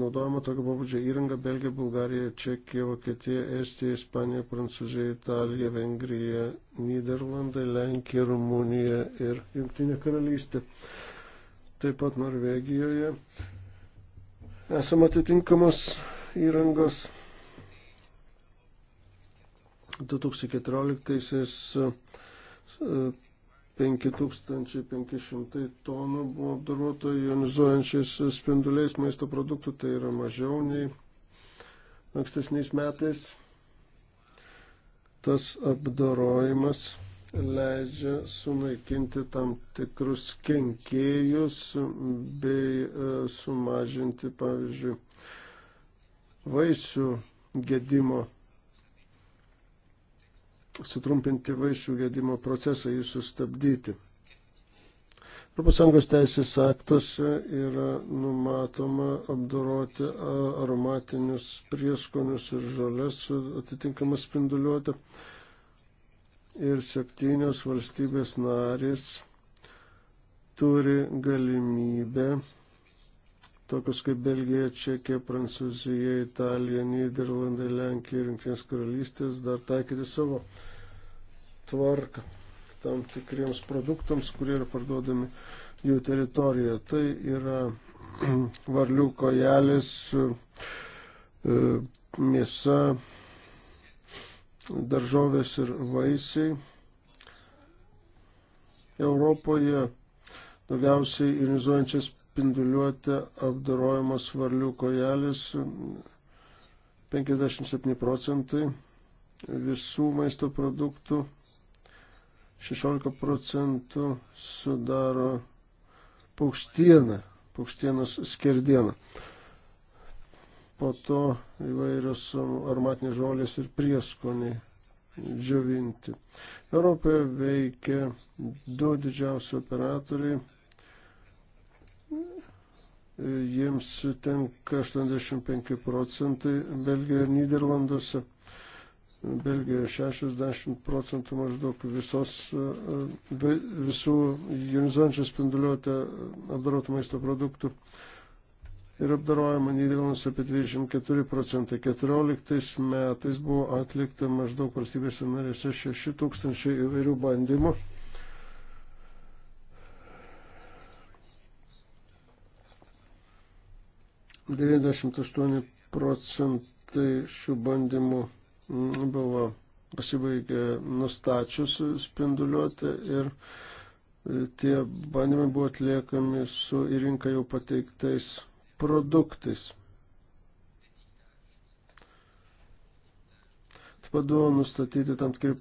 naudojama tokio pabudžio įranga - Belgija, Bulgarija, Čekija, Vokietija, Estija, Ispanija, Prancūzija, Italija, Vengrija, Niderlandai, Lenkija, Rumunija ir Junktinė karalystė. Taip pat Norvegijoje esam atitinkamos įrangos 2014 5500 tonų buvo apdarota jonizuojančiais spinduliais maisto produktų, tai yra mažiau nei ankstesniais metais. Tas apdarojimas leidžia sunaikinti tam tikrus kenkėjus bei e, sumažinti, pavyzdžiui, vaisių gedimo sutrumpinti vaisių gedimo procesą, jį sustabdyti. ES teisės aktuose yra numatoma apdoroti aromatinius prieskonius ir žolės su atitinkama spinduliuotė. Ir septynios valstybės narės turi galimybę tokius kaip Belgija, Čekija, Prancūzija, Italija, Niderlandai, Lenkija ir Junktinės karalystės, dar taikyti savo tvarką tam tikriems produktams, kurie yra parduodami jų teritorijoje. Tai yra [clears throat] varlių kojelis, e, mėsa, daržovės ir vaisiai. Europoje daugiausiai ionizuojančias spinduliuotė apdorojamos varlių kojelis 57 procentai visų maisto produktų, 16 procentų sudaro paukštieną, paukštienos skerdieną. Po to įvairios armatinės žolės ir prieskoniai džiovinti. Europoje veikia du didžiausi operatoriai jiems tenka 85 procentai Belgijoje ir Niderlanduose. Belgijoje 60 procentų maždaug visos, e, e, visų jonizuojančios spinduliuotę apdarotų maisto produktų ir apdarojama Niderlanduose apie 24 procentai. 14 metais buvo atlikta maždaug valstybėse narėse 6 tūkstančiai įvairių bandymų 98 procentai šių bandymų buvo pasibaigę nustačius spinduliuotę ir e, tie bandymai buvo atliekami su į rinką jau pateiktais produktais. Taip pat buvo nustatyti tam tikri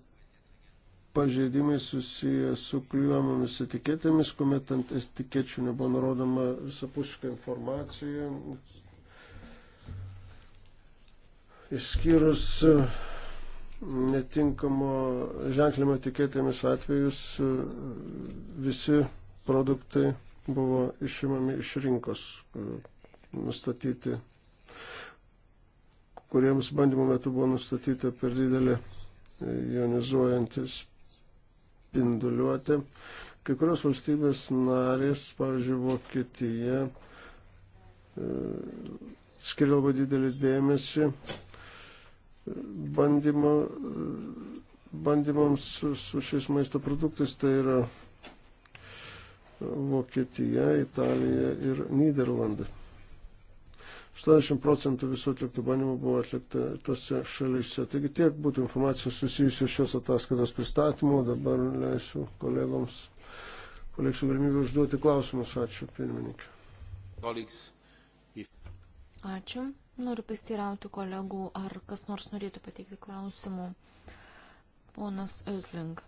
pažeidimai susiję su klijuomomis etiketėmis, kuomet ant etikečių nebuvo nurodoma visapuška informacija, išskyrus e, netinkamo ženklimo etiketėmis atvejus, e, visi produktai buvo išimami iš rinkos e, nustatyti, kuriems bandymų metu buvo nustatyta per didelė jonizuojantis spinduliuoti. Kai kurios valstybės narės, pavyzdžiui, Vokietija, e, skiria labai didelį dėmesį bandymo, bandymams su, su šiais maisto produktais. Tai yra Vokietija, Italija ir Niderlandai. 80 procentų visų atliktų bandymų buvo atlikta tose šalyse. Taigi tiek būtų informacijos susijusios šios ataskaitos pristatymu. Dabar leisiu kolegoms, paliksiu galimybę užduoti klausimus. Ačiū, pirmininkė. Ačiū. Noriu pastirauti kolegų, ar kas nors norėtų pateikti klausimų. Ponas Özling.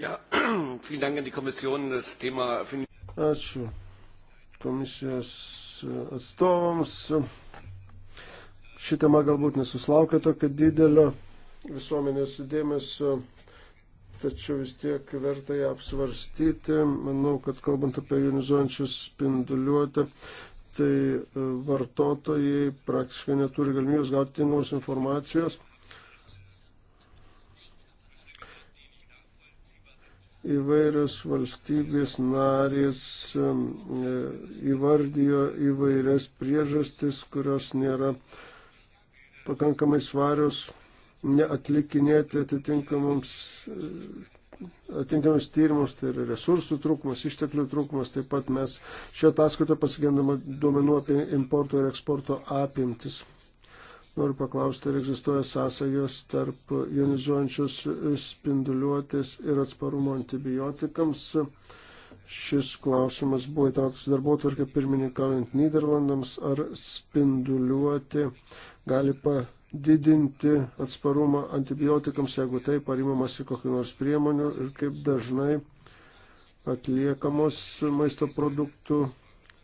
Ja, [clears throat] vielen Dank an die Kommission. Das Thema finde ich. Ačiū komisijos atstovams. Ši tema galbūt nesuslaukia tokio didelio visuomenės dėmesio, tačiau vis tiek verta ją apsvarstyti. Manau, kad kalbant apie jonizuojančius spinduliuotę, tai e, vartotojai praktiškai neturi galimybės gauti tinkamos informacijos įvairios valstybės narės e, įvardijo įvairias priežastis, kurios nėra pakankamai svarios neatlikinėti atitinkamams e, atinkamus tyrimus, tai yra resursų trūkumas, išteklių trūkumas, taip pat mes šio ataskaito pasigendama duomenų apie importo ir eksporto apimtis. Noriu paklausti, ar egzistuoja sąsajos tarp jonizuojančios spinduliuotės ir atsparumo antibiotikams. Šis klausimas buvo įtrauktas darbo tvarkė pirmininkaujant Niderlandams, ar spinduliuotė gali padidinti atsparumą antibiotikams, jeigu taip, ar įmamasi kokiu nors priemoniu ir kaip dažnai atliekamos maisto produktų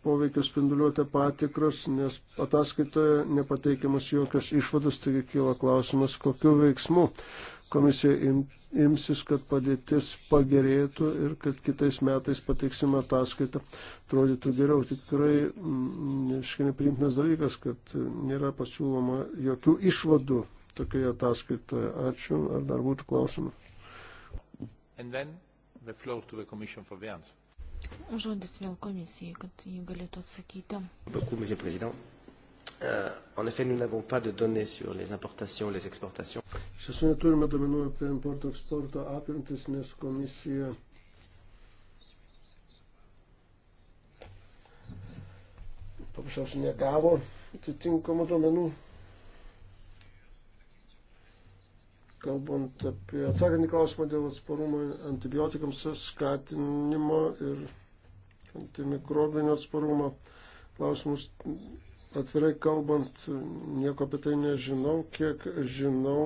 poveikio spinduliuotę patikros, nes ataskaitoje nepateikiamas jokios išvados, taigi kyla klausimas, kokiu veiksmu komisija im, imsis, kad padėtis pagerėtų ir kad kitais metais pateiksime ataskaitą, atrodytų geriau. Tikrai iškai neprimtinas dalykas, kad nėra pasiūloma jokių išvadų tokioje ataskaitoje. Ačiū. Ar dar būtų klausimų? And then the floor to the Commission for the answer. Žodis vėl komisijai, kad jį galėtų atsakyti. Beaucoup, monsieur président. Euh, en effet, nous n'avons pas de données sur les importations, les exportations. Iš tiesų neturime duomenų apie importo eksporto apimtis, nes komisija paprasčiausiai negavo atitinkamų duomenų kalbant apie atsakant į klausimą dėl atsparumo antibiotikams skatinimo ir antimikrobinio atsparumo klausimus, atvirai kalbant, nieko apie tai nežinau, kiek žinau,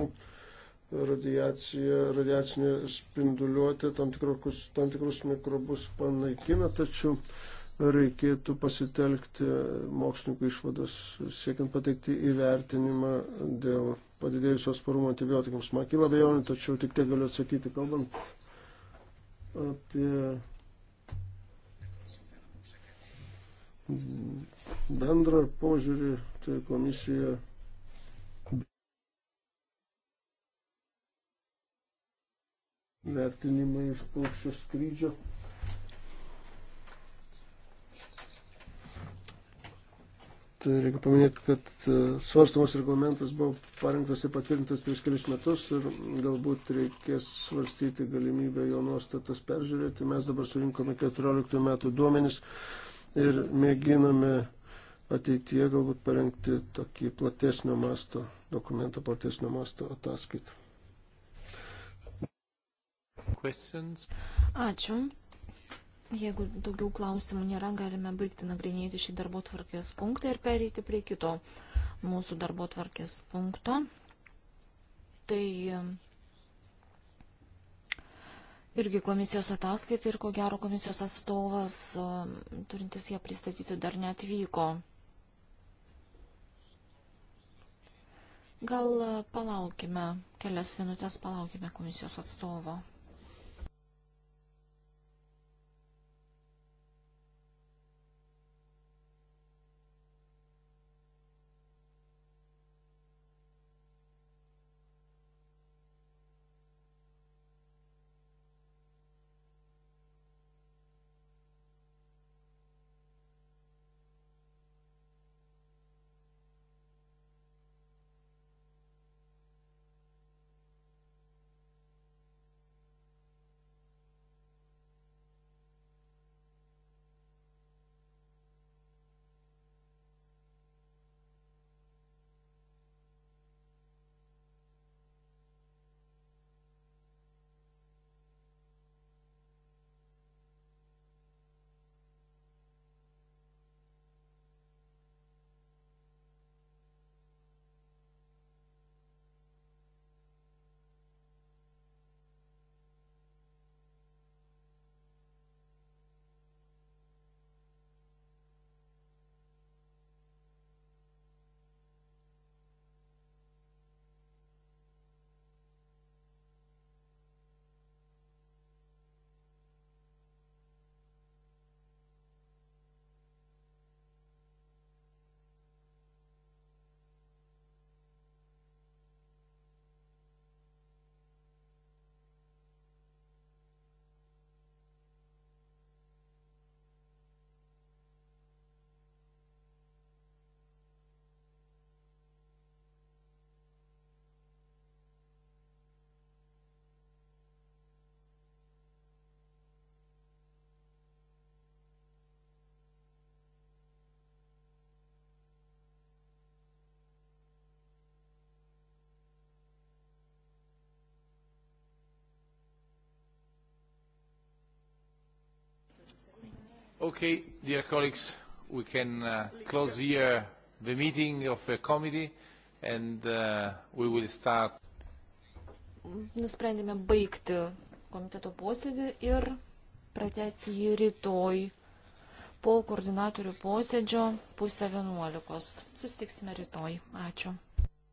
radiacija, radiacinė spinduliuotė tam tikrus, tam tikrus mikrobus panaikina, tačiau reikėtų pasitelkti mokslininkų išvadas, siekiant pateikti įvertinimą dėl padidėjusios sparumo antibiotikams. Man kyla bejonių, tačiau tik tiek galiu atsakyti, kalbant apie bendrą požiūrį, tai komisija vertinimai iš paukščio skrydžio. reikia paminėti, kad e, svarstamos reglamentas buvo parengtas ir patvirtintas prieš kelius metus ir galbūt reikės svarstyti galimybę jo nuostatas peržiūrėti. Mes dabar surinkome 14 metų duomenis ir mėginame ateityje galbūt parengti tokį platesnio masto dokumentą, platesnio masto ataskaitą. Questions? Ačiū. Jeigu daugiau klausimų nėra, galime baigti nagrinėti šį darbo tvarkės punktą ir pereiti prie kito mūsų darbo tvarkės punkto. Tai um, irgi komisijos ataskaita ir ko gero komisijos atstovas, um, turintis ją pristatyti, dar neatvyko. Gal uh, palaukime, kelias minutės palaukime komisijos atstovo. Okay, dear colleagues, we can uh, close here the meeting of the committee and uh, we will start. Nusprendėme baigti komiteto posėdį ir pratesti jį rytoj po koordinatorių posėdžio pusę vienuolikos. Susitiksime rytoj. Ačiū.